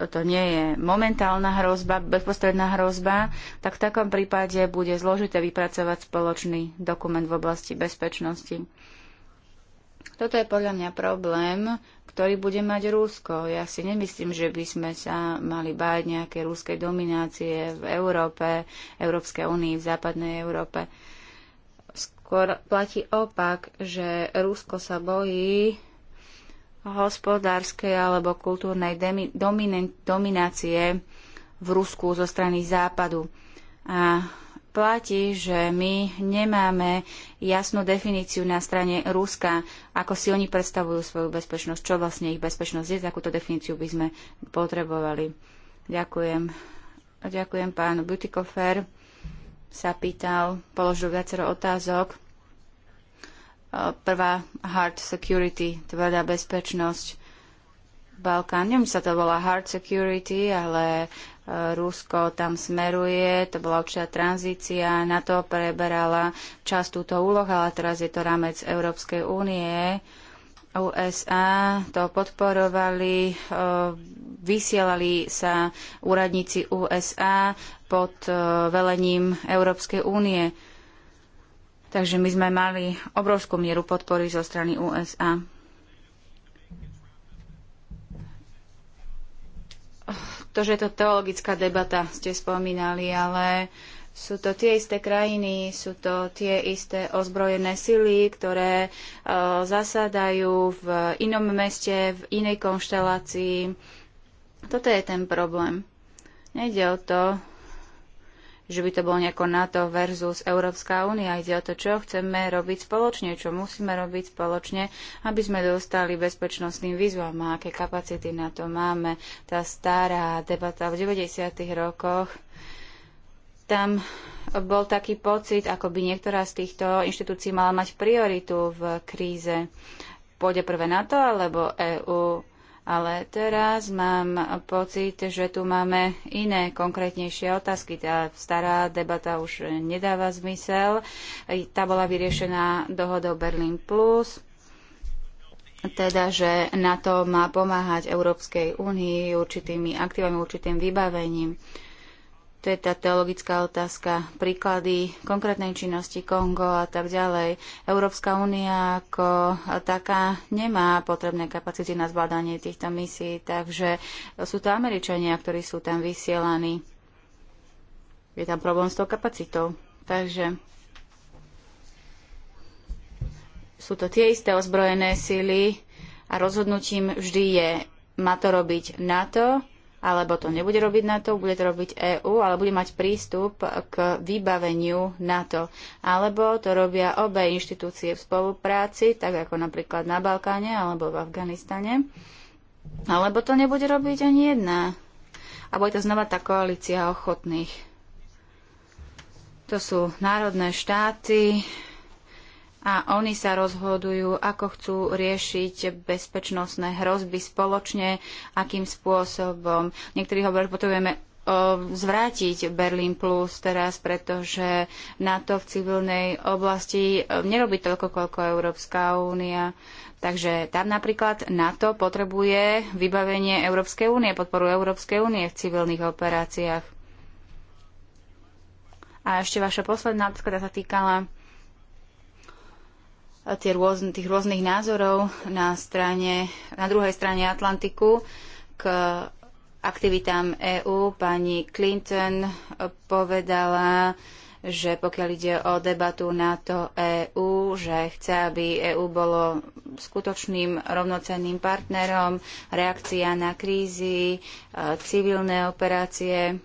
to nie je momentálna hrozba, bezprostredná hrozba, tak v takom prípade bude zložité vypracovať spoločný dokument v oblasti bezpečnosti. Toto je podľa mňa problém, ktorý bude mať Rusko. Ja si nemyslím, že by sme sa mali báť nejaké rúskej dominácie v Európe, Európskej únii, v západnej Európe. Skôr platí opak, že Rusko sa bojí hospodárskej alebo kultúrnej dominácie v Rusku zo strany západu. A platí, že my nemáme jasnú definíciu na strane Ruska, ako si oni predstavujú svoju bezpečnosť, čo vlastne ich bezpečnosť je, takúto definíciu by sme potrebovali. Ďakujem. Ďakujem pán Butikofer. Sa pýtal, položil viacero otázok. Prvá hard security, tvrdá bezpečnosť. Balkán, neviem, sa to volá hard security, ale e, Rusko tam smeruje, to bola určitá tranzícia, na to preberala časť túto úloh, ale teraz je to rámec Európskej únie. USA to podporovali, e, vysielali sa úradníci USA pod e, velením Európskej únie. Takže my sme mali obrovskú mieru podpory zo strany USA. To, že je to teologická debata, ste spomínali, ale sú to tie isté krajiny, sú to tie isté ozbrojené sily, ktoré e, zasadajú v inom meste, v inej konštelácii. Toto je ten problém. Nejde o to, že by to bolo nejako NATO versus Európska únia. Ide o to, čo chceme robiť spoločne, čo musíme robiť spoločne, aby sme dostali bezpečnostným výzvam a aké kapacity na to máme. Tá stará debata v 90. rokoch, tam bol taký pocit, ako by niektorá z týchto inštitúcií mala mať prioritu v kríze. Pôjde prvé NATO alebo EÚ? Ale teraz mám pocit, že tu máme iné konkrétnejšie otázky. Tá stará debata už nedáva zmysel. Tá bola vyriešená dohodou Berlin Plus teda, že NATO má pomáhať Európskej únii určitými aktívami, určitým vybavením. To je tá teologická otázka, príklady konkrétnej činnosti Kongo a tak ďalej. Európska únia ako taká nemá potrebné kapacity na zvládanie týchto misií, takže sú to Američania, ktorí sú tam vysielaní. Je tam problém s tou kapacitou. Takže sú to tie isté ozbrojené síly a rozhodnutím vždy je, má to robiť NATO, alebo to nebude robiť NATO, bude to robiť EÚ, ale bude mať prístup k vybaveniu NATO. Alebo to robia obe inštitúcie v spolupráci, tak ako napríklad na Balkáne alebo v Afganistane. Alebo to nebude robiť ani jedna. A bude to znova tá koalícia ochotných. To sú národné štáty, a oni sa rozhodujú, ako chcú riešiť bezpečnostné hrozby spoločne, akým spôsobom. Niektorí hovoria, že potrebujeme zvrátiť Berlin Plus teraz, pretože NATO v civilnej oblasti e, nerobí toľko, koľko Európska únia. Takže tam napríklad NATO potrebuje vybavenie Európskej únie, podporu Európskej únie v civilných operáciách. A ešte vaša posledná otázka sa týkala tie tých rôznych názorov na, strane, na druhej strane Atlantiku k aktivitám EÚ. Pani Clinton povedala, že pokiaľ ide o debatu NATO EÚ, že chce, aby EÚ bolo skutočným rovnocenným partnerom, reakcia na krízy, e, civilné operácie.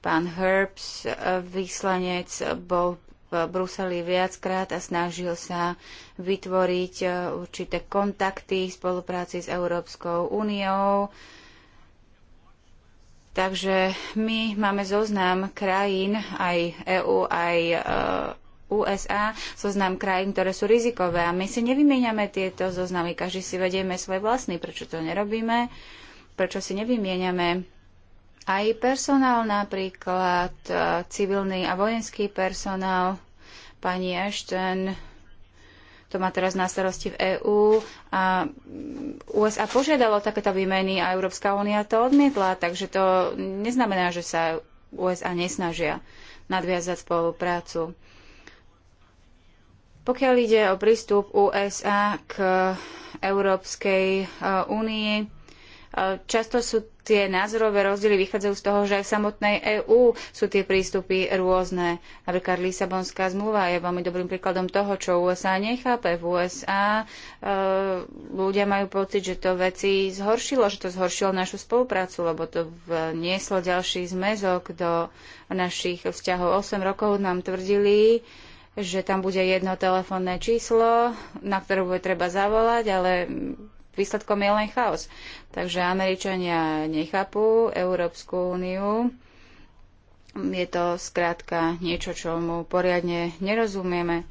Pán Herbs, e, vyslanec, bol v Bruseli viackrát a snažil sa vytvoriť e, určité kontakty v spolupráci s Európskou úniou. Takže my máme zoznam krajín, aj EÚ, aj e, USA, zoznam krajín, ktoré sú rizikové a my si nevymieňame tieto zoznamy. Každý si vedieme svoj vlastný, prečo to nerobíme, prečo si nevymieňame aj personál, napríklad e, civilný a vojenský personál. Pani Ashton to má teraz na starosti v EÚ a USA požiadalo takéto výmeny a Európska únia to odmietla, takže to neznamená, že sa USA nesnažia nadviazať spoluprácu. Pokiaľ ide o prístup USA k Európskej e, únii, Často sú tie názorové rozdiely vychádzajú z toho, že aj v samotnej EÚ sú tie prístupy rôzne. Napríklad Lisabonská zmluva je veľmi dobrým príkladom toho, čo USA nechápe. V USA e, ľudia majú pocit, že to veci zhoršilo, že to zhoršilo našu spoluprácu, lebo to vnieslo ďalší zmezok do našich vzťahov. 8 rokov nám tvrdili, že tam bude jedno telefónne číslo, na ktoré bude treba zavolať, ale výsledkom je len chaos. Takže Američania nechápu Európsku úniu. Je to skrátka niečo, čo mu poriadne nerozumieme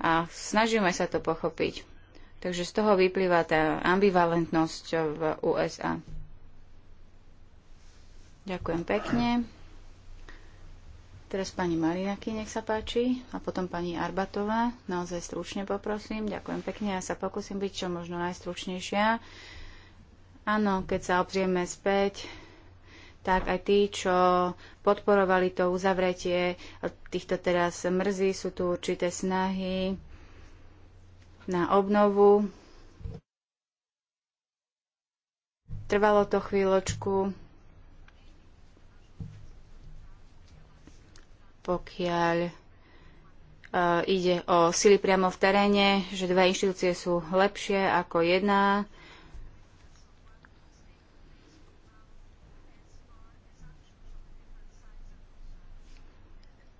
a snažíme sa to pochopiť. Takže z toho vyplýva tá ambivalentnosť v USA. Ďakujem pekne. Teraz pani Marinaky, nech sa páči, a potom pani Arbatová. Naozaj stručne poprosím. Ďakujem pekne, ja sa pokúsim byť čo možno najstručnejšia. Áno, keď sa obzrieme späť, tak aj tí, čo podporovali to uzavretie, týchto teraz mrzí, sú tu určité snahy na obnovu. Trvalo to chvíľočku, pokiaľ e, ide o sily priamo v teréne, že dve inštitúcie sú lepšie ako jedna.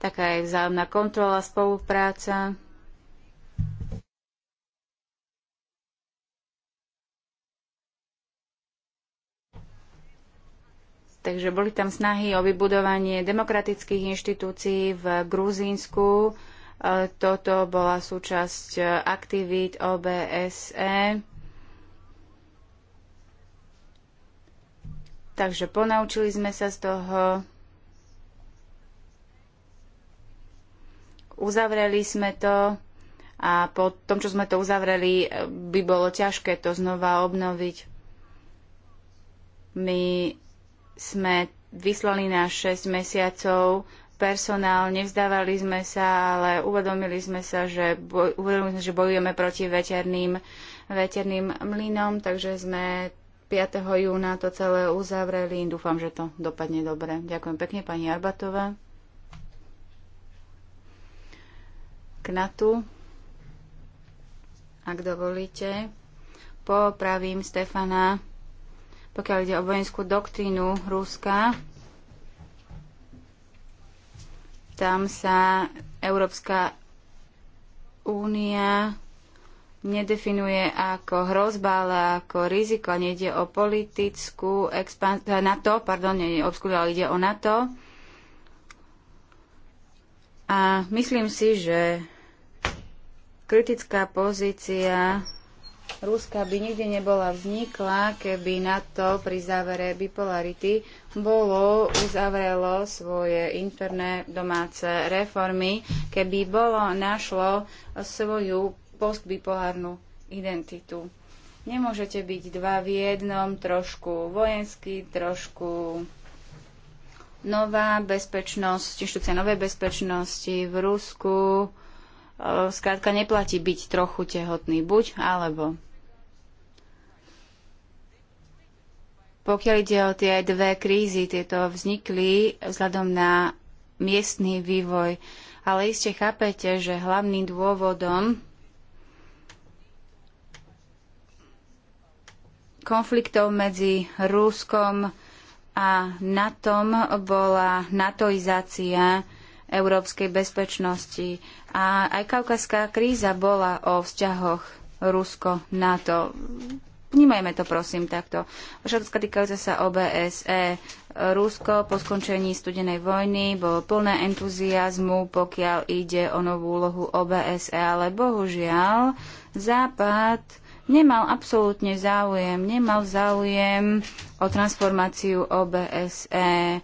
Taká je vzájomná kontrola, spolupráca. Takže boli tam snahy o vybudovanie demokratických inštitúcií v Gruzínsku. E, toto bola súčasť aktivít OBSE. Takže ponaučili sme sa z toho. Uzavreli sme to a po tom, čo sme to uzavreli, e, by bolo ťažké to znova obnoviť. My sme vyslali na 6 mesiacov personál, nevzdávali sme sa, ale uvedomili sme sa, že, boj, uvedomili sme, že bojujeme proti veterným, veterným mlynom, takže sme 5. júna to celé uzavreli. Dúfam, že to dopadne dobre. Ďakujem pekne, pani Arbatová. K NATO, ak dovolíte, popravím Stefana pokiaľ ide o vojenskú doktrínu Ruska, tam sa Európska únia nedefinuje ako hrozba, ale ako riziko. Nejde o politickú expanziu, eh, NATO, pardon, nie obskúru, ale ide o NATO. A myslím si, že kritická pozícia Ruska by nikdy nebola vznikla, keby na to pri závere bipolarity bolo uzavrelo svoje interné domáce reformy, keby bolo našlo svoju postbipolárnu identitu. Nemôžete byť dva v jednom, trošku vojenský, trošku nová bezpečnosť, inštitúcia novej bezpečnosti v Rusku, E, skrátka neplatí byť trochu tehotný, buď alebo. Pokiaľ ide o tie dve krízy, tieto vznikli vzhľadom na miestný vývoj. Ale iste chápete, že hlavným dôvodom konfliktov medzi Ruskom a NATO bola natoizácia európskej bezpečnosti. A aj kaukazská kríza bola o vzťahoch Rusko-NATO. Vnímajme to prosím takto. Všetko týkajúce sa OBSE. Rusko po skončení studenej vojny bolo plné entuziasmu, pokiaľ ide o novú úlohu OBSE, ale bohužiaľ Západ nemal absolútne záujem, nemal záujem o transformáciu OBSE.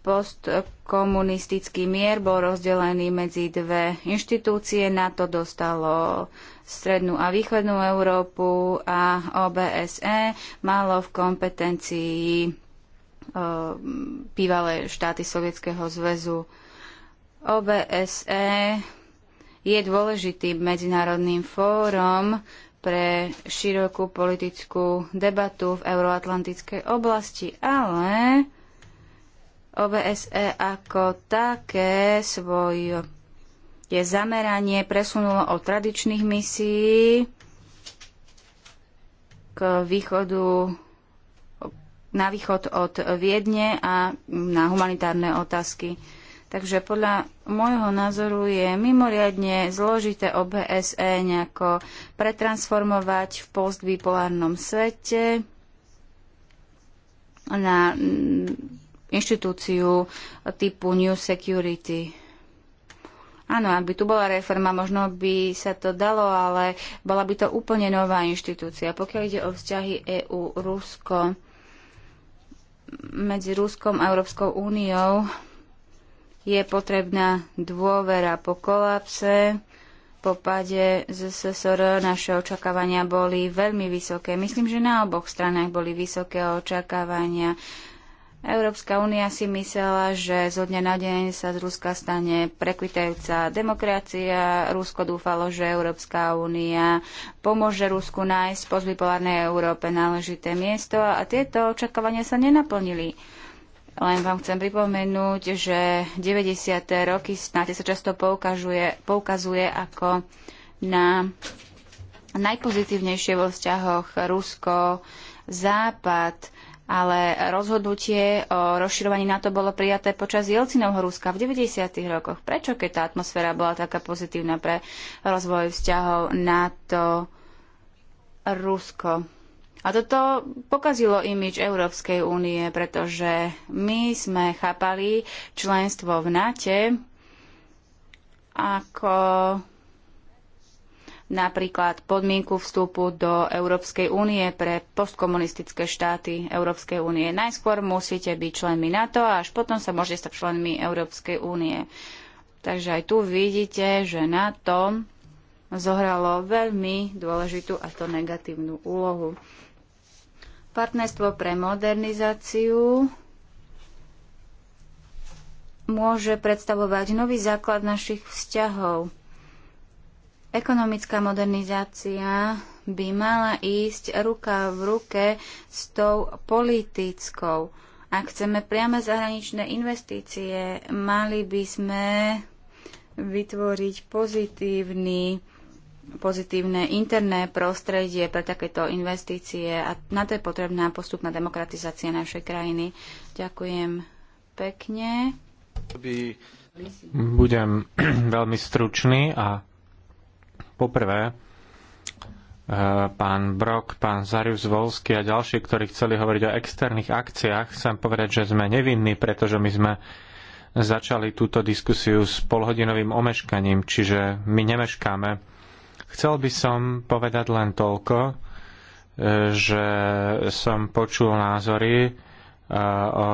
Postkomunistický mier bol rozdelený medzi dve inštitúcie. NATO dostalo strednú a východnú Európu a OBSE malo v kompetencii e, bývalé štáty Sovietskeho zväzu. OBSE je dôležitým medzinárodným fórom, pre širokú politickú debatu v euroatlantickej oblasti, ale OBSE ako také svoj je zameranie presunulo od tradičných misií k východu na východ od Viedne a na humanitárne otázky. Takže podľa môjho názoru je mimoriadne zložité OBSE nejako pretransformovať v postbipolárnom svete na inštitúciu typu New Security. Áno, ak by tu bola reforma, možno by sa to dalo, ale bola by to úplne nová inštitúcia. Pokiaľ ide o vzťahy EU-Rusko, medzi Ruskom a Európskou úniou je potrebná dôvera po kolapse, po pade SSR, naše očakávania boli veľmi vysoké. Myslím, že na oboch stranách boli vysoké očakávania. Uh, Európska únia si myslela, že zo dňa na deň sa z Ruska stane prekvitajúca demokracia. Rusko dúfalo, že Európska únia pomôže Rusku nájsť po bipolárnej Európe náležité miesto a tieto očakávania sa nenaplnili. Len vám chcem pripomenúť, že 90. roky snáď sa často poukazuje, poukazuje ako na najpozitívnejšie vo vzťahoch Rusko, Západ, ale rozhodnutie o rozširovaní NATO bolo prijaté počas Jelcinovho Ruska v 90. rokoch. Prečo, keď tá atmosféra bola taká pozitívna pre rozvoj vzťahov NATO-Rusko? A toto pokazilo imič Európskej únie, pretože my sme chápali členstvo v NATO, ako napríklad podmienku vstupu do Európskej únie pre postkomunistické štáty Európskej únie. Najskôr musíte byť členmi NATO a až potom sa môžete stať členmi Európskej únie. Takže aj tu vidíte, že NATO zohralo veľmi dôležitú a to negatívnu úlohu. Partnerstvo pre modernizáciu môže predstavovať nový základ našich vzťahov Ekonomická modernizácia by mala ísť ruka v ruke s tou politickou. Ak chceme priame zahraničné investície, mali by sme vytvoriť pozitívny pozitívne interné prostredie pre takéto investície a na to je potrebná postupná demokratizácia našej krajiny. Ďakujem pekne. Budem *clears throat* veľmi stručný a Poprvé, e, pán Brok, pán Zarius Volsky a ďalší, ktorí chceli hovoriť o externých akciách, chcem povedať, že sme nevinní, pretože my sme začali túto diskusiu s polhodinovým omeškaním, čiže my nemeškáme. Chcel by som povedať len toľko, e, že som počul názory e, o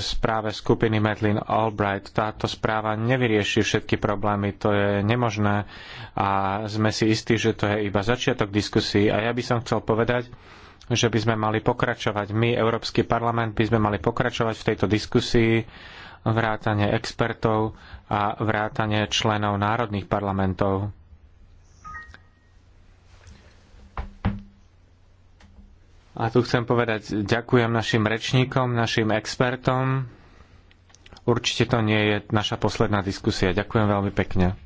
správe skupiny Madeleine Albright. Táto správa nevyrieši všetky problémy, to je nemožné a sme si istí, že to je iba začiatok diskusí. A ja by som chcel povedať, že by sme mali pokračovať, my, Európsky parlament, by sme mali pokračovať v tejto diskusii, vrátane expertov a vrátane členov národných parlamentov A tu chcem povedať, ďakujem našim rečníkom, našim expertom. Určite to nie je naša posledná diskusia. Ďakujem veľmi pekne.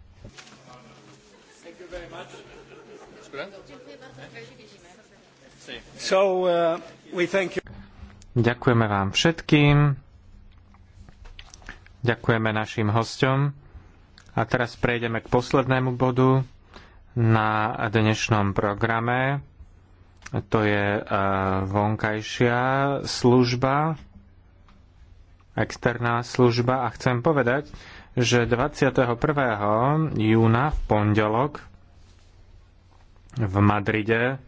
So, uh, Ďakujeme vám všetkým. Ďakujeme našim hostom. A teraz prejdeme k poslednému bodu na dnešnom programe to je e, vonkajšia služba, externá služba a chcem povedať, že 21. júna v pondelok v Madride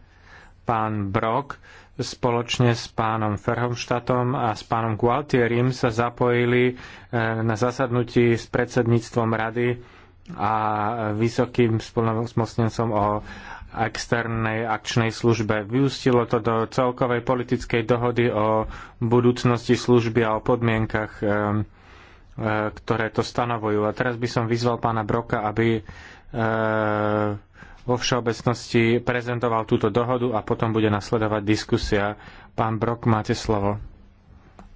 pán Brok spoločne s pánom Ferhomštatom a s pánom Gualtierim sa zapojili e, na zasadnutí s predsedníctvom rady a vysokým spolnomocnencom o externej akčnej službe. Vyústilo to do celkovej politickej dohody o budúcnosti služby a o podmienkach, eh, eh, ktoré to stanovujú. A teraz by som vyzval pána Broka, aby eh, vo všeobecnosti prezentoval túto dohodu a potom bude nasledovať diskusia. Pán Brok, máte slovo.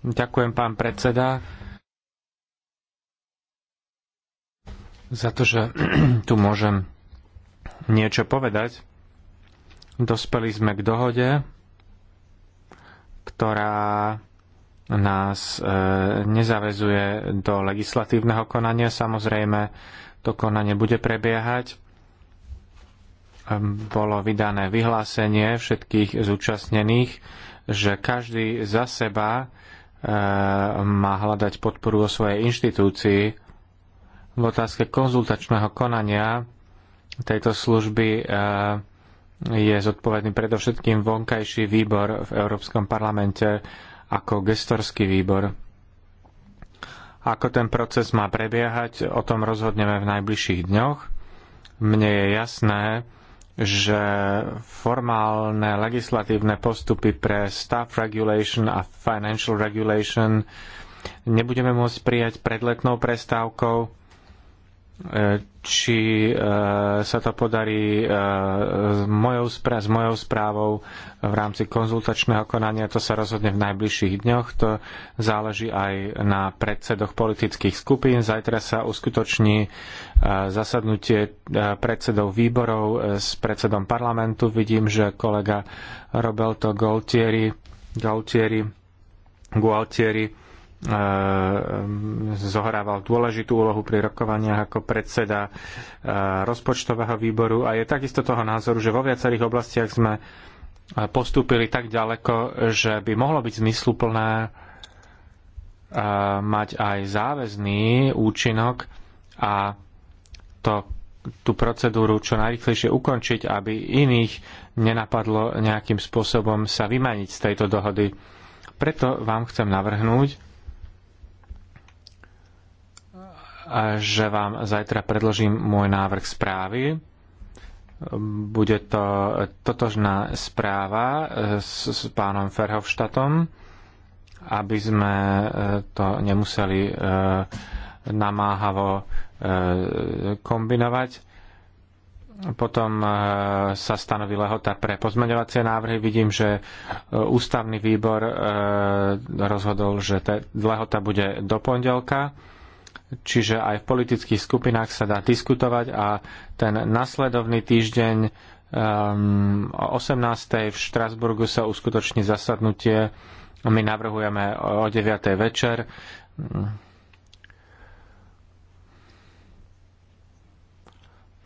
Ďakujem, pán predseda, za to, že *clears throat* tu môžem niečo povedať. Dospeli sme k dohode, ktorá nás e, nezavezuje do legislatívneho konania. Samozrejme, to konanie bude prebiehať. Bolo vydané vyhlásenie všetkých zúčastnených, že každý za seba e, má hľadať podporu o svojej inštitúcii. V otázke konzultačného konania tejto služby e, je zodpovedný predovšetkým vonkajší výbor v Európskom parlamente ako gestorský výbor. Ako ten proces má prebiehať, o tom rozhodneme v najbližších dňoch. Mne je jasné, že formálne legislatívne postupy pre staff regulation a financial regulation nebudeme môcť prijať pred letnou prestávkou E, či e, sa to podarí s e, mojou, správ, s mojou správou v rámci konzultačného konania. To sa rozhodne v najbližších dňoch. To záleží aj na predsedoch politických skupín. Zajtra sa uskutoční zasadnutie predsedov výborov s predsedom parlamentu. Vidím, že kolega Roberto Gualtieri, Gualtieri, Gualtieri Eh, zohrával dôležitú úlohu pri rokovaniach ako predseda eh, rozpočtového výboru a je takisto toho názoru, že vo viacerých oblastiach sme eh, postúpili tak ďaleko, že by mohlo byť zmysluplné mať aj záväzný účinok a to, tú procedúru čo najrychlejšie ukončiť, aby iných nenapadlo nejakým spôsobom sa vymaniť z tejto dohody. Preto vám chcem navrhnúť, že vám zajtra predložím môj návrh správy. Bude to totožná správa eh, s, s pánom Ferhovštatom, aby sme eh, to nemuseli eh, namáhavo kombinovať. Potom sa stanoví lehota pre pozmeňovacie návrhy. Vidím, že ústavný výbor rozhodol, že lehota bude do pondelka Čiže aj v politických skupinách sa dá diskutovať a ten nasledovný týždeň um, o 18. v Štrasburgu sa uskutoční zasadnutie. My navrhujeme o 9. večer.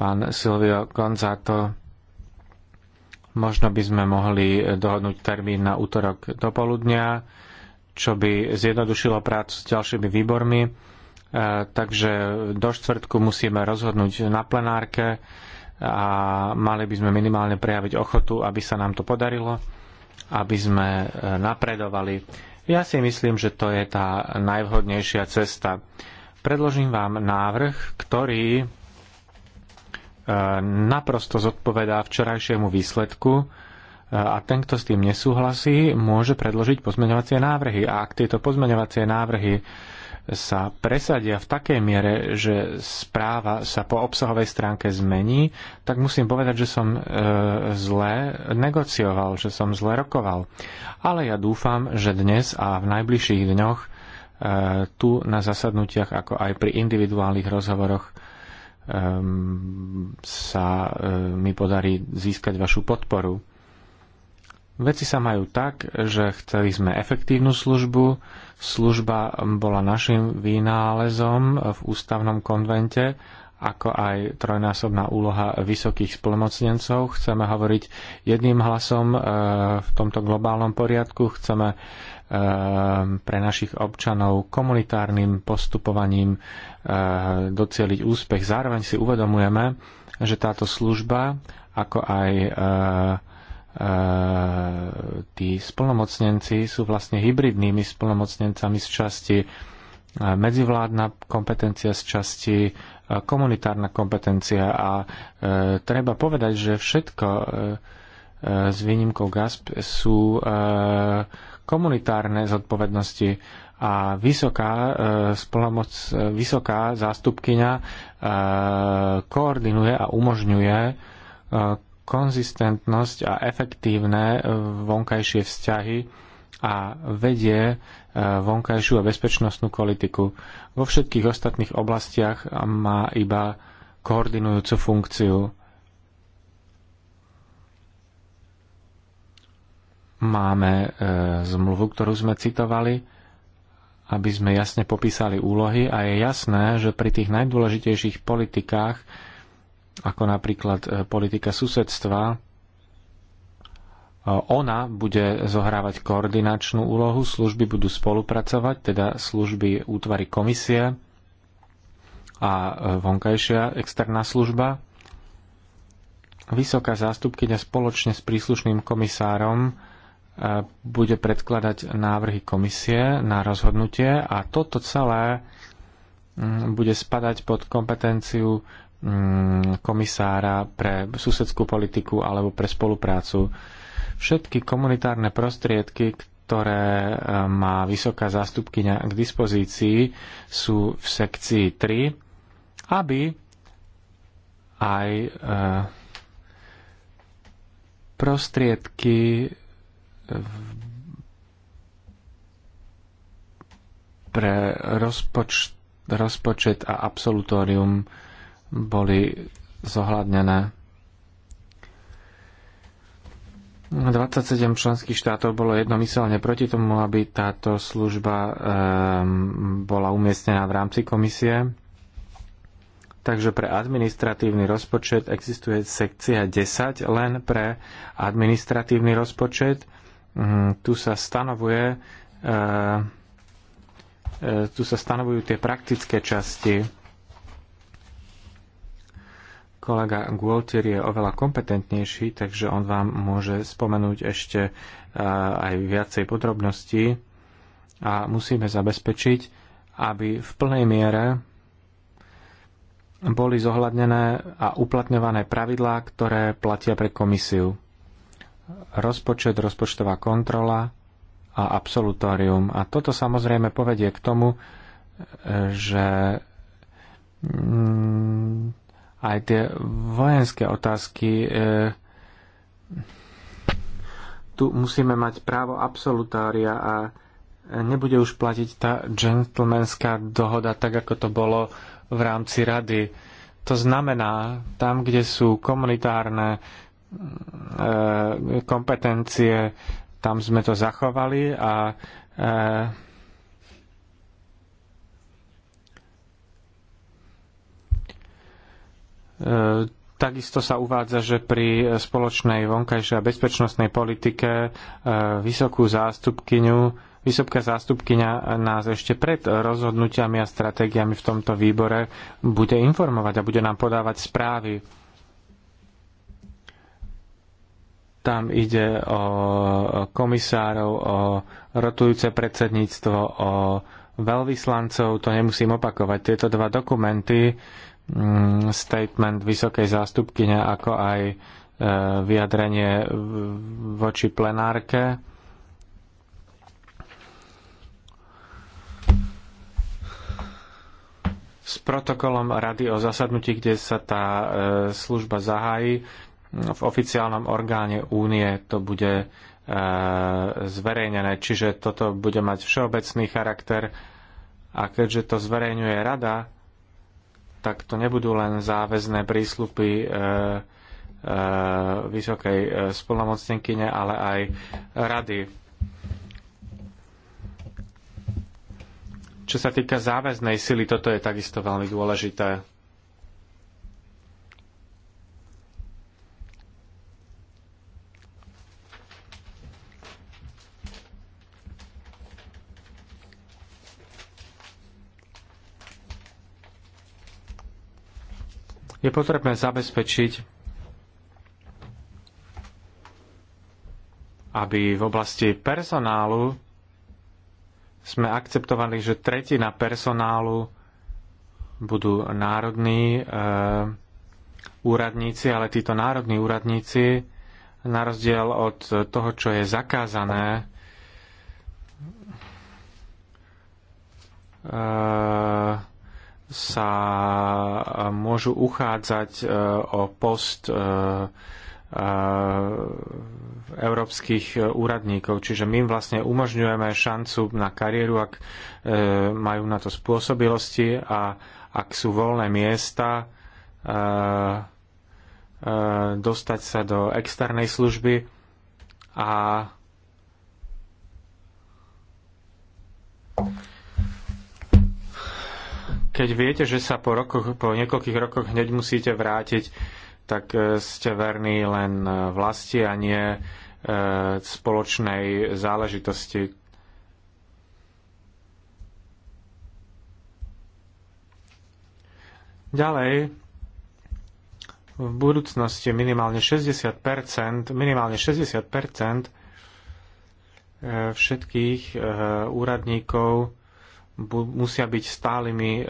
Pán Silvio Gonzato, možno by sme mohli dohodnúť termín na útorok do poludnia, čo by zjednodušilo prácu s ďalšími výbormi E, takže do štvrtku musíme rozhodnúť na plenárke a mali by sme minimálne prejaviť ochotu, aby sa nám to podarilo, aby sme e, napredovali. Ja si myslím, že to je tá najvhodnejšia cesta. Predložím vám návrh, ktorý e, naprosto zodpovedá včerajšiemu výsledku a ten, kto s tým nesúhlasí, môže predložiť pozmeňovacie návrhy. A ak tieto pozmeňovacie návrhy sa presadia v takej miere, že správa sa po obsahovej stránke zmení, tak musím povedať, že som e, zle negocioval, že som zle rokoval. Ale ja dúfam, že dnes a v najbližších dňoch e, tu na zasadnutiach, ako aj pri individuálnych rozhovoroch, e, sa e, mi podarí získať vašu podporu. Veci sa majú tak, že chceli sme efektívnu službu, Služba bola našim vynálezom v ústavnom konvente, ako aj trojnásobná úloha vysokých splnomocnencov. Chceme hovoriť jedným hlasom e, v tomto globálnom poriadku, chceme e, pre našich občanov komunitárnym postupovaním e, docieliť úspech. Zároveň si uvedomujeme, že táto služba, ako aj tí spolnomocnenci sú vlastne hybridnými spolnomocnencami z časti e, medzivládna kompetencia z časti e, komunitárna kompetencia a e, treba povedať, že všetko e, e, s výnimkou GASP sú e, komunitárne zodpovednosti a vysoká, e, spolomoc, e, vysoká zástupkyňa e, koordinuje a umožňuje e, konzistentnosť a efektívne e, vonkajšie vzťahy a vedie e, vonkajšiu a bezpečnostnú politiku. Vo všetkých ostatných oblastiach má iba koordinujúcu funkciu. Máme e, zmluvu, ktorú sme citovali, aby sme jasne popísali úlohy a je jasné, že pri tých najdôležitejších politikách ako napríklad e, politika susedstva, e, ona bude zohrávať koordinačnú úlohu, služby budú spolupracovať, teda služby útvary komisie a e, vonkajšia externá služba. Vysoká zástupkyňa spoločne s príslušným komisárom bude predkladať návrhy komisie na rozhodnutie a toto celé bude spadať pod kompetenciu Mm, komisára pre susedskú politiku alebo pre spoluprácu. Všetky komunitárne prostriedky, ktoré e, má vysoká zástupkyňa k dispozícii, sú v sekcii 3, aby aj e, prostriedky pre rozpoč- rozpočet a absolutórium boli zohľadnené. 27 členských štátov bolo jednomyselne proti tomu, aby táto služba ehm, bola umiestnená v rámci komisie. Takže pre administratívny rozpočet existuje sekcia 10 len pre administratívny rozpočet. Mm, tu sa stanovuje ehm, e, tu sa stanovujú tie praktické časti Kolega Gualtier je oveľa kompetentnejší, takže on vám môže spomenúť ešte e, aj viacej podrobností a musíme zabezpečiť, aby v plnej miere boli zohľadnené a uplatňované pravidlá, ktoré platia pre komisiu. Rozpočet, rozpočtová kontrola a absolutórium. A toto samozrejme povedie k tomu, e, že mm, aj tie vojenské otázky. E, tu musíme mať právo absolutária a nebude už platiť tá džentlmenská dohoda, tak ako to bolo v rámci rady. To znamená, tam, kde sú komunitárne e, kompetencie, tam sme to zachovali a e, E, takisto sa uvádza, že pri spoločnej vonkajšej a bezpečnostnej politike e, vysokú zástupkyňu, vysoká zástupkyňa nás ešte pred rozhodnutiami a stratégiami v tomto výbore bude informovať a bude nám podávať správy. Tam ide o komisárov, o rotujúce predsedníctvo, o veľvyslancov, to nemusím opakovať. Tieto dva dokumenty Mm, statement vysokej zástupkyne, ako aj e, vyjadrenie voči plenárke. S protokolom rady o zasadnutí, kde sa tá e, služba zahájí, v oficiálnom orgáne únie to bude e, zverejnené, čiže toto bude mať všeobecný charakter a keďže to zverejňuje rada, tak to nebudú len záväzné prísľupy e, e, vysokej e, spolnomocnenkyne, ale aj rady. Čo sa týka záväznej sily, toto je takisto veľmi dôležité. je potrebné zabezpečiť, aby v oblasti personálu sme akceptovali, že tretina personálu budú národní e, úradníci, ale títo národní úradníci, na rozdiel od toho, čo je zakázané, e, sa e, môžu uchádzať e, o post e, európskych úradníkov. Čiže my im vlastne umožňujeme šancu na kariéru, ak majú na to spôsobilosti a ak sú voľné miesta, dostať sa do externej služby a keď viete, že sa po, rokoch, po niekoľkých rokoch hneď musíte vrátiť, tak e, ste verní len e, vlasti a nie e, spoločnej záležitosti. Ďalej, v budúcnosti minimálne 60%, minimálne 60% všetkých úradníkov musia byť stálymi e,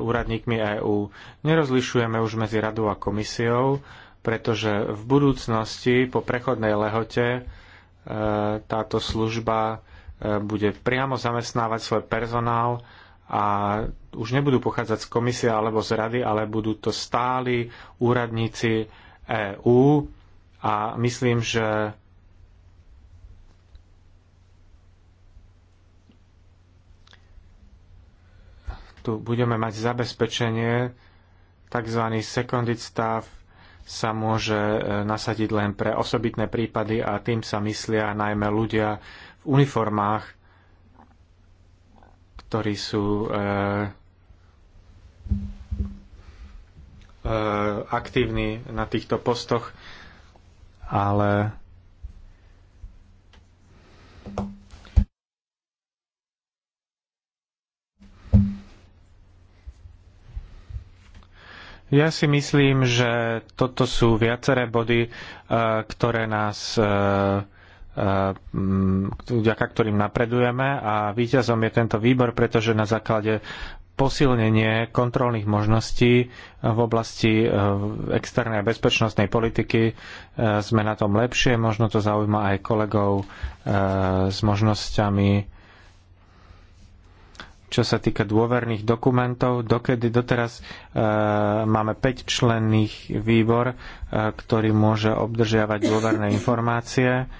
úradníkmi EÚ. Nerozlišujeme už medzi radou a komisiou, pretože v budúcnosti po prechodnej lehote e, táto služba e, bude priamo zamestnávať svoj personál a už nebudú pochádzať z komisie alebo z rady, ale budú to stáli úradníci EÚ a myslím, že tu budeme mať zabezpečenie, tzv. seconded stav sa môže e, nasadiť len pre osobitné prípady a tým sa myslia najmä ľudia v uniformách, ktorí sú e, e, aktívni na týchto postoch, ale Ja si myslím, že toto sú viaceré body, e, ktoré nás e, e, vďaka ktorým napredujeme a výťazom je tento výbor, pretože na základe posilnenie kontrolných možností v oblasti externej a bezpečnostnej politiky. Sme na tom lepšie, možno to zaujíma aj kolegov s možnosťami čo sa týka dôverných dokumentov, dokedy doteraz e, máme 5 členných výbor, e, ktorý môže obdržiavať dôverné informácie.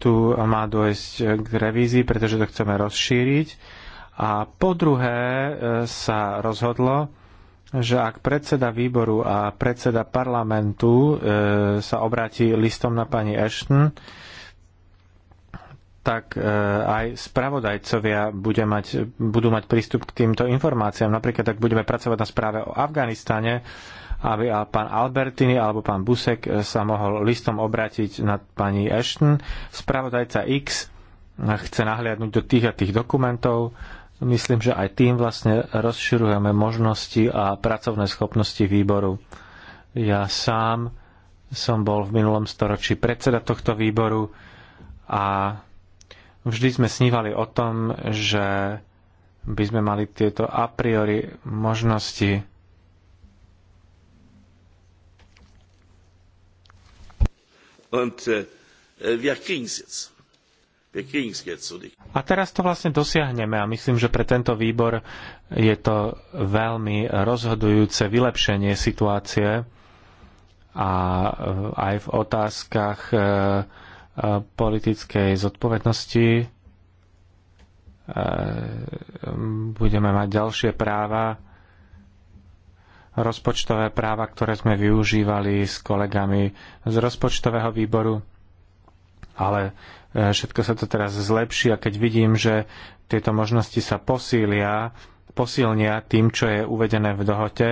Tu má dôjsť k revízii, pretože to chceme rozšíriť. A po druhé e, sa rozhodlo, že ak predseda výboru a predseda parlamentu e, sa obráti listom na pani Ashton, e, tak e, aj spravodajcovia bude mať, budú mať prístup k týmto informáciám. Napríklad, ak budeme pracovať na správe o Afganistane, aby pán Albertini alebo pán Busek e, sa mohol listom obrátiť na pani Ashton. Spravodajca X e, chce nahliadnúť do tých a tých dokumentov. Myslím, že aj tým vlastne rozširujeme možnosti a pracovné schopnosti výboru. Ja sám som bol v minulom storočí predseda tohto výboru a Vždy sme snívali o tom, že by sme mali tieto a priori možnosti Und äh, äh wir jetzt. A teraz to vlastne dosiahneme a myslím, že pre tento výbor je to veľmi rozhodujúce vylepšenie situácie a e, aj v otázkach e, politickej zodpovednosti. E, budeme mať ďalšie práva, rozpočtové práva, ktoré sme využívali s kolegami z rozpočtového výboru, ale e, všetko sa to teraz zlepší a keď vidím, že tieto možnosti sa posília, posilnia tým, čo je uvedené v dohote,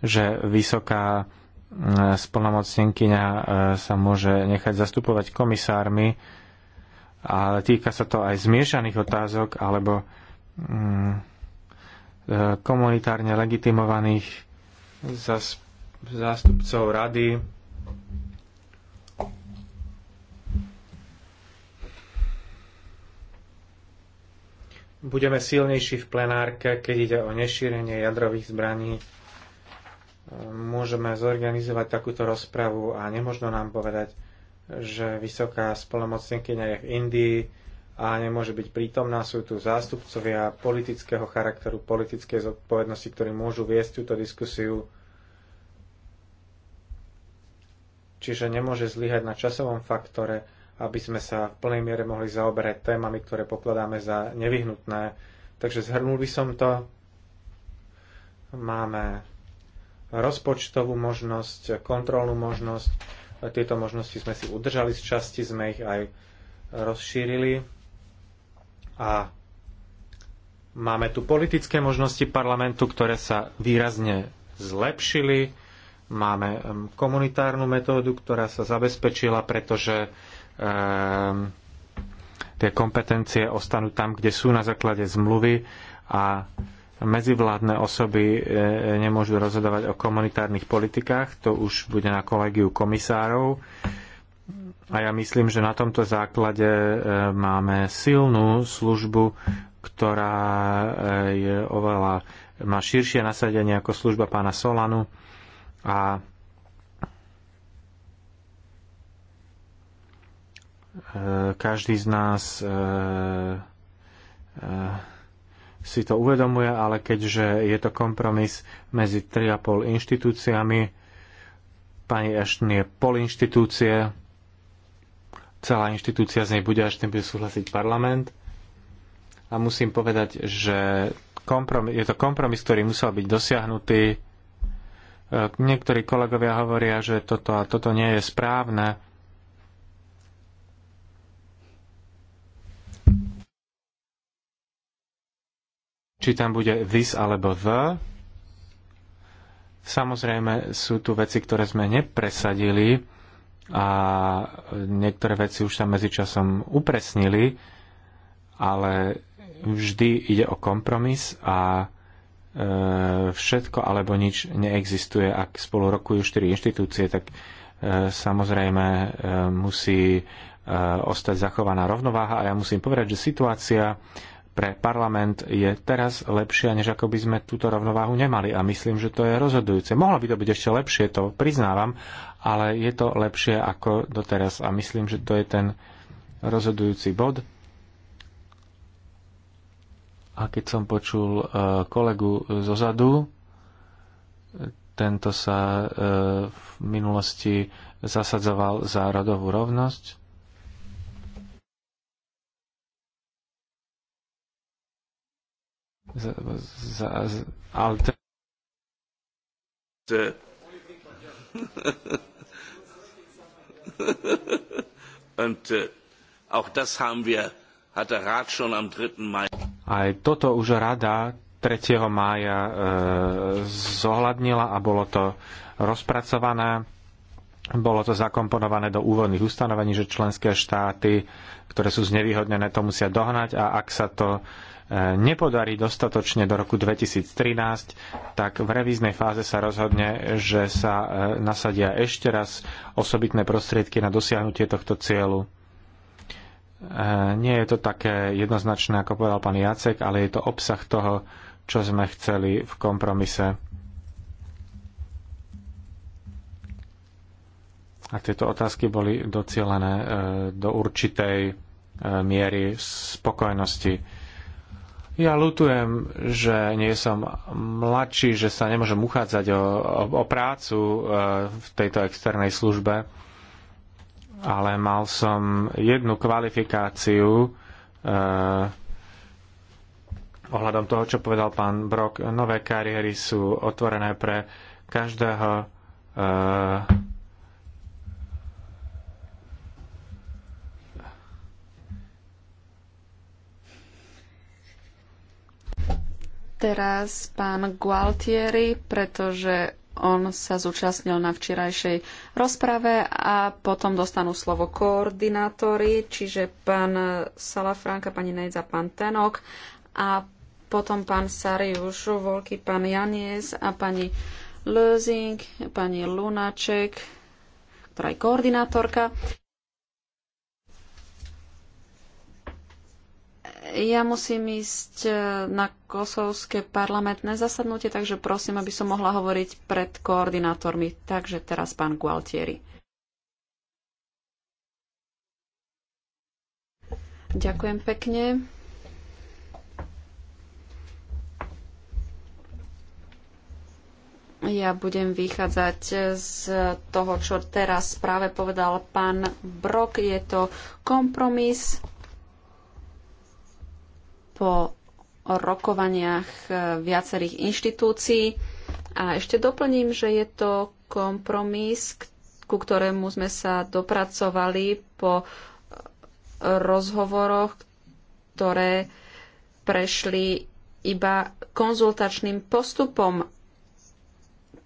že vysoká Eh, splnomocnenkyňa eh, sa môže nechať zastupovať komisármi, ale týka sa to aj zmiešaných otázok alebo mm, eh, komunitárne legitimovaných zástupcov rady. Budeme silnejší v plenárke, keď ide o nešírenie jadrových zbraní môžeme zorganizovať takúto rozpravu a nemožno nám povedať, že vysoká spolomocnenkyňa je v Indii a nemôže byť prítomná. Sú tu zástupcovia politického charakteru, politickej zodpovednosti, ktorí môžu viesť túto diskusiu. Čiže nemôže zlyhať na časovom faktore, aby sme sa v plnej miere mohli zaoberať témami, ktoré pokladáme za nevyhnutné. Takže zhrnul by som to. Máme rozpočtovú možnosť, kontrolnú možnosť. Tieto možnosti sme si udržali z časti, sme ich aj rozšírili a máme tu politické možnosti parlamentu, ktoré sa výrazne zlepšili. Máme komunitárnu metódu, ktorá sa zabezpečila, pretože um, tie kompetencie ostanú tam, kde sú na základe zmluvy a medzivládne osoby e, e, nemôžu rozhodovať o komunitárnych politikách, to už bude na kolegiu komisárov. A ja myslím, že na tomto základe e, máme silnú službu, ktorá je oveľa, má širšie nasadenie ako služba pána Solanu a každý z nás si to uvedomuje, ale keďže je to kompromis medzi 3,5 inštitúciami, pani Ashton je pol inštitúcie, celá inštitúcia z nej bude, až tým bude súhlasiť parlament. A musím povedať, že kompromis, je to kompromis, ktorý musel byť dosiahnutý. E, niektorí kolegovia hovoria, že toto a toto nie je správne či tam bude this alebo the. Samozrejme sú tu veci, ktoré sme nepresadili a niektoré veci už tam medzičasom upresnili, ale vždy ide o kompromis a e, všetko alebo nič neexistuje. Ak spolu rokujú štyri inštitúcie, tak e, samozrejme e, musí ostať zachovaná rovnováha a ja musím povedať, že situácia pre parlament je teraz lepšia, než ako by sme túto rovnováhu nemali. A myslím, že to je rozhodujúce. Mohlo by to byť ešte lepšie, to priznávam, ale je to lepšie ako doteraz. A myslím, že to je ten rozhodujúci bod. A keď som počul e, kolegu zozadu, tento sa e, v minulosti zasadzoval za rodovú rovnosť Z, z, z, Und äh, auch das haben wir, hat der Rat schon am 3. Mai. Aj toto už rada 3. mája e, zohľadnila a bolo to rozpracované. Bolo to zakomponované do úvodných ustanovení, že členské štáty, ktoré sú znevýhodnené, to musia dohnať a ak sa to e, nepodarí dostatočne do roku 2013, tak v revíznej fáze sa rozhodne, že sa e, nasadia ešte raz osobitné prostriedky na dosiahnutie tohto cieľu. E, nie je to také jednoznačné, ako povedal pán Jacek, ale je to obsah toho, čo sme chceli v kompromise. A tieto otázky boli docielené e, do určitej miery spokojnosti ja lutujem, že nie som mladší, že sa nemôžem uchádzať o, o, o prácu e, v tejto externej službe, ale mal som jednu kvalifikáciu e, ohľadom toho, čo povedal pán Brok, nové kariéry sú otvorené pre každého e, teraz pán Gualtieri, pretože on sa zúčastnil na včerajšej rozprave a potom dostanú slovo koordinátori, čiže pán Salafranka, pani Nejdza, pán Tenok a potom pán Sariuš Volky, pán Janies a pani Lözing, pani Lunaček, ktorá je koordinátorka. Ja musím ísť e, na kosovské parlamentné zasadnutie, takže prosím, aby som mohla hovoriť pred koordinátormi. Takže teraz pán Gualtieri. Ďakujem pekne. Ja budem vychádzať z toho, čo teraz práve povedal pán Brok. Je to kompromis po rokovaniach e, viacerých inštitúcií. A ešte doplním, že je to kompromis, ku ktorému sme sa dopracovali po e, rozhovoroch, ktoré prešli iba konzultačným postupom.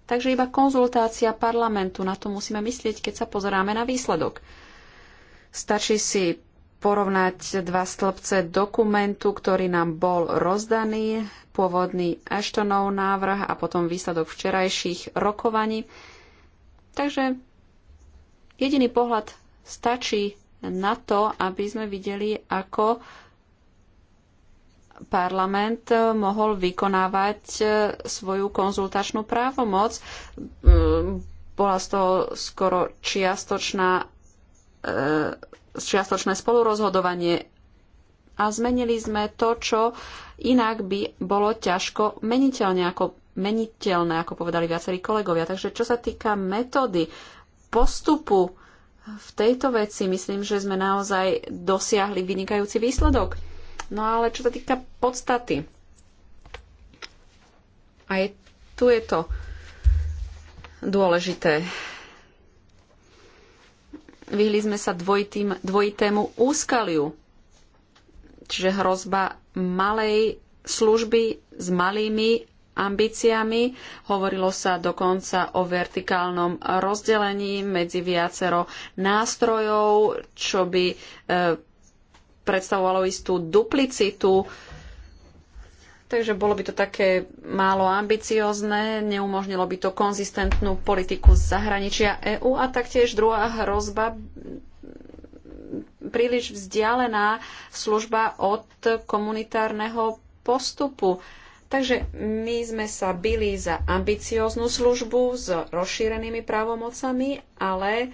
Takže iba konzultácia parlamentu, na to musíme myslieť, keď sa pozeráme na výsledok. Stačí si porovnať dva stĺpce dokumentu, ktorý nám bol rozdaný, pôvodný Ashtonov návrh a potom výsledok včerajších rokovaní. Takže jediný pohľad stačí na to, aby sme videli, ako parlament mohol vykonávať e, svoju konzultačnú právomoc. E, bola z toho skoro čiastočná e, čiastočné spolurozhodovanie a zmenili sme to, čo inak by bolo ťažko meniteľne ako, meniteľné, ako povedali viacerí kolegovia. Takže čo sa týka metódy postupu v tejto veci, myslím, že sme naozaj dosiahli vynikajúci výsledok. No ale čo sa týka podstaty, aj tu je to dôležité. Vyhli sme sa dvojitým, dvojitému úskaliu. Čiže hrozba malej služby s malými ambíciami. Hovorilo sa dokonca o vertikálnom rozdelení medzi viacero nástrojov, čo by eh, predstavovalo istú duplicitu Takže bolo by to také málo ambiciozne, neumožnilo by to konzistentnú politiku zahraničia EÚ a taktiež druhá hrozba príliš vzdialená služba od komunitárneho postupu. Takže my sme sa byli za ambicióznu službu s rozšírenými právomocami, ale e,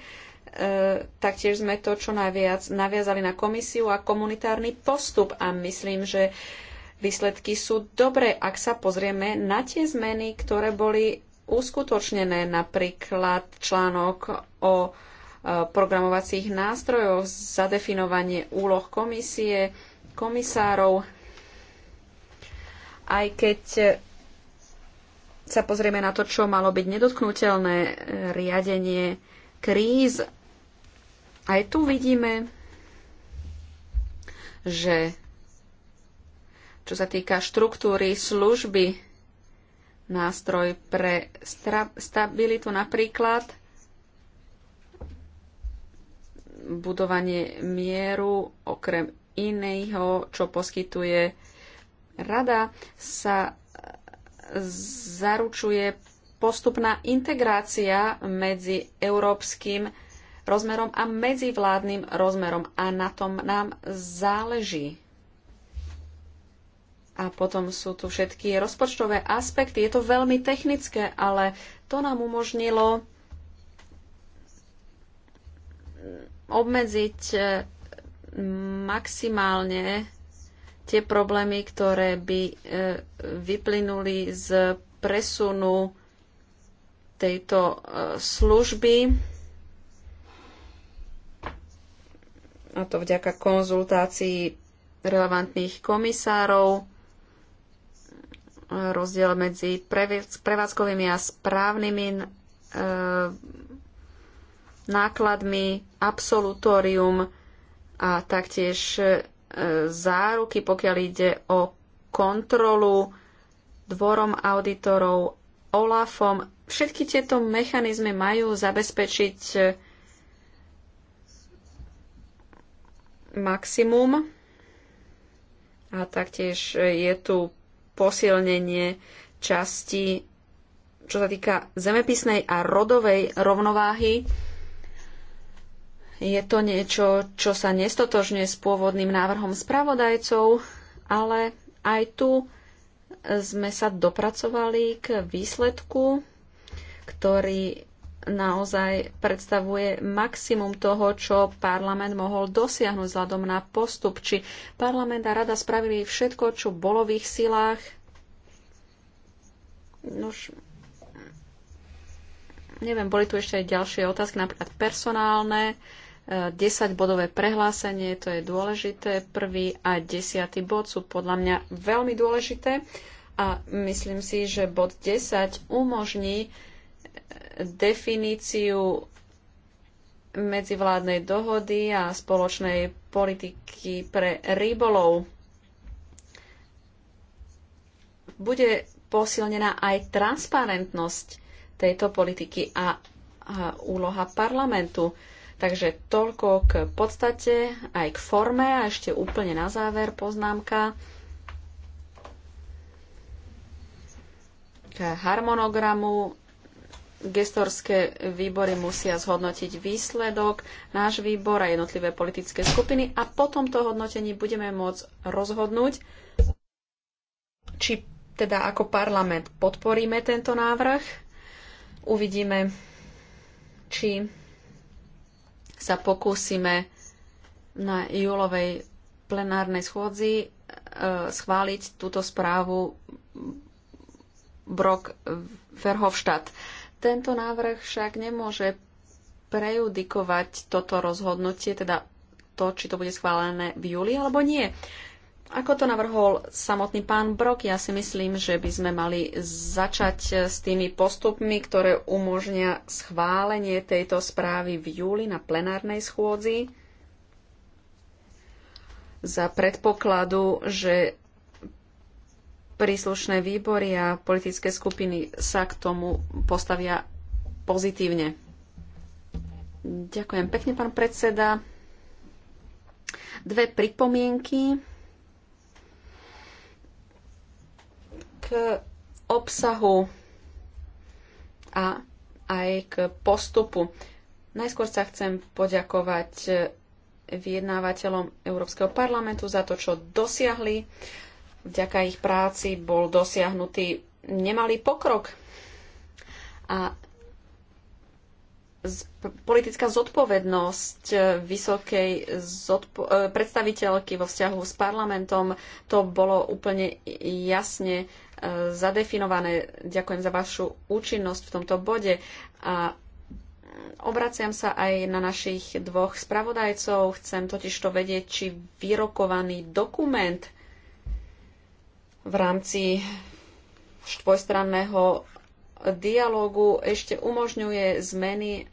taktiež sme to čo najviac naviazali na komisiu a komunitárny postup. A myslím, že e, výsledky sú dobré, ak sa pozrieme na tie zmeny, ktoré boli uskutočnené, napríklad článok o e, programovacích nástrojoch, zadefinovanie úloh komisie, komisárov. Aj keď sa pozrieme na to, čo malo byť nedotknutelné e, riadenie kríz, aj tu vidíme, že čo sa týka štruktúry služby, nástroj pre stabilitu napríklad, budovanie mieru, okrem iného, čo poskytuje rada, sa zaručuje postupná integrácia medzi európskym rozmerom a medzivládnym rozmerom. A na tom nám záleží. A potom sú tu všetky rozpočtové aspekty. Je to veľmi technické, ale to nám umožnilo obmedziť e, maximálne tie problémy, ktoré by e, vyplynuli z presunu tejto e, služby. A to vďaka konzultácii relevantných komisárov rozdiel medzi prevádzkovými a správnymi e, nákladmi, absolutórium a taktiež e, záruky, pokiaľ ide o kontrolu dvorom auditorov, OLAFom. Všetky tieto mechanizmy majú zabezpečiť e, maximum a taktiež je tu posilnenie časti, čo sa týka zemepisnej a rodovej rovnováhy. Je to niečo, čo sa nestotožne s pôvodným návrhom spravodajcov, ale aj tu sme sa dopracovali k výsledku, ktorý naozaj predstavuje maximum toho, čo parlament mohol dosiahnuť vzhľadom na postup. Či parlament a rada spravili všetko, čo bolo v ich silách? Nož, neviem, boli tu ešte aj ďalšie otázky, napríklad personálne. 10-bodové eh, prehlásenie, to je dôležité. Prvý a desiatý bod sú podľa mňa veľmi dôležité a myslím si, že bod 10 umožní eh, definíciu medzivládnej dohody a spoločnej politiky pre rybolov. Bude posilnená aj transparentnosť tejto politiky a, a úloha parlamentu. Takže toľko k podstate, aj k forme a ešte úplne na záver poznámka k harmonogramu gestorské výbory musia zhodnotiť výsledok, náš výbor a jednotlivé politické skupiny a po tomto hodnotení budeme môcť rozhodnúť, či teda ako parlament podporíme tento návrh. Uvidíme, či sa pokúsime na júlovej plenárnej schôdzi e, schváliť túto správu Brok Verhofstadt. Tento návrh však nemôže prejudikovať toto rozhodnutie, teda to, či to bude schválené v júli alebo nie. Ako to navrhol samotný pán Brok, ja si myslím, že by sme mali začať s tými postupmi, ktoré umožnia schválenie tejto správy v júli na plenárnej schôdzi za predpokladu, že príslušné výbory a politické skupiny sa k tomu postavia pozitívne. Ďakujem pekne, pán predseda. Dve pripomienky k obsahu a aj k postupu. Najskôr sa chcem poďakovať vyjednávateľom Európskeho parlamentu za to, čo dosiahli vďaka ich práci bol dosiahnutý nemalý pokrok. A politická zodpovednosť e, vysokej zodpo- e, predstaviteľky vo vzťahu s parlamentom, to bolo úplne jasne e, zadefinované. Ďakujem za vašu účinnosť v tomto bode a obraciam sa aj na našich dvoch spravodajcov. Chcem totiž to vedieť, či vyrokovaný dokument v rámci štvorstranného dialógu ešte umožňuje zmeny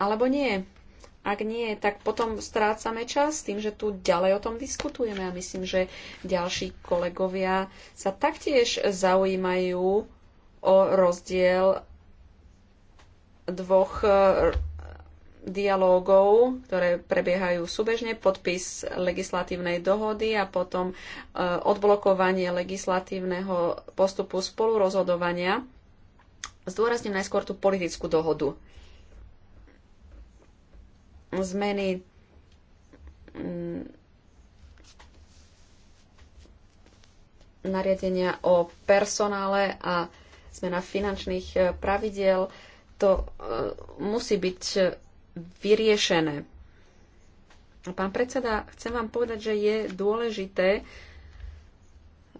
alebo nie. Ak nie, tak potom strácame čas tým, že tu ďalej o tom diskutujeme a myslím, že ďalší kolegovia sa taktiež zaujímajú o rozdiel dvoch dialógov, ktoré prebiehajú súbežne, podpis legislatívnej dohody a potom e, odblokovanie legislatívneho postupu spolurozhodovania. Zdôrazním najskôr tú politickú dohodu. Zmeny mm, nariadenia o personále a zmena finančných e, pravidiel, to e, musí byť vyriešené. Pán predseda, chcem vám povedať, že je dôležité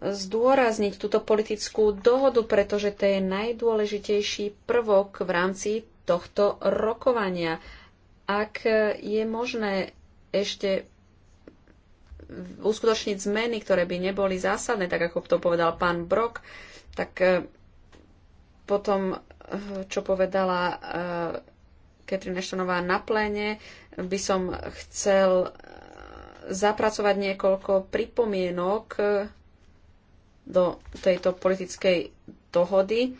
zdôrazniť túto politickú dohodu, pretože to je najdôležitejší prvok v rámci tohto rokovania. Ak je možné ešte uskutočniť zmeny, ktoré by neboli zásadné, tak ako to povedal pán Brok, tak eh, potom, eh, čo povedala eh, Catherine Ashtonová na pléne, by som chcel eh, zapracovať niekoľko pripomienok eh, do tejto politickej dohody.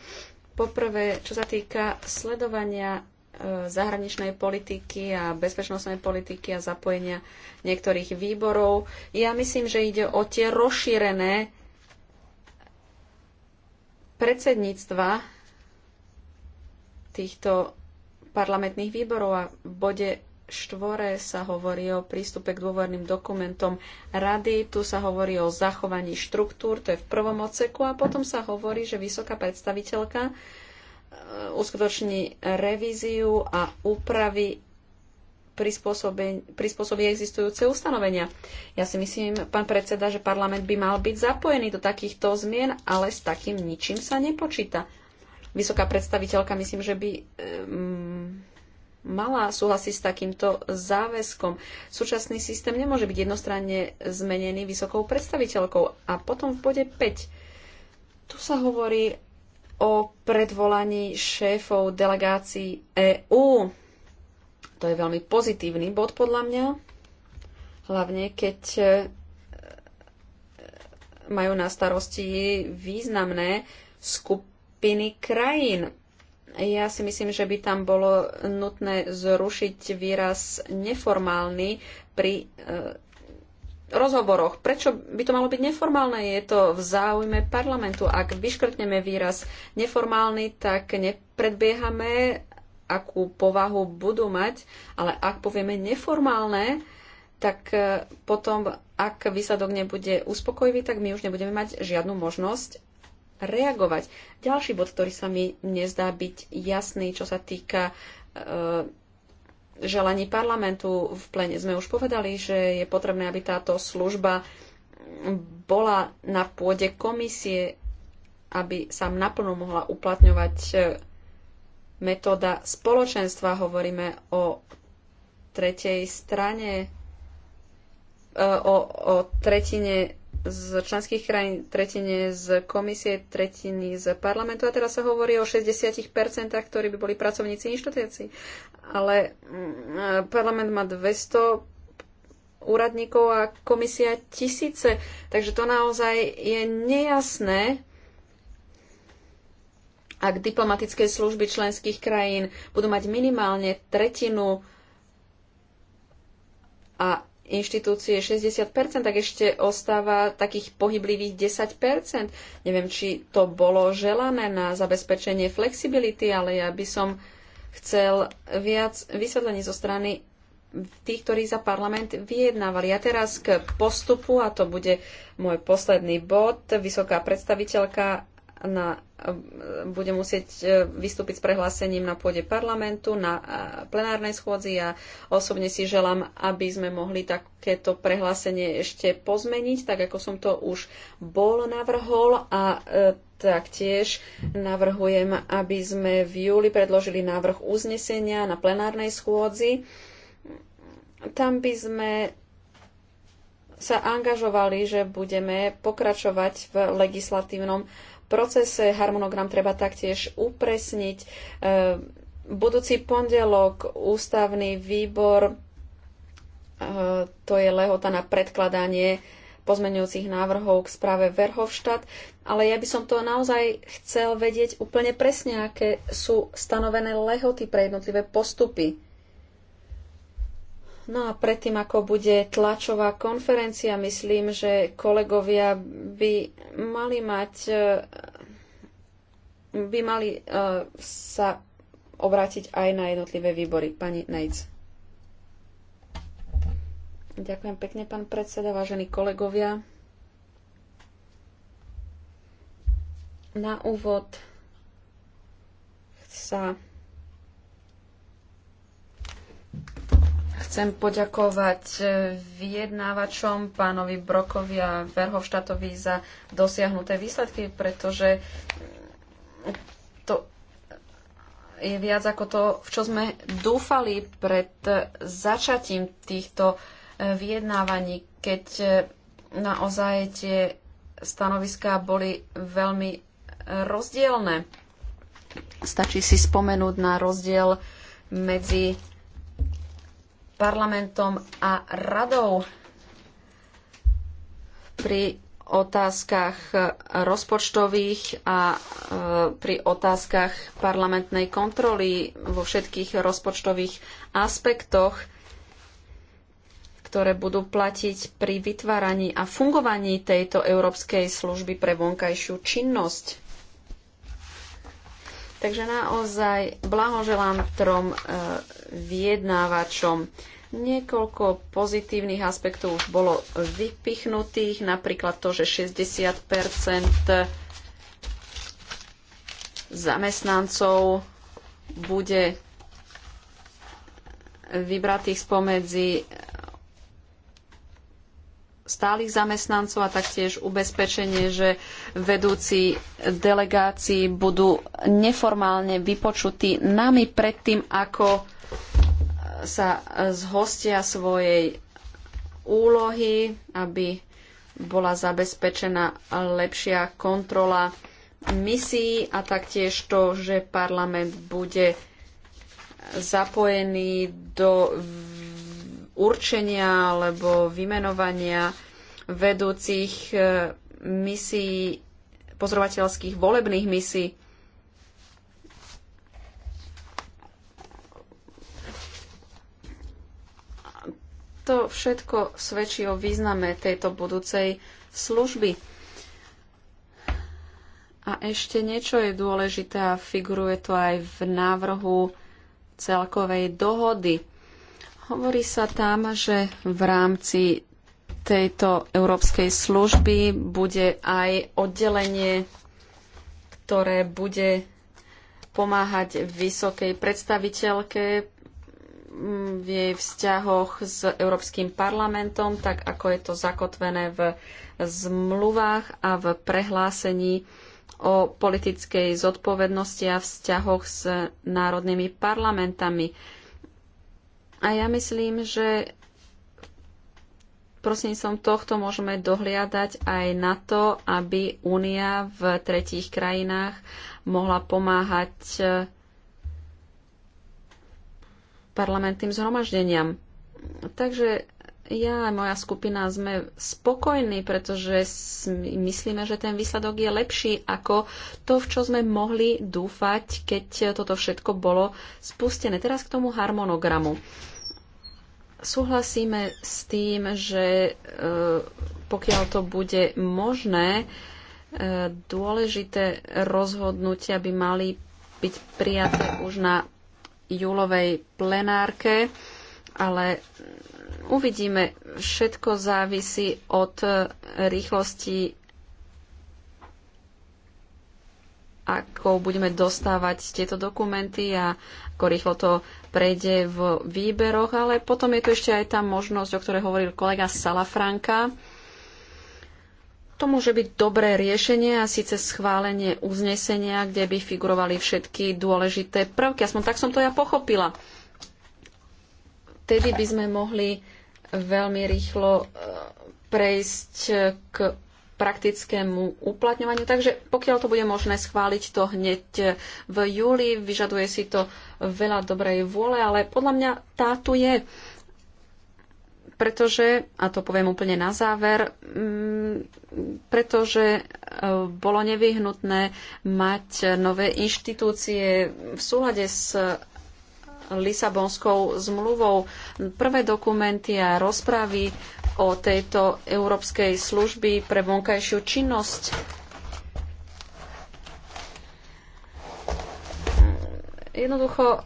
Poprvé, čo sa týka sledovania eh, zahraničnej politiky a bezpečnostnej politiky a zapojenia niektorých výborov. Ja myslím, že ide o tie rozšírené predsedníctva týchto parlamentných výborov a v bode štvore sa hovorí o prístupe k dôverným dokumentom rady, tu sa hovorí o zachovaní štruktúr, to je v prvom odseku a potom sa hovorí, že vysoká predstaviteľka e, uskutoční revíziu a úpravy prispôsobí existujúce ustanovenia. Ja si myslím, pán predseda, že parlament by mal byť zapojený do takýchto zmien, ale s takým ničím sa nepočíta vysoká predstaviteľka, myslím, že by mala súhlasiť s takýmto záväzkom. Súčasný systém nemôže byť jednostranne zmenený vysokou predstaviteľkou. A potom v bode 5. Tu sa hovorí o predvolaní šéfov delegácií EÚ. To je veľmi pozitívny bod podľa mňa. Hlavne keď e, majú na starosti významné skup, skupiny krajín. Ja si myslím, že by tam bolo nutné zrušiť výraz neformálny pri e, rozhovoroch. Prečo by to malo byť neformálne? Je to v záujme parlamentu. Ak vyškrtneme výraz neformálny, tak nepredbiehame, akú povahu budú mať, ale ak povieme neformálne, tak eh, potom, ak výsledok nebude uspokojivý, tak my už nebudeme mať žiadnu možnosť reagovať. Ďalší bod, ktorý sa mi nezdá byť jasný, čo sa týka e, želaní parlamentu v plene sme už povedali, že je potrebné, aby táto služba bola na pôde komisie, aby sa naplno mohla uplatňovať e, metóda spoločenstva. Hovoríme o tretej strane, e, o, o tretine z členských krajín, tretine z komisie, tretiny z parlamentu a teraz sa hovorí o 60%, ktorí by boli pracovníci inštitúcií. Ale mm, parlament má 200 úradníkov a komisia tisíce, takže to naozaj je nejasné, ak diplomatické služby členských krajín budú mať minimálne tretinu a inštitúcie 60%, tak ešte ostáva takých pohyblivých 10%. Neviem, či to bolo želané na zabezpečenie flexibility, ale ja by som chcel viac vysvetlení zo strany tých, ktorí za parlament vyjednávali. A teraz k postupu, a to bude môj posledný bod. Vysoká predstaviteľka na, e, bude musieť e, vystúpiť s prehlásením na pôde parlamentu, na e, plenárnej schôdzi a osobne si želám, aby sme mohli takéto prehlásenie ešte pozmeniť, tak ako som to už bol navrhol a taktiež navrhujem, aby sme v júli predložili návrh uznesenia na plenárnej schôdzi. Tam by sme sa angažovali, že budeme pokračovať v legislatívnom procese. Harmonogram treba taktiež upresniť. E, budúci pondelok ústavný výbor, e, to je lehota na predkladanie pozmeňujúcich návrhov k správe Verhofstadt, ale ja by som to naozaj chcel vedieť úplne presne, aké sú stanovené lehoty pre jednotlivé postupy. No a predtým, ako bude tlačová konferencia, myslím, že kolegovia by mali mať e, by mali e, sa obrátiť aj na jednotlivé výbory. Pani Nejc. Ďakujem pekne, pán predseda, vážení kolegovia. Na úvod sa Chcem poďakovať e, vyjednávačom, pánovi Brokovi a Verhofštátovi za dosiahnuté výsledky, pretože to je viac ako to, v čo sme dúfali pred začatím týchto e, vyjednávaní, keď e, naozaj tie stanoviská boli veľmi rozdielne. Stačí si spomenúť na rozdiel medzi parlamentom a radou pri otázkach rozpočtových a e, pri otázkach parlamentnej kontroly vo všetkých rozpočtových aspektoch, ktoré budú platiť pri vytváraní a fungovaní tejto Európskej služby pre vonkajšiu činnosť. Takže naozaj blahoželám trom e, vyjednávačom. Niekoľko pozitívnych aspektov už bolo vypichnutých, napríklad to, že 60 zamestnancov bude vybratých spomedzi stálych zamestnancov a taktiež ubezpečenie, že vedúci delegácií budú neformálne vypočutí nami predtým, ako sa zhostia svojej úlohy, aby bola zabezpečená lepšia kontrola misií a taktiež to, že parlament bude zapojený do určenia alebo vymenovania vedúcich eh, misií, pozorovateľských volebných misií. To všetko svedčí o význame tejto budúcej služby. A ešte niečo je dôležité a figuruje to aj v návrhu celkovej dohody Hovorí sa tam, že v rámci tejto európskej služby bude aj oddelenie, ktoré bude pomáhať vysokej predstaviteľke mm, v jej vzťahoch s Európskym parlamentom, tak ako je to zakotvené v zmluvách a v prehlásení o politickej zodpovednosti a vzťahoch s národnými parlamentami. A ja myslím, že prosím som, tohto môžeme dohliadať aj na to, aby Únia v tretích krajinách mohla pomáhať eh, parlamentným zhromaždeniam. Takže ja a moja skupina sme spokojní, pretože myslíme, že ten výsledok je lepší ako to, v čo sme mohli dúfať, keď toto všetko bolo spustené. Teraz k tomu harmonogramu. Súhlasíme s tým, že e, pokiaľ to bude možné, e, dôležité rozhodnutia by mali byť prijaté už na júlovej plenárke, ale Uvidíme, všetko závisí od e, rýchlosti, ako budeme dostávať tieto dokumenty a ako rýchlo to prejde v výberoch, ale potom je tu ešte aj tá možnosť, o ktorej hovoril kolega Salafranka. To môže byť dobré riešenie a síce schválenie uznesenia, kde by figurovali všetky dôležité prvky. Aspoň tak som to ja pochopila. Vtedy by sme mohli veľmi rýchlo e, prejsť k praktickému uplatňovaniu. Takže pokiaľ to bude možné schváliť to hneď v júli, vyžaduje si to veľa dobrej vôle, ale podľa mňa tá tu je. Pretože, a to poviem úplne na záver, mm, pretože e, bolo nevyhnutné mať nové inštitúcie v súhľade s Lisabonskou zmluvou. Prvé dokumenty a rozpravy o tejto Európskej služby pre vonkajšiu činnosť jednoducho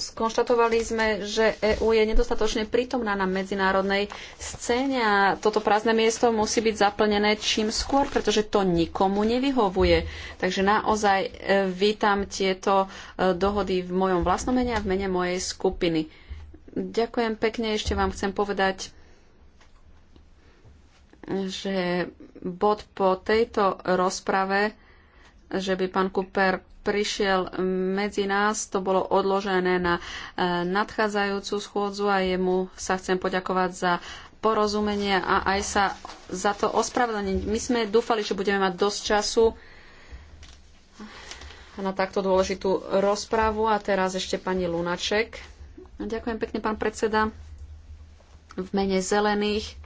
skonštatovali sme, že EÚ je nedostatočne prítomná na medzinárodnej scéne a toto prázdne miesto musí byť zaplnené čím skôr, pretože to nikomu nevyhovuje. Takže naozaj e, vítam tieto e, dohody v mojom vlastnom mene a v mene mojej skupiny. Ďakujem pekne, ešte vám chcem povedať, že bod po tejto rozprave, že by pán Cooper prišiel medzi nás. To bolo odložené na e, nadchádzajúcu schôdzu a jemu sa chcem poďakovať za porozumenie a aj sa za to ospravedlniť. My sme dúfali, že budeme mať dosť času na takto dôležitú rozpravu a teraz ešte pani Lunaček. Ďakujem pekne, pán predseda. V mene zelených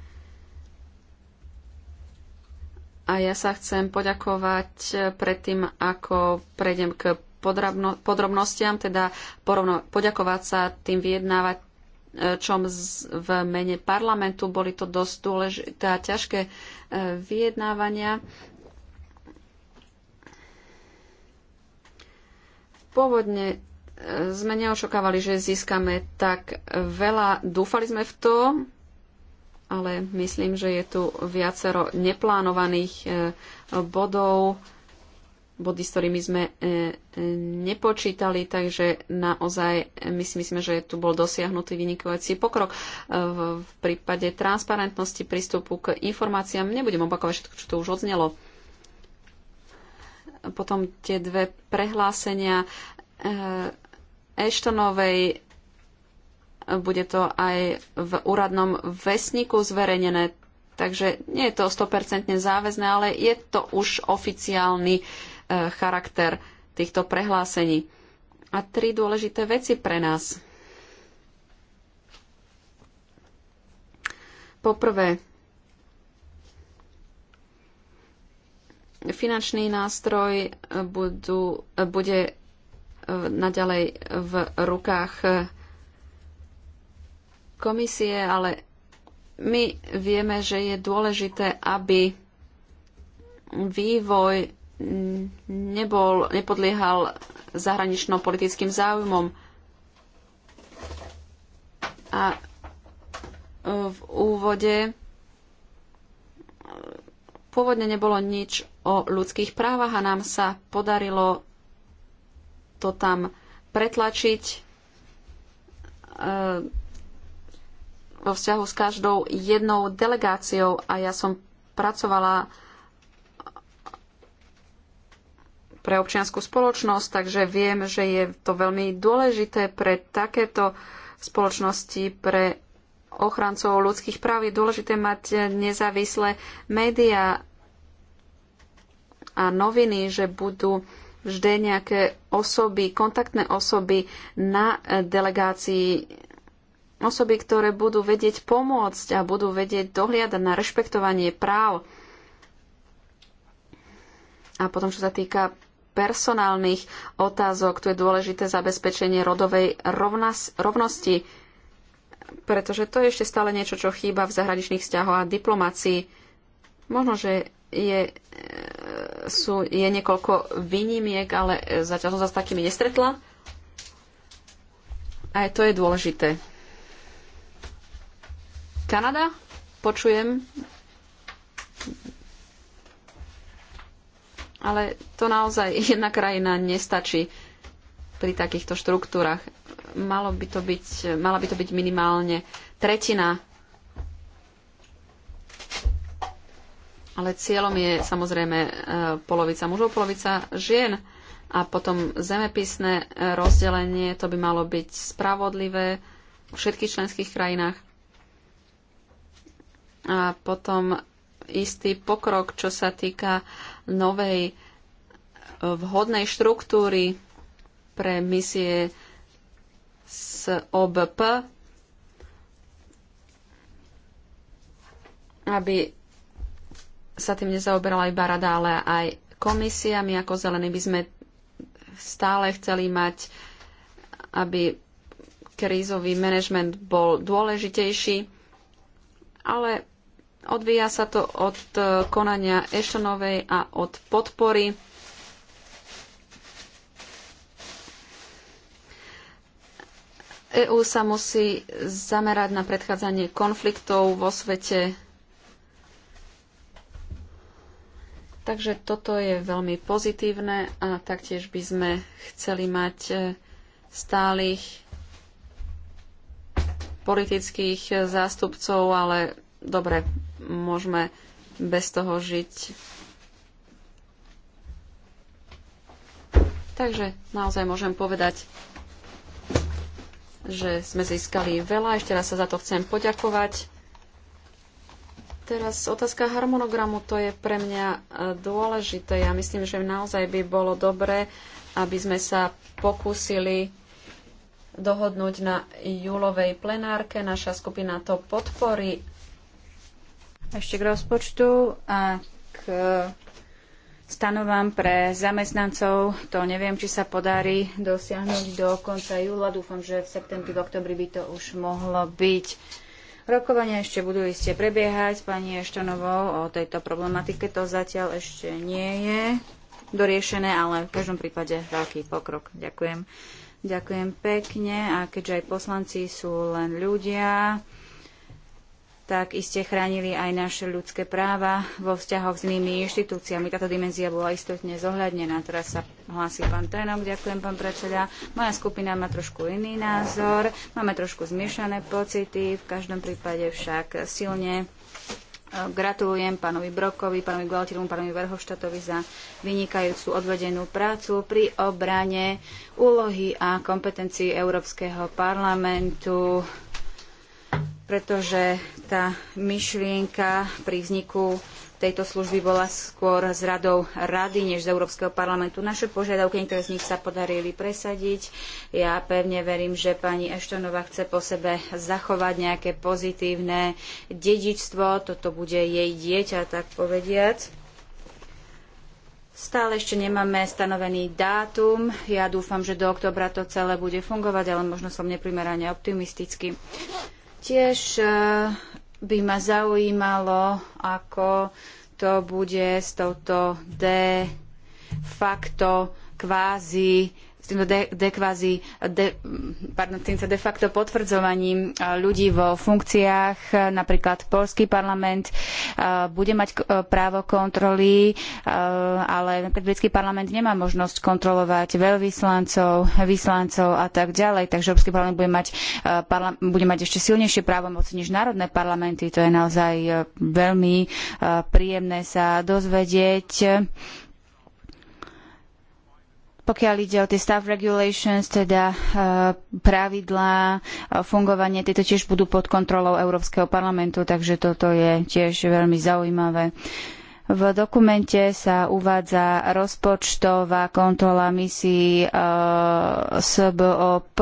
a ja sa chcem poďakovať eh, predtým, ako prejdem k podrobno, podrobnostiam, teda porovno, poďakovať sa tým vyjednávať čom z, v mene parlamentu. Boli to dosť dôležité a ťažké eh, vyjednávania. Pôvodne eh, sme neočakávali, že získame tak veľa. Dúfali sme v to, ale myslím, že je tu viacero neplánovaných e, bodov, body, s ktorými sme e, e, nepočítali, takže naozaj my si myslíme, že tu bol dosiahnutý vynikovací pokrok. V prípade transparentnosti prístupu k informáciám nebudem opakovať všetko, čo tu už odznelo. Potom tie dve prehlásenia Eštonovej bude to aj v úradnom vesniku zverejnené. Takže nie je to 100% záväzné, ale je to už oficiálny e, charakter týchto prehlásení. A tri dôležité veci pre nás. Poprvé, finančný nástroj budú, bude e, naďalej v rukách komisie, ale my vieme, že je dôležité, aby vývoj nebol, nepodliehal zahranično-politickým záujmom. A v úvode pôvodne nebolo nič o ľudských právach a nám sa podarilo to tam pretlačiť. E vo vzťahu s každou jednou delegáciou a ja som pracovala pre občianskú spoločnosť, takže viem, že je to veľmi dôležité pre takéto spoločnosti, pre ochrancov ľudských práv. Je dôležité mať nezávislé médiá a noviny, že budú vždy nejaké osoby, kontaktné osoby na delegácii osoby, ktoré budú vedieť pomôcť a budú vedieť dohliadať na rešpektovanie práv. A potom, čo sa týka personálnych otázok, tu je dôležité zabezpečenie rodovej rovnosti, pretože to je ešte stále niečo, čo chýba v zahraničných vzťahoch a diplomácii. Možno, že je, e, sú, je niekoľko výnimiek, ale e, zatiaľ som sa s takými nestretla. Aj to je dôležité. Kanada? Počujem. Ale to naozaj *laughs* jedna krajina nestačí pri takýchto štruktúrach. Malo by to byť, mala by to byť minimálne tretina. Ale cieľom je samozrejme e, polovica mužov, polovica žien. A potom zemepisné e, rozdelenie, to by malo byť spravodlivé v všetkých členských krajinách. A potom istý pokrok, čo sa týka novej e, vhodnej štruktúry pre misie z OBP, aby sa tým nezaoberala iba rada, ale aj komisia. My ako zelení by sme stále chceli mať, aby krízový manažment bol dôležitejší, ale Odvíja sa to od e, konania ešonovej a od podpory. EÚ sa musí zamerať na predchádzanie konfliktov vo svete. Takže toto je veľmi pozitívne a taktiež by sme chceli mať e, stálych politických e, zástupcov, ale dobre, môžeme bez toho žiť. Takže naozaj môžem povedať, že sme získali veľa. Ešte raz sa za to chcem poďakovať. Teraz otázka harmonogramu, to je pre mňa e, dôležité. Ja myslím, že naozaj by bolo dobré, aby sme sa pokúsili dohodnúť na júlovej plenárke. Naša skupina to podporí, ešte k rozpočtu a k stanovám pre zamestnancov. To neviem, či sa podarí dosiahnuť do konca júla. Dúfam, že v septembri, v oktobri by to už mohlo byť. Rokovania ešte budú iste prebiehať pani Eštonovou o tejto problematike. To zatiaľ ešte nie je doriešené, ale v každom prípade veľký pokrok. Ďakujem. Ďakujem pekne a keďže aj poslanci sú len ľudia, tak iste chránili aj naše ľudské práva vo vzťahoch s inými inštitúciami. Táto dimenzia bola istotne zohľadnená. Teraz sa hlási pán Tenok, ďakujem pán predseda. Moja skupina má trošku iný názor, máme trošku zmiešané pocity, v každom prípade však silne e, Gratulujem pánovi Brokovi, pánovi Gualtieromu, pánovi Verhoštatovi za vynikajúcu odvedenú prácu pri obrane úlohy a kompetencií Európskeho parlamentu pretože tá myšlienka pri vzniku tejto služby bola skôr z radou rady než z Európskeho parlamentu. Naše požiadavky, niektoré z nich sa podarili presadiť. Ja pevne verím, že pani Eštonová chce po sebe zachovať nejaké pozitívne dedičstvo. Toto bude jej dieťa, tak povediac. Stále ešte nemáme stanovený dátum. Ja dúfam, že do oktobra to celé bude fungovať, ale možno som neprimerane optimistický. Tiež e, by ma zaujímalo, ako to bude s touto de facto kvázi s týmto de, de, kvázi, de, pardon, týmto de facto potvrdzovaním eh, ľudí vo funkciách, eh, napríklad Polský parlament eh, bude mať právo kontroly, ale britský parlament nemá možnosť kontrolovať veľvyslancov, vyslancov a tak ďalej, takže Európsky parlament bude mať, bude mať ešte silnejšie právomoci než národné parlamenty. To je naozaj veľmi príjemné sa dozvedieť pokiaľ ide o tie staff regulations, teda e, pravidlá, e, fungovanie, tieto tiež budú pod kontrolou Európskeho parlamentu, takže toto je tiež veľmi zaujímavé. V dokumente sa uvádza rozpočtová kontrola misií e, SBOP.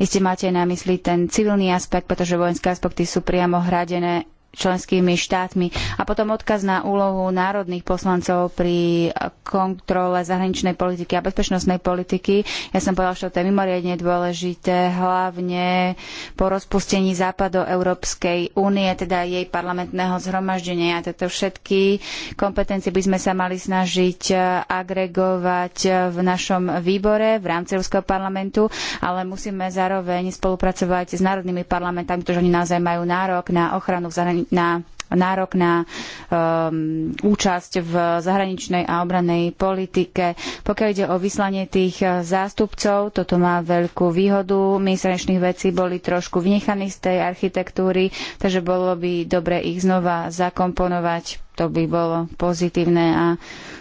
Iste máte na mysli ten civilný aspekt, pretože vojenské aspekty sú priamo hradené členskými štátmi. A potom odkaz na úlohu národných poslancov pri kontrole zahraničnej politiky a bezpečnostnej politiky. Ja som povedala, že to je mimoriadne dôležité, hlavne po rozpustení západov Európskej únie, teda jej parlamentného zhromaždenia. Tieto všetky kompetencie by sme sa mali snažiť agregovať v našom výbore v rámci Európskeho parlamentu, ale musíme zároveň spolupracovať s národnými parlamentami, pretože oni naozaj majú nárok na ochranu v zahraničnej na nárok na um, účasť v zahraničnej a obrannej politike. Pokiaľ ide o vyslanie tých eh, zástupcov, toto má veľkú výhodu. My zahraničných vecí boli trošku vynechaní z tej architektúry, takže bolo by dobre ich znova zakomponovať. To by bolo pozitívne a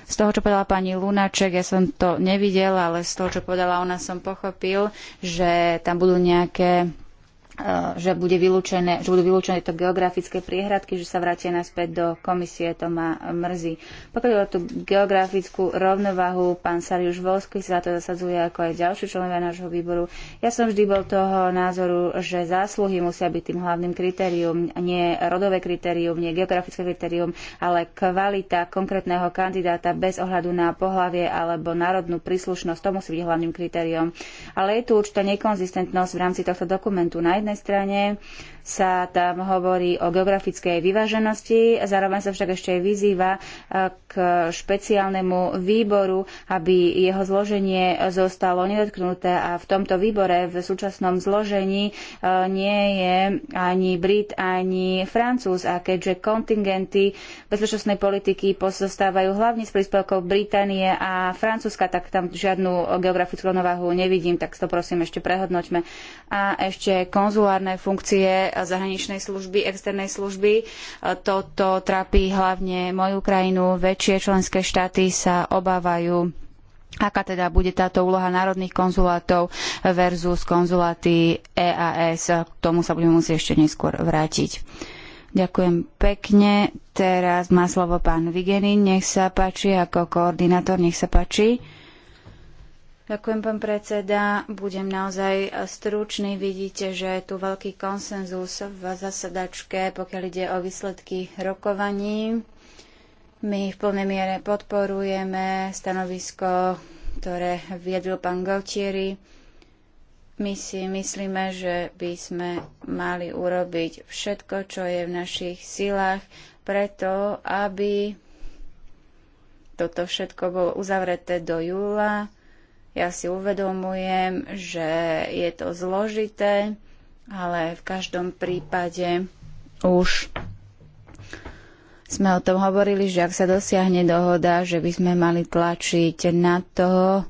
z toho, čo povedala pani Lunaček, ja som to nevidela, ale z toho, čo povedala ona, som pochopil, že tam budú nejaké Eh, že, bude vylúčené, že budú vylúčené to geografické priehradky, že sa vrátia naspäť do komisie, to ma mrzí. Pokiaľ o tú geografickú rovnovahu, pán Sariuš Volsky sa to zasadzuje ako aj ďalší členovia nášho výboru. Ja som vždy bol toho názoru, že zásluhy musia byť tým hlavným kritérium, nie rodové kritérium, nie geografické kritérium, ale kvalita konkrétneho kandidáta bez ohľadu na pohlavie alebo národnú príslušnosť, to musí byť hlavným kritériom. Ale je tu určitá nekonzistentnosť v rámci tohto dokumentu. Na jednej strane sa tam hovorí o geografickej vyváženosti, zároveň sa však ešte aj vyzýva e, k špeciálnemu výboru, aby jeho zloženie zostalo nedotknuté a v tomto výbore v súčasnom zložení e, nie je ani Brit, ani Francúz a keďže kontingenty bezpečnostnej politiky pozostávajú hlavne z príspevkov Británie a Francúzska, tak tam žiadnu geografickú rovnováhu nevidím, tak to prosím ešte prehodnoťme. A ešte konzulárne funkcie zahraničnej služby, externej služby. E, Toto trápi hlavne moju krajinu. Väčšie členské štáty sa obávajú aká teda bude táto úloha národných konzulátov versus konzuláty EAS. K tomu sa budeme musieť ešte neskôr vrátiť. Ďakujem pekne. Teraz má slovo pán Vigenin. Nech sa páči ako koordinátor. Nech sa páči. Ďakujem, pán predseda. Budem naozaj stručný. Vidíte, že je tu veľký konsenzus v zasadačke, pokiaľ ide o výsledky rokovaní. My v plnej miere podporujeme stanovisko, ktoré viedol pán Gautieri. My si myslíme, že by sme mali urobiť všetko, čo je v našich silách, preto aby toto všetko bolo uzavreté do júla ja si uvedomujem, že je to zložité, ale v každom prípade už sme o tom hovorili, že ak sa dosiahne dohoda, že by sme mali tlačiť na to,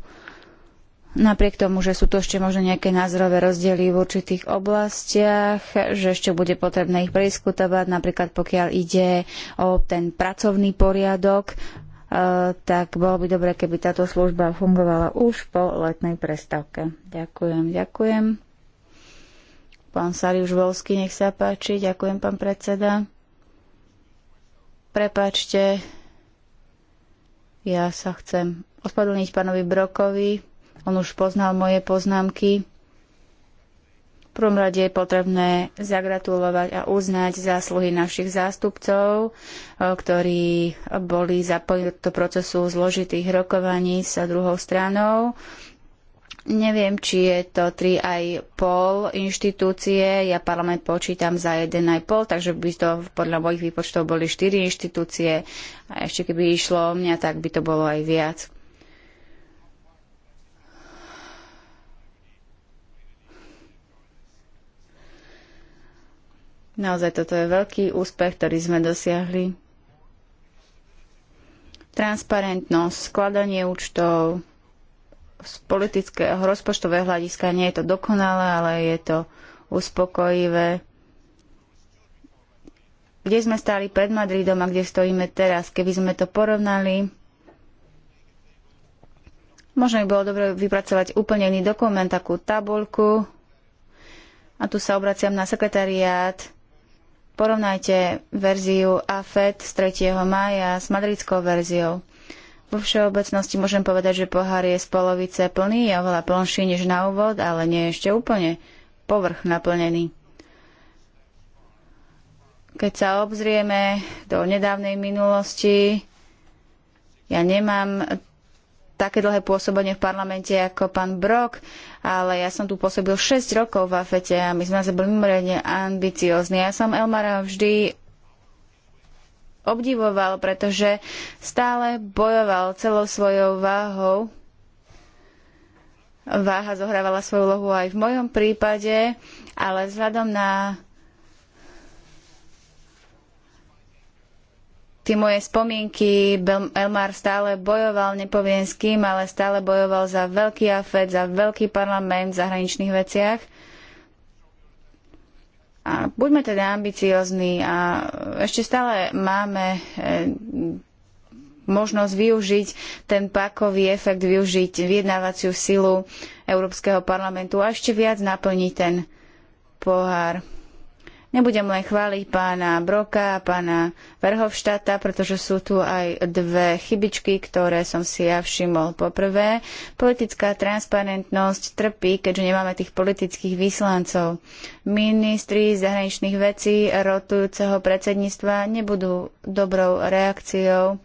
napriek tomu, že sú to ešte možno nejaké názorové rozdiely v určitých oblastiach, že ešte bude potrebné ich preiskutovať, napríklad pokiaľ ide o ten pracovný poriadok, Eh, tak bolo by dobre, keby táto služba fungovala už po letnej prestavke. Ďakujem, ďakujem. Pán Sariuš Volsky, nech sa páči. Ďakujem, pán predseda. Prepačte, ja sa chcem ospadlniť pánovi Brokovi. On už poznal moje poznámky prvom rade je potrebné zagratulovať a uznať zásluhy našich zástupcov, e, ktorí boli zapojení do procesu zložitých rokovaní sa druhou stranou. Neviem, či je to aj pol inštitúcie, ja parlament počítam za jeden aj pol, takže by to podľa mojich výpočtov boli štyri inštitúcie a ešte keby išlo o mňa, tak by to bolo aj viac. Naozaj toto je veľký úspech, ktorý sme dosiahli. Transparentnosť, skladanie účtov, z politického rozpočtového hľadiska nie je to dokonalé, ale je to uspokojivé. Kde sme stáli pred Madridom a kde stojíme teraz, keby sme to porovnali, možno by bolo dobre vypracovať úplnený dokument, takú tabulku. A tu sa obraciam na sekretariát Porovnajte verziu AFED z 3. maja s madridskou verziou. Vo všeobecnosti môžem povedať, že pohár je z polovice plný, je oveľa plnší než na úvod, ale nie ešte úplne povrch naplnený. Keď sa obzrieme do nedávnej minulosti, ja nemám také dlhé pôsobenie v parlamente ako pán Brok, ale ja som tu pôsobil 6 rokov v AFETE a my sme sa boli mimoriadne ambiciozni. Ja som Elmara vždy obdivoval, pretože stále bojoval celou svojou váhou. Váha zohrávala svoju lohu aj v mojom prípade, ale vzhľadom na tie moje spomienky, Elmar stále bojoval, nepoviem s kým, ale stále bojoval za veľký afet, za veľký parlament v zahraničných veciach. A buďme teda ambiciozní a ešte stále máme eh, možnosť využiť ten pákový efekt, využiť vyjednávaciu silu Európskeho parlamentu a ešte viac naplniť ten pohár. Nebudem len chváliť pána Broka, pána Verhofštáta, pretože sú tu aj dve chybičky, ktoré som si ja všimol. Poprvé, politická transparentnosť trpí, keďže nemáme tých politických výslancov. Ministri zahraničných vecí rotujúceho predsedníctva nebudú dobrou reakciou.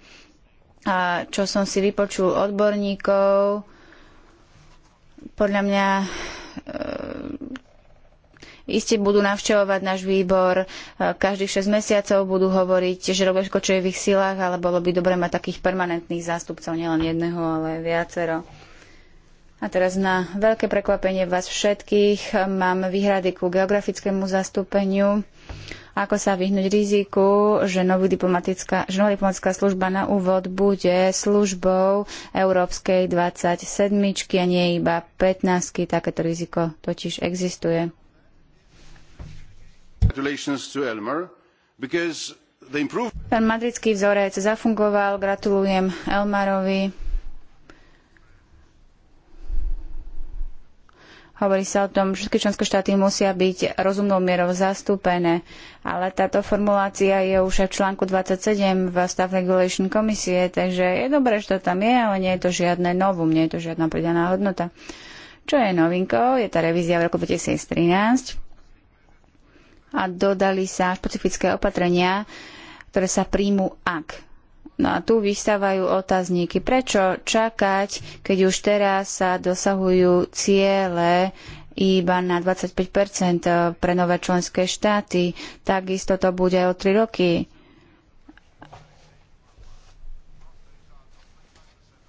A čo som si vypočul odborníkov, podľa mňa iste budú navštevovať náš výbor, e, každých 6 mesiacov budú hovoriť, že robia všetko, čo je v ich silách, ale bolo by dobre mať takých permanentných zástupcov, nielen jedného, ale viacero. A teraz na veľké prekvapenie vás všetkých mám výhrady ku geografickému zastúpeniu ako sa vyhnúť riziku, že, nový diplomatická, že nová diplomatická služba na úvod bude službou Európskej 27 a nie iba 15 Takéto riziko totiž existuje. Ten madridský vzorec zafungoval, gratulujem Elmarovi. Hovorí sa o tom, že všetky členské štáty musia byť rozumnou mierou zastúpené, ale táto formulácia je už aj v článku seven v Staff Regulation komisie, takže je dobré, že to tam je, ale nie je to žiadne novum, nie je to žiadna pridaná hodnota. Čo je novinkou, je tá revízia v roku 2013 a dodali sa špecifické opatrenia, ktoré sa príjmu ak. No a tu vystávajú otázníky. Prečo čakať, keď už teraz sa dosahujú ciele iba na 25 pre nové členské štáty. Takisto to bude o 3 roky.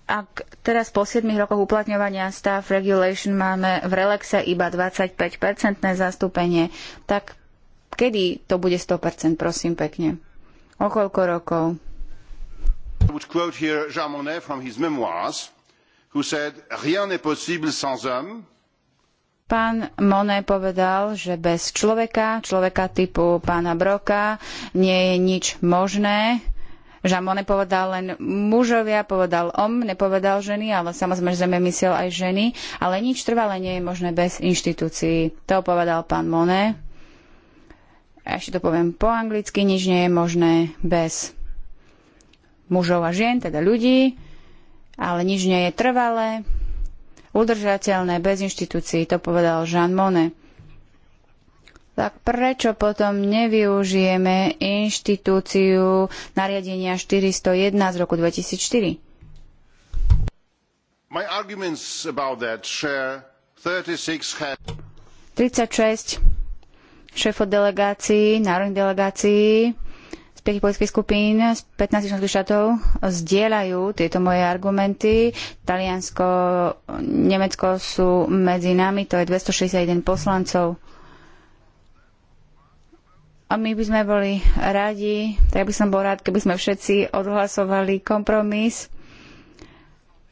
Ak teraz po 7 rokoch uplatňovania staff regulation máme v Relaxe iba 25 zastúpenie, tak Kedy to bude 100%, prosím pekne? O koľko rokov? would quote here Jean Monnet from his memoirs, who said, Rien n'est possible sans homme. Pán Monet povedal, že bez človeka, človeka typu pána Broka, nie je nič možné. Jean Monnet povedal len mužovia, povedal om, nepovedal ženy, ale samozrejme myslel aj ženy, ale nič trvalé nie je možné bez inštitúcií. To povedal pán Monet. A ešte to poviem po anglicky, nič nie je možné bez mužov a žien, teda ľudí, ale nič nie je trvalé, udržateľné, bez inštitúcií, to povedal Jean Monnet. Tak prečo potom nevyužijeme inštitúciu nariadenia 401 z roku 2004? My arguments about that share 36 36 šéfov delegácií, národných delegácií z 5 politických skupín z 15 členských štátov zdieľajú tieto moje argumenty. Taliansko, Nemecko sú medzi nami, to je 261 poslancov. A my by sme boli radi, tak by som bol rád, keby sme všetci odhlasovali kompromis,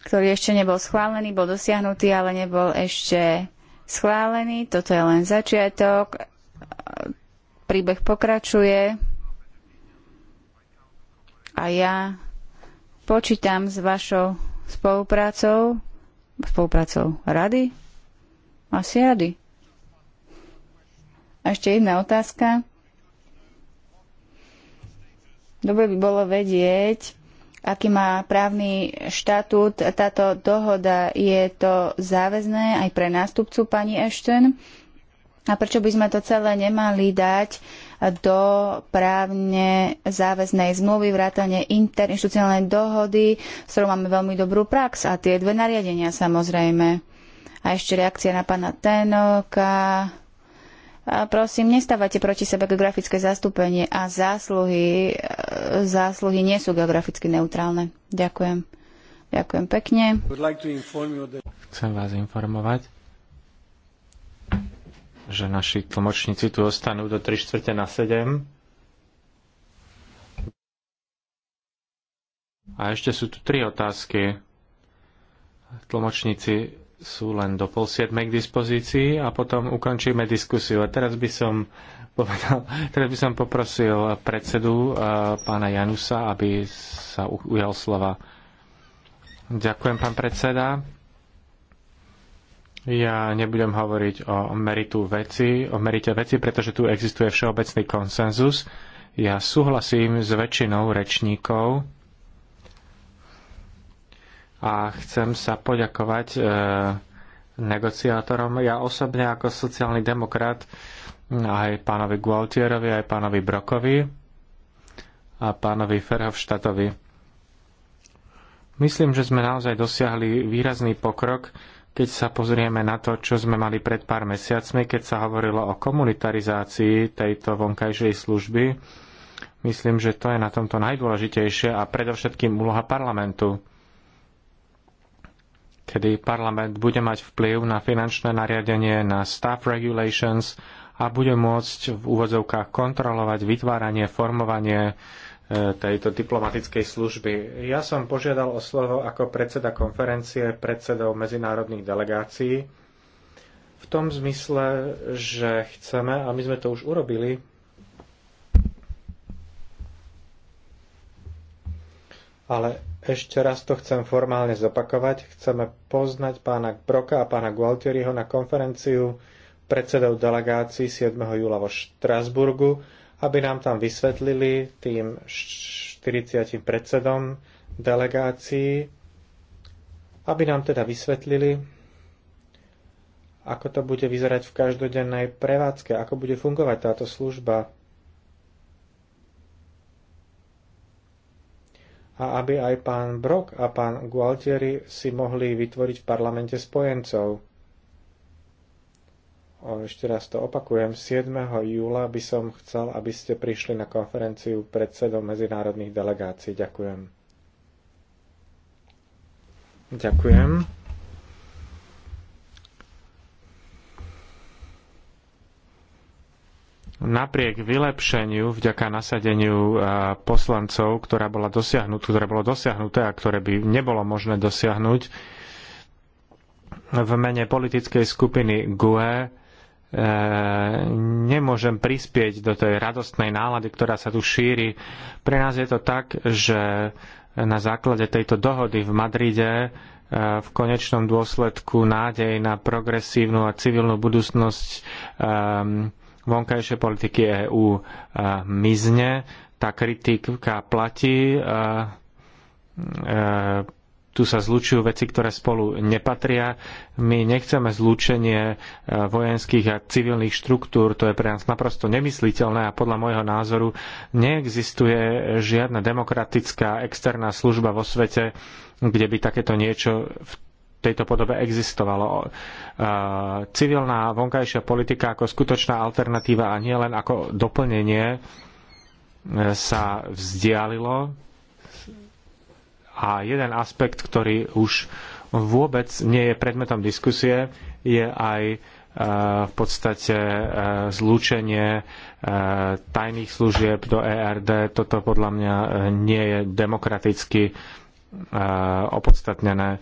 ktorý ešte nebol schválený, bol dosiahnutý, ale nebol ešte schválený. Toto je len začiatok príbeh pokračuje a ja počítam s vašou spoluprácou, spoluprácou rady, asi rady. A ešte jedna otázka. Dobre by bolo vedieť, aký má právny štatút táto dohoda. Je to záväzné aj pre nástupcu pani Ashton? A prečo by sme to celé nemali dať do právne záväznej zmluvy, vrátane interinstitucionálnej dohody, s ktorou máme veľmi dobrú prax a tie dve nariadenia samozrejme. A ešte reakcia na pána Tenoka. A prosím, nestávate proti sebe geografické zastúpenie a zásluhy, zásluhy nie sú geograficky neutrálne. Ďakujem. Ďakujem pekne. Chcem vás informovať, že naši tlmočníci tu ostanú do 3 čtvrte na 7. A ešte sú tu tri otázky. Tlmočníci sú len do pol siedmej k dispozícii a potom ukončíme diskusiu. A teraz by som povedal, *laughs* teraz by som poprosil predsedu eh, pána Janusa, aby sa ujal slova. Ďakujem, pán predseda. Ja nebudem hovoriť o meritu veci, o merite veci, pretože tu existuje všeobecný konsenzus. Ja súhlasím s väčšinou rečníkov a chcem sa poďakovať e, negociátorom. Ja osobne ako sociálny demokrat aj pánovi Gualtierovi, aj pánovi Brokovi a pánovi Ferhofštatovi. Myslím, že sme naozaj dosiahli výrazný pokrok keď sa pozrieme na to, čo sme mali pred pár mesiacmi, keď sa hovorilo o komunitarizácii tejto vonkajšej služby, myslím, že to je na tomto najdôležitejšie a predovšetkým úloha parlamentu, kedy parlament bude mať vplyv na finančné nariadenie, na staff regulations a bude môcť v úvodzovkách kontrolovať vytváranie, formovanie E, tejto diplomatickej služby. Ja som požiadal o slovo ako predseda konferencie predsedov medzinárodných delegácií v tom zmysle, že chceme, a my sme to už urobili, ale ešte raz to chcem formálne zopakovať. Chceme poznať pána Broka a pána Gualtieriho na konferenciu predsedov delegácií 7. júla vo Štrasburgu aby nám tam vysvetlili tým 40 predsedom delegácií, aby nám teda vysvetlili, ako to bude vyzerať v každodennej prevádzke, ako bude fungovať táto služba a aby aj pán Brok a pán Gualtieri si mohli vytvoriť v parlamente spojencov ešte raz to opakujem, 7. júla by som chcel, aby ste prišli na konferenciu predsedov medzinárodných delegácií. Ďakujem. Ďakujem. Napriek vylepšeniu vďaka nasadeniu e, poslancov, ktorá bola dosiahnutá, ktoré bolo dosiahnuté a ktoré by nebolo možné dosiahnuť, v mene politickej skupiny GUE nemôžem prispieť do tej radostnej nálady, ktorá sa tu šíri. Pre nás je to tak, že na základe tejto dohody v Madride e, v konečnom dôsledku nádej na progresívnu a civilnú budúcnosť e, vonkajšej politiky EÚ e, mizne. Tá kritika platí tu sa zlučujú veci, ktoré spolu nepatria. My nechceme zlúčenie eh, vojenských a civilných štruktúr, to je pre nás naprosto nemysliteľné a podľa môjho názoru neexistuje žiadna demokratická externá služba vo svete, kde by takéto niečo v tejto podobe existovalo. Eh, civilná vonkajšia politika ako skutočná alternatíva a nie len ako doplnenie eh, sa vzdialilo a jeden aspekt, ktorý už vôbec nie je predmetom diskusie, je aj e, v podstate e, zlúčenie e, tajných služieb do ERD. Toto podľa mňa nie je demokraticky opodstatnené.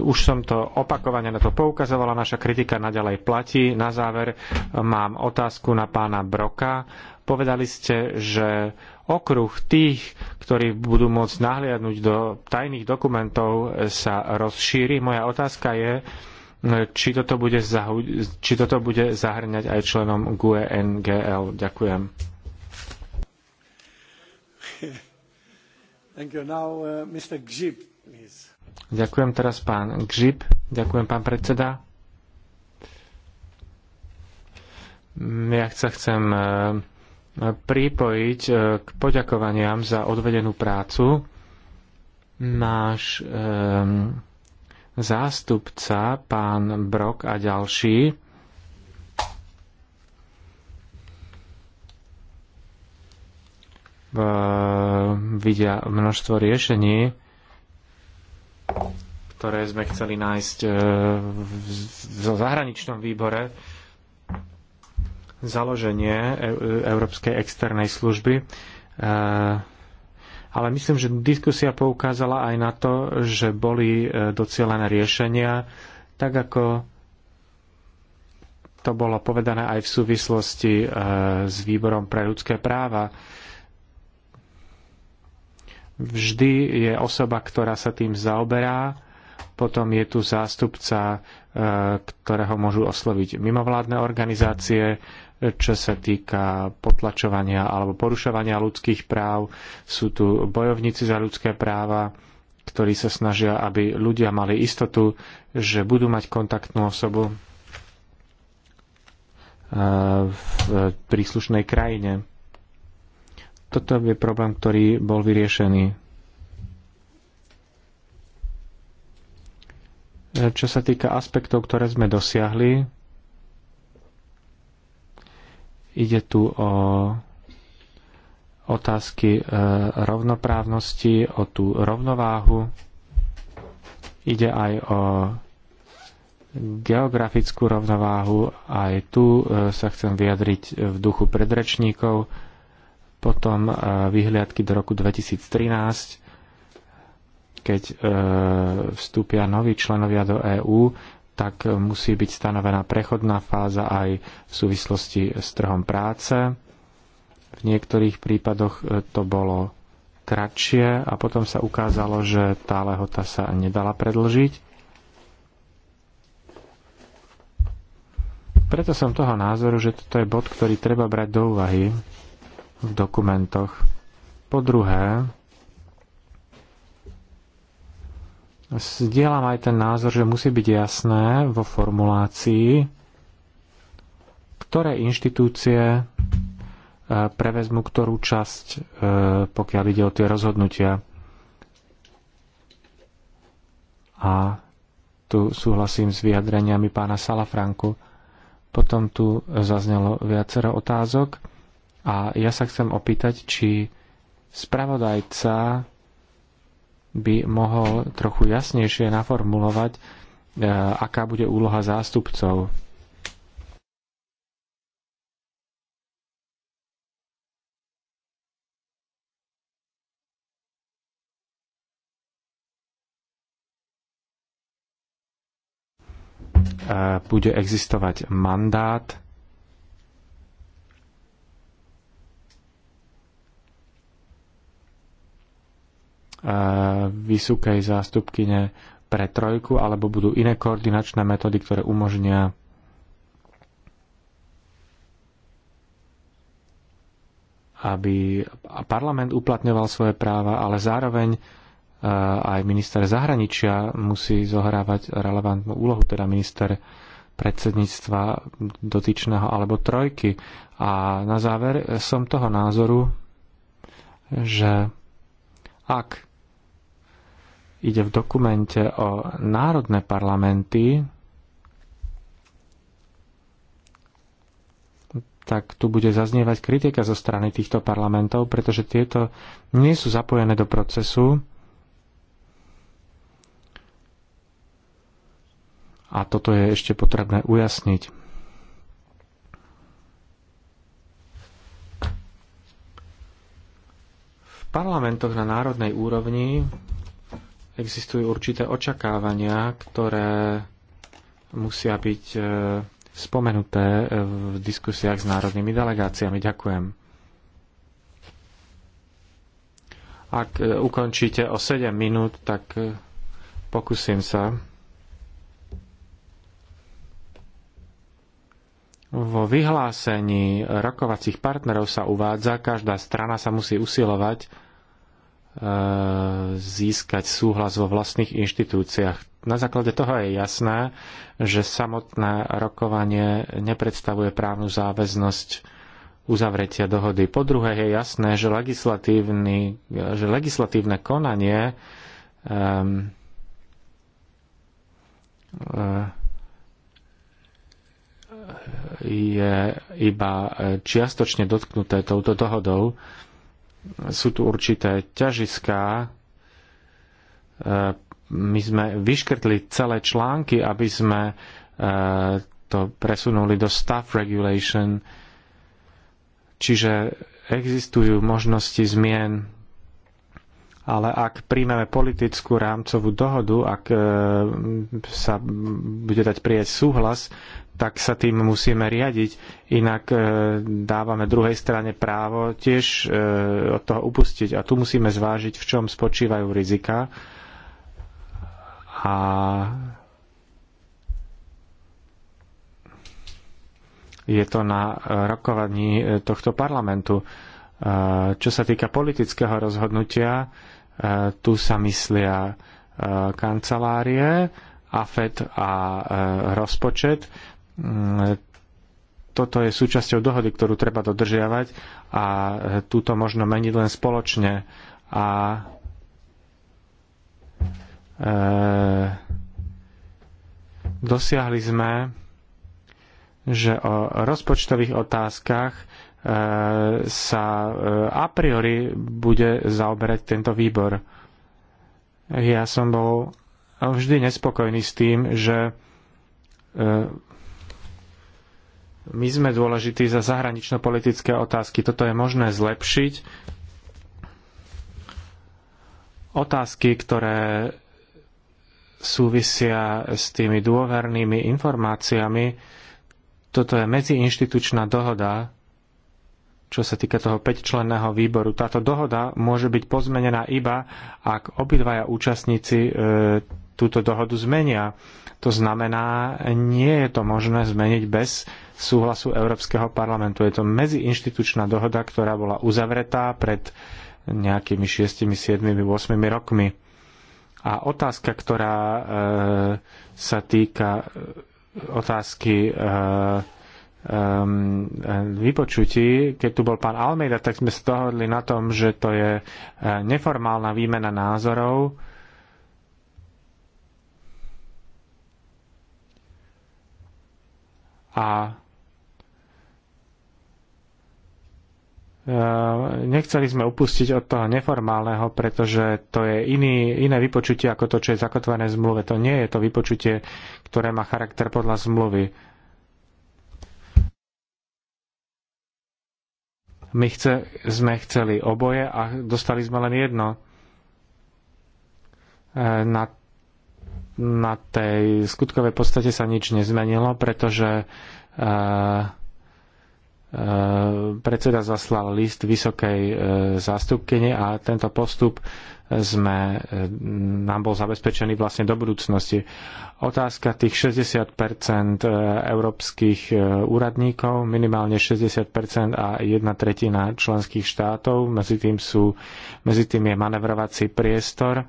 Už som to opakovane na to poukazovala, naša kritika naďalej platí. Na záver mám otázku na pána Broka. Povedali ste, že okruh tých, ktorí budú môcť nahliadnúť do tajných dokumentov, sa rozšíri. Moja otázka je, či toto bude, zahu- či toto bude zahrňať aj členom GUE NGL. Ďakujem. *laughs* Now, uh, Gzip, Ďakujem teraz pán Gžip. Ďakujem pán predseda. Ja sa chcem uh, pripojiť e, k poďakovaniam za odvedenú prácu. Náš um, zástupca, pán Brok a ďalší, vidia množstvo riešení, ktoré sme chceli nájsť e, v zahraničnom výbore založenie Európskej externej služby. E, ale myslím, že diskusia poukázala aj na to, že boli e, docielené riešenia, tak ako to bolo povedané aj v súvislosti e, s výborom pre ľudské práva. Vždy je osoba, ktorá sa tým zaoberá, potom je tu zástupca, ktorého môžu osloviť mimovládne organizácie, čo sa týka potlačovania alebo porušovania ľudských práv. Sú tu bojovníci za ľudské práva, ktorí sa snažia, aby ľudia mali istotu, že budú mať kontaktnú osobu e, v príslušnej krajine. Toto je problém, ktorý bol vyriešený. E, čo sa týka aspektov, ktoré sme dosiahli, Ide tu o otázky e, rovnoprávnosti, o tú rovnováhu. Ide aj o geografickú rovnováhu. Aj tu e, sa chcem vyjadriť v duchu predrečníkov. Potom e, vyhliadky do roku 2013, keď vstúpia noví členovia do EÚ tak musí byť stanovená prechodná fáza aj v súvislosti s trhom práce. V niektorých prípadoch e, to bolo kratšie a potom sa ukázalo, že tá lehota sa nedala predlžiť. Preto som toho názoru, že toto je bod, ktorý treba brať do úvahy v dokumentoch. Po druhé, Zdieľam aj ten názor, že musí byť jasné vo formulácii, ktoré inštitúcie e, prevezmu ktorú časť, e, pokiaľ ide o tie rozhodnutia. A tu súhlasím s vyjadreniami pána Salafranku. Potom tu zaznelo viacero otázok a ja sa chcem opýtať, či spravodajca by mohol trochu jasnejšie naformulovať, e, aká bude úloha zástupcov. E, bude existovať mandát E, vysokej zástupkyne pre trojku, alebo budú iné koordinačné metódy, ktoré umožnia aby parlament uplatňoval svoje práva, ale zároveň e, aj minister zahraničia musí zohrávať relevantnú úlohu, teda minister predsedníctva dotyčného alebo trojky. A na záver som toho názoru, že ak ide v dokumente o národné parlamenty, tak tu bude zaznievať kritika zo strany týchto parlamentov, pretože tieto nie sú zapojené do procesu. A toto je ešte potrebné ujasniť. V parlamentoch na národnej úrovni existujú určité očakávania, ktoré musia byť e, spomenuté v diskusiách s národnými delegáciami. Ďakujem. Ak e, ukončíte o 7 minút, tak e, pokúsim sa. Vo vyhlásení rokovacích partnerov sa uvádza, každá strana sa musí usilovať E, získať súhlas vo vlastných inštitúciách. Na základe toho je jasné, že samotné rokovanie nepredstavuje právnu záväznosť uzavretia dohody. Po druhé je jasné, že, že legislatívne konanie um, je iba čiastočne dotknuté touto dohodou sú tu určité ťažiská. E, my sme vyškrtli celé články, aby sme e, to presunuli do staff regulation, čiže existujú možnosti zmien ale ak príjmeme politickú rámcovú dohodu, ak e, sa bude dať prijať súhlas, tak sa tým musíme riadiť. Inak e, dávame druhej strane právo tiež e, od toho upustiť. A tu musíme zvážiť, v čom spočívajú rizika. A je to na rokovaní tohto parlamentu čo sa týka politického rozhodnutia, tu sa myslia kancelárie, AFED a e, rozpočet. Mm, toto je súčasťou dohody, ktorú treba dodržiavať a e, túto možno meniť len spoločne. A e, dosiahli sme, že o rozpočtových otázkach sa eh, a priori bude zaoberať tento výbor. Ja som bol vždy nespokojný s tým, že eh, my sme dôležití za zahranično-politické otázky. Toto je možné zlepšiť. Otázky, ktoré súvisia s tými dôvernými informáciami, toto je medziinštitučná dohoda, čo sa týka toho 5-členného výboru. Táto dohoda môže byť pozmenená iba, ak obidvaja účastníci e, túto dohodu zmenia. To znamená, nie je to možné zmeniť bez súhlasu Európskeho parlamentu. Je to medziinštitučná dohoda, ktorá bola uzavretá pred nejakými 6, 7, 8 rokmi. A otázka, ktorá e, sa týka e, otázky e, um, vypočutí, keď tu bol pán Almeida, tak sme sa dohodli na tom, že to je uh, neformálna výmena názorov. A uh, nechceli sme upustiť od toho neformálneho, pretože to je iný, iné vypočutie ako to, čo je zakotvené v zmluve. To nie je to vypočutie, ktoré má charakter podľa zmluvy My chce, sme chceli oboje a dostali sme len jedno. E, na, na tej skutkovej podstate sa nič nezmenilo, pretože e, e, predseda zaslal list vysokej zástupkyne a tento postup sme, e, nám bol zabezpečený vlastne do budúcnosti. Otázka tých 60 e, európskych e, úradníkov, minimálne 60 a jedna tretina členských štátov, medzi tým, sú, medzi tým je manevrovací priestor.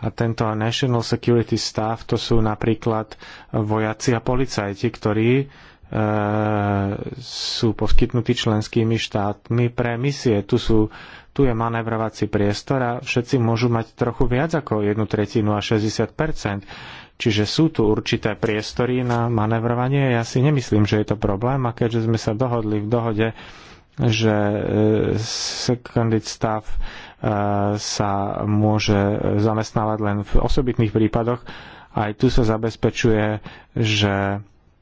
A tento National Security Staff to sú napríklad vojaci a policajti, ktorí sú poskytnutí členskými štátmi pre misie. Tu sú tu je manevrovací priestor a všetci môžu mať trochu viac ako jednu tretinu a 60 Čiže sú tu určité priestory na manevrovanie. Ja si nemyslím, že je to problém a keďže sme sa dohodli v dohode, že e, seconded stav e, sa môže zamestnávať len v osobitných prípadoch, aj tu sa zabezpečuje, že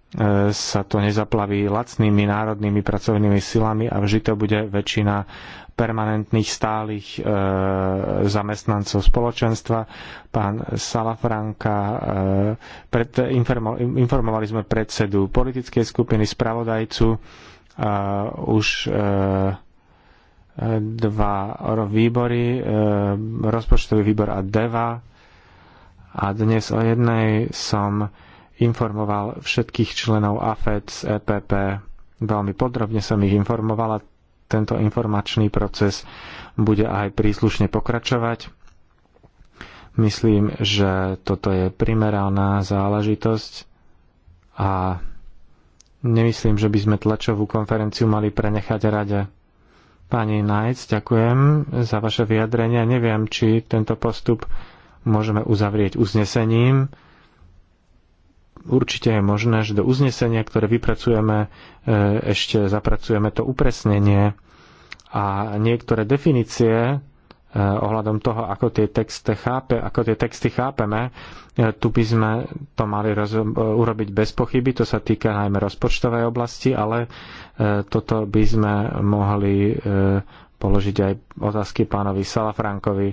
E, sa to nezaplaví lacnými národnými pracovnými silami a vždy to bude väčšina permanentných stálych e, zamestnancov spoločenstva. Pán Salafranka, e, pred, informo, informovali sme predsedu politickej skupiny, spravodajcu, e, už e, dva výbory, e, rozpočtový výbor a DEVA. A dnes o jednej som informoval všetkých členov AFED z EPP. Veľmi podrobne som ich informovala. Tento informačný proces bude aj príslušne pokračovať. Myslím, že toto je primeraná záležitosť a nemyslím, že by sme tlačovú konferenciu mali prenechať rade. Pani Najc, ďakujem za vaše vyjadrenie. Neviem, či tento postup môžeme uzavrieť uznesením určite je možné, že do uznesenia, ktoré vypracujeme, e, ešte zapracujeme to upresnenie a niektoré definície e, ohľadom toho, ako tie, texte chápe, ako tie texty chápeme, e, tu by sme to mali roz, urobiť bez pochyby, to sa týka najmä rozpočtovej oblasti, ale toto by sme mohli položiť aj otázky pánovi Salafrankovi,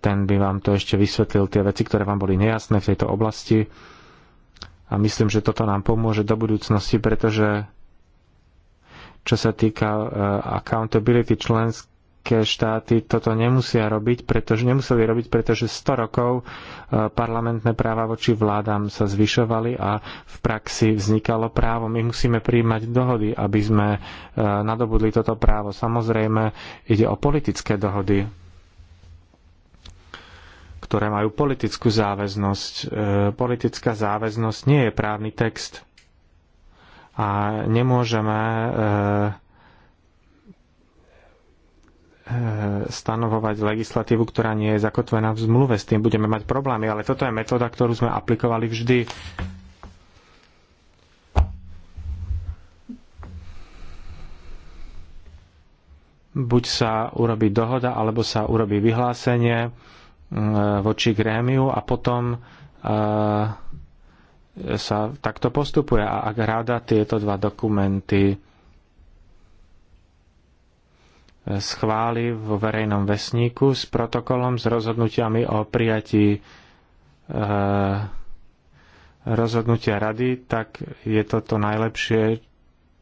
ten by vám to ešte vysvetlil, tie veci, ktoré vám boli nejasné v tejto oblasti a myslím, že toto nám pomôže do budúcnosti, pretože čo sa týka e, accountability členské štáty toto nemusia robiť, pretože nemuseli robiť, pretože 100 rokov e, parlamentné práva voči vládam sa zvyšovali a v praxi vznikalo právo. My musíme príjmať dohody, aby sme e, nadobudli toto právo. Samozrejme, ide o politické dohody ktoré majú politickú záväznosť. E, politická záväznosť nie je právny text a nemôžeme e, e, stanovovať legislatívu, ktorá nie je zakotvená v zmluve. S tým budeme mať problémy, ale toto je metóda, ktorú sme aplikovali vždy. Buď sa urobí dohoda, alebo sa urobí vyhlásenie Eh, voči grémiu a potom eh, sa takto postupuje. A ak rada tieto dva dokumenty eh, schváli vo verejnom vesníku s protokolom, s rozhodnutiami o prijatí rozhodnutia rady, tak je to to najlepšie,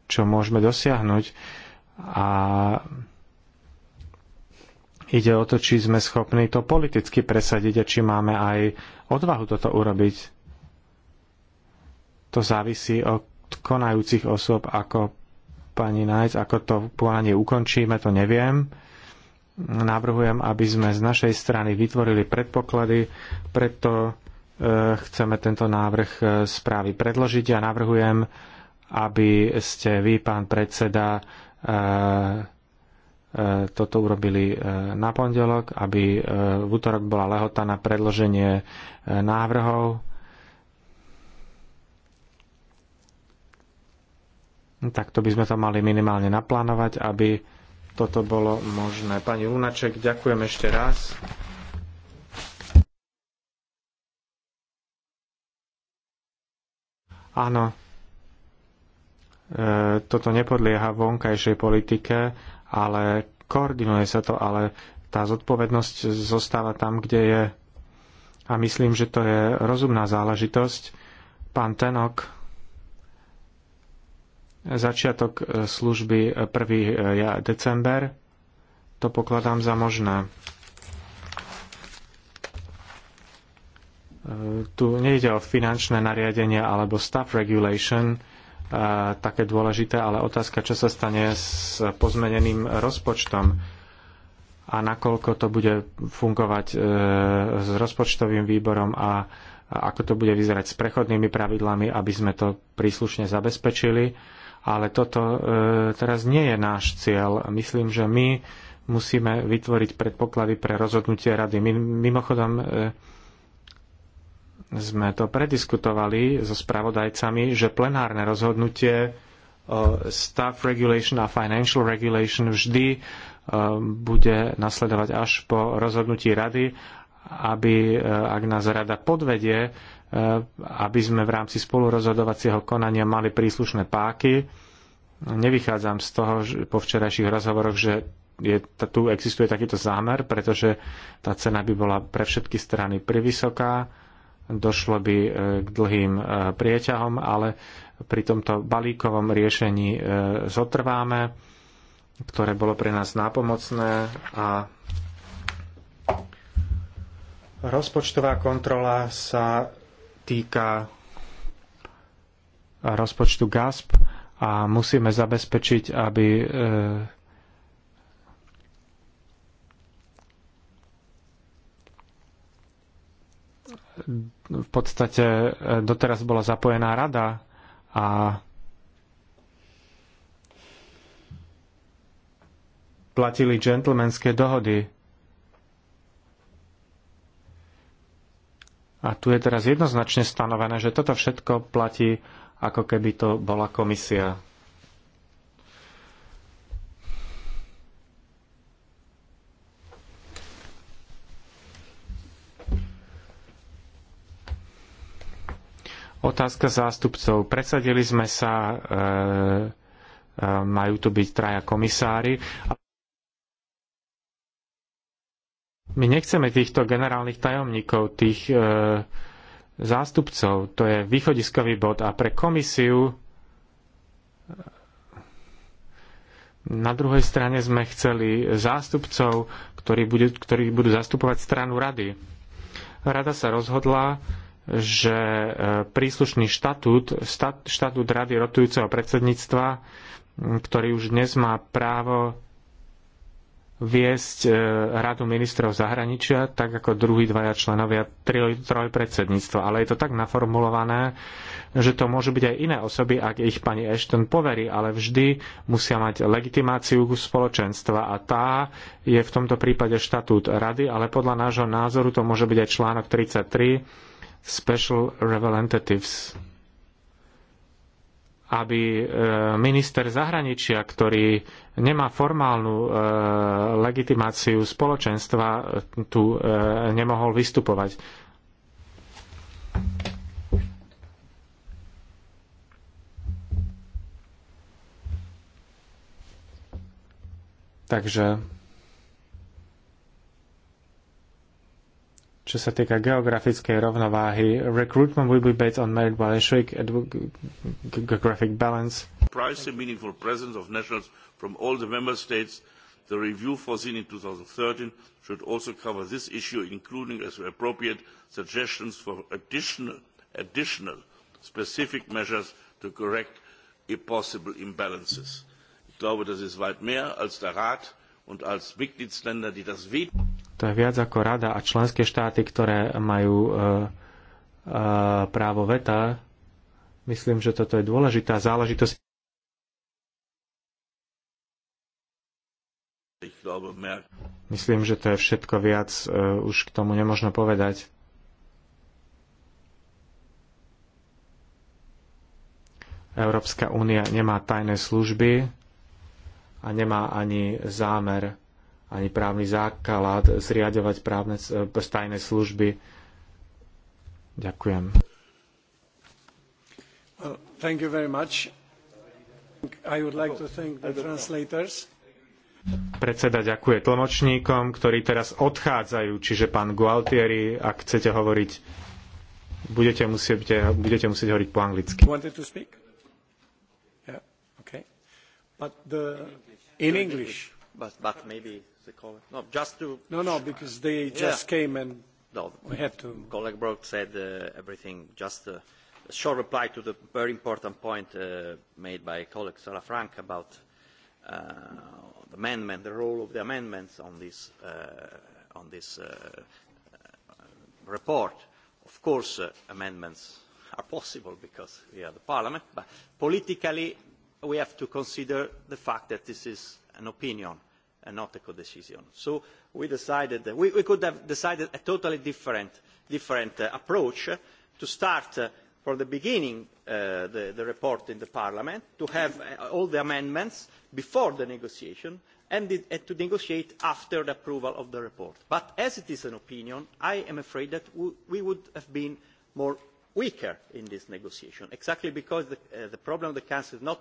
čo môžeme dosiahnuť. A Ide o to, či sme schopní to politicky presadiť a či máme aj odvahu toto urobiť. To závisí od konajúcich osôb, ako pani Nájc, ako to povolanie ukončíme, to neviem. Navrhujem, aby sme z našej strany vytvorili predpoklady, preto e, chceme tento návrh e, správy predložiť a ja navrhujem, aby ste vy, pán predseda, e, E, toto urobili e, na pondelok, aby e, v útorok bola lehota na predloženie návrhov. Takto by sme to mali minimálne naplánovať, aby toto bolo možné. Pani Lunaček, ďakujem ešte raz. Áno, E, toto nepodlieha vonkajšej politike, ale koordinuje sa to, ale tá zodpovednosť zostáva tam, kde je. A myslím, že to je rozumná záležitosť. Pán Tenok, začiatok e, služby 1. E, december, to pokladám za možné. Tu nejde o finančné nariadenie alebo staff regulation, také dôležité, ale otázka, čo sa stane s pozmeneným rozpočtom a nakoľko to bude fungovať e, s rozpočtovým výborom a ako to bude vyzerať s prechodnými pravidlami, aby sme to príslušne zabezpečili. Ale toto e, teraz nie je náš cieľ. Myslím, že my musíme vytvoriť predpoklady pre rozhodnutie rady. Mimochodom, e, sme to prediskutovali so spravodajcami, že plenárne rozhodnutie e, staff regulation a financial regulation vždy e, bude nasledovať až po rozhodnutí rady, aby e, ak nás rada podvedie, aby sme v rámci spolurozhodovacieho konania mali príslušné páky. Nevychádzam z toho po včerajších rozhovoroch, že je, tu existuje takýto zámer, pretože tá cena by bola pre všetky strany privysoká došlo by e, k dlhým e, prieťahom, ale pri tomto balíkovom riešení e, zotrváme, ktoré bolo pre nás nápomocné a rozpočtová kontrola sa týka rozpočtu GASP a musíme zabezpečiť, aby v podstate e, doteraz bola zapojená rada a platili džentlmenské dohody. A tu je teraz jednoznačne stanovené, že toto všetko platí, ako keby to bola komisia. Otázka zástupcov. Presadili sme sa, e, e, majú tu byť traja komisári. My nechceme týchto generálnych tajomníkov, tých e, zástupcov. To je východiskový bod. A pre komisiu na druhej strane sme chceli zástupcov, ktorí, budú, ktorí budú zastupovať stranu rady. Rada sa rozhodla, že e, príslušný štatút, štatút Rady rotujúceho predsedníctva, ktorý už dnes má právo viesť e, Radu ministrov zahraničia, tak ako druhí dvaja členovia troj, troj predsedníctva. Ale je to tak naformulované, že to môžu byť aj iné osoby, ak ich pani Ashton poverí, ale vždy musia mať legitimáciu spoločenstva a tá je v tomto prípade štatút rady, ale podľa nášho názoru to môže byť aj článok 33 special representatives, aby e, minister zahraničia, ktorý nemá formálnu e, legitimáciu spoločenstva, tu e, nemohol vystupovať. Takže Čo sa týka geografickej rovnováhy, recruitment will be based on merit balance, geographic balance. Price and meaningful presence of nationals from all the member states The review foreseen in 2013 should also cover this issue, including, as appropriate, suggestions for additional, additional specific measures to correct possible imbalances. Ich glaube, das ist weit mehr als der Rat und als Mitgliedsländer, die das veto. To je viac ako rada a členské štáty, ktoré majú e, e, právo veta. Myslím, že toto je dôležitá záležitosť. Myslím, že to je všetko viac, e, už k tomu nemôžno povedať. Európska únia nemá tajné služby a nemá ani zámer ani právny základ zriadovať právne e, tajné služby. Ďakujem. Well, thank you very much. I would like to thank the translators. Predseda ďakuje tlmočníkom, ktorí teraz odchádzajú, čiže pán Gualtieri, ak chcete hovoriť, budete musieť, budete musieť hovoriť po anglicky. Yeah, okay. But the, in English. But, but maybe they call it. No, just to... No, no, because they just came and no, we had to... Colleague Brock said uh, everything. Just a short reply to the very important point uh, made by colleague Salafranca about uh, the amendment, the role of the amendments on this, uh, on this uh, uh report. Of course, uh, amendments *laughs* are possible because we are the parliament, but politically we have to consider the fact that this is an opinion and not a codecision. So we decided that we, we could have decided a totally different, different uh, approach to start uh, from the beginning uh, the, the report in the Parliament, to have uh, all the amendments before the negotiation, and, and to negotiate after the approval of the report. But as it is an opinion, I am afraid that we would have been more weaker in this negotiation, exactly because the, uh, the problem of the Council is not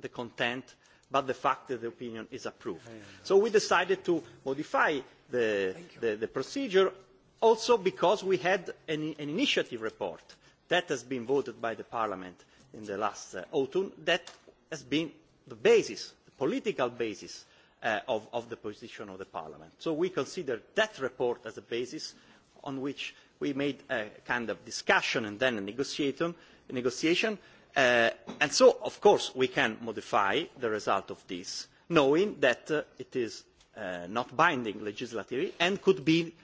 the content but the fact that the opinion is approved. So we decided to modify the, the, the procedure also because we had an, an initiative report that has been voted by the Parliament in the last uh, autumn that has been the basis, the political basis uh, of, of the position of the Parliament. So we consider that report as a basis on which we made a kind of discussion and then a negotiation, a negotiation Uh, and so, of course, we can modify the result of this, knowing that uh, it is uh, not binding legislatively and could be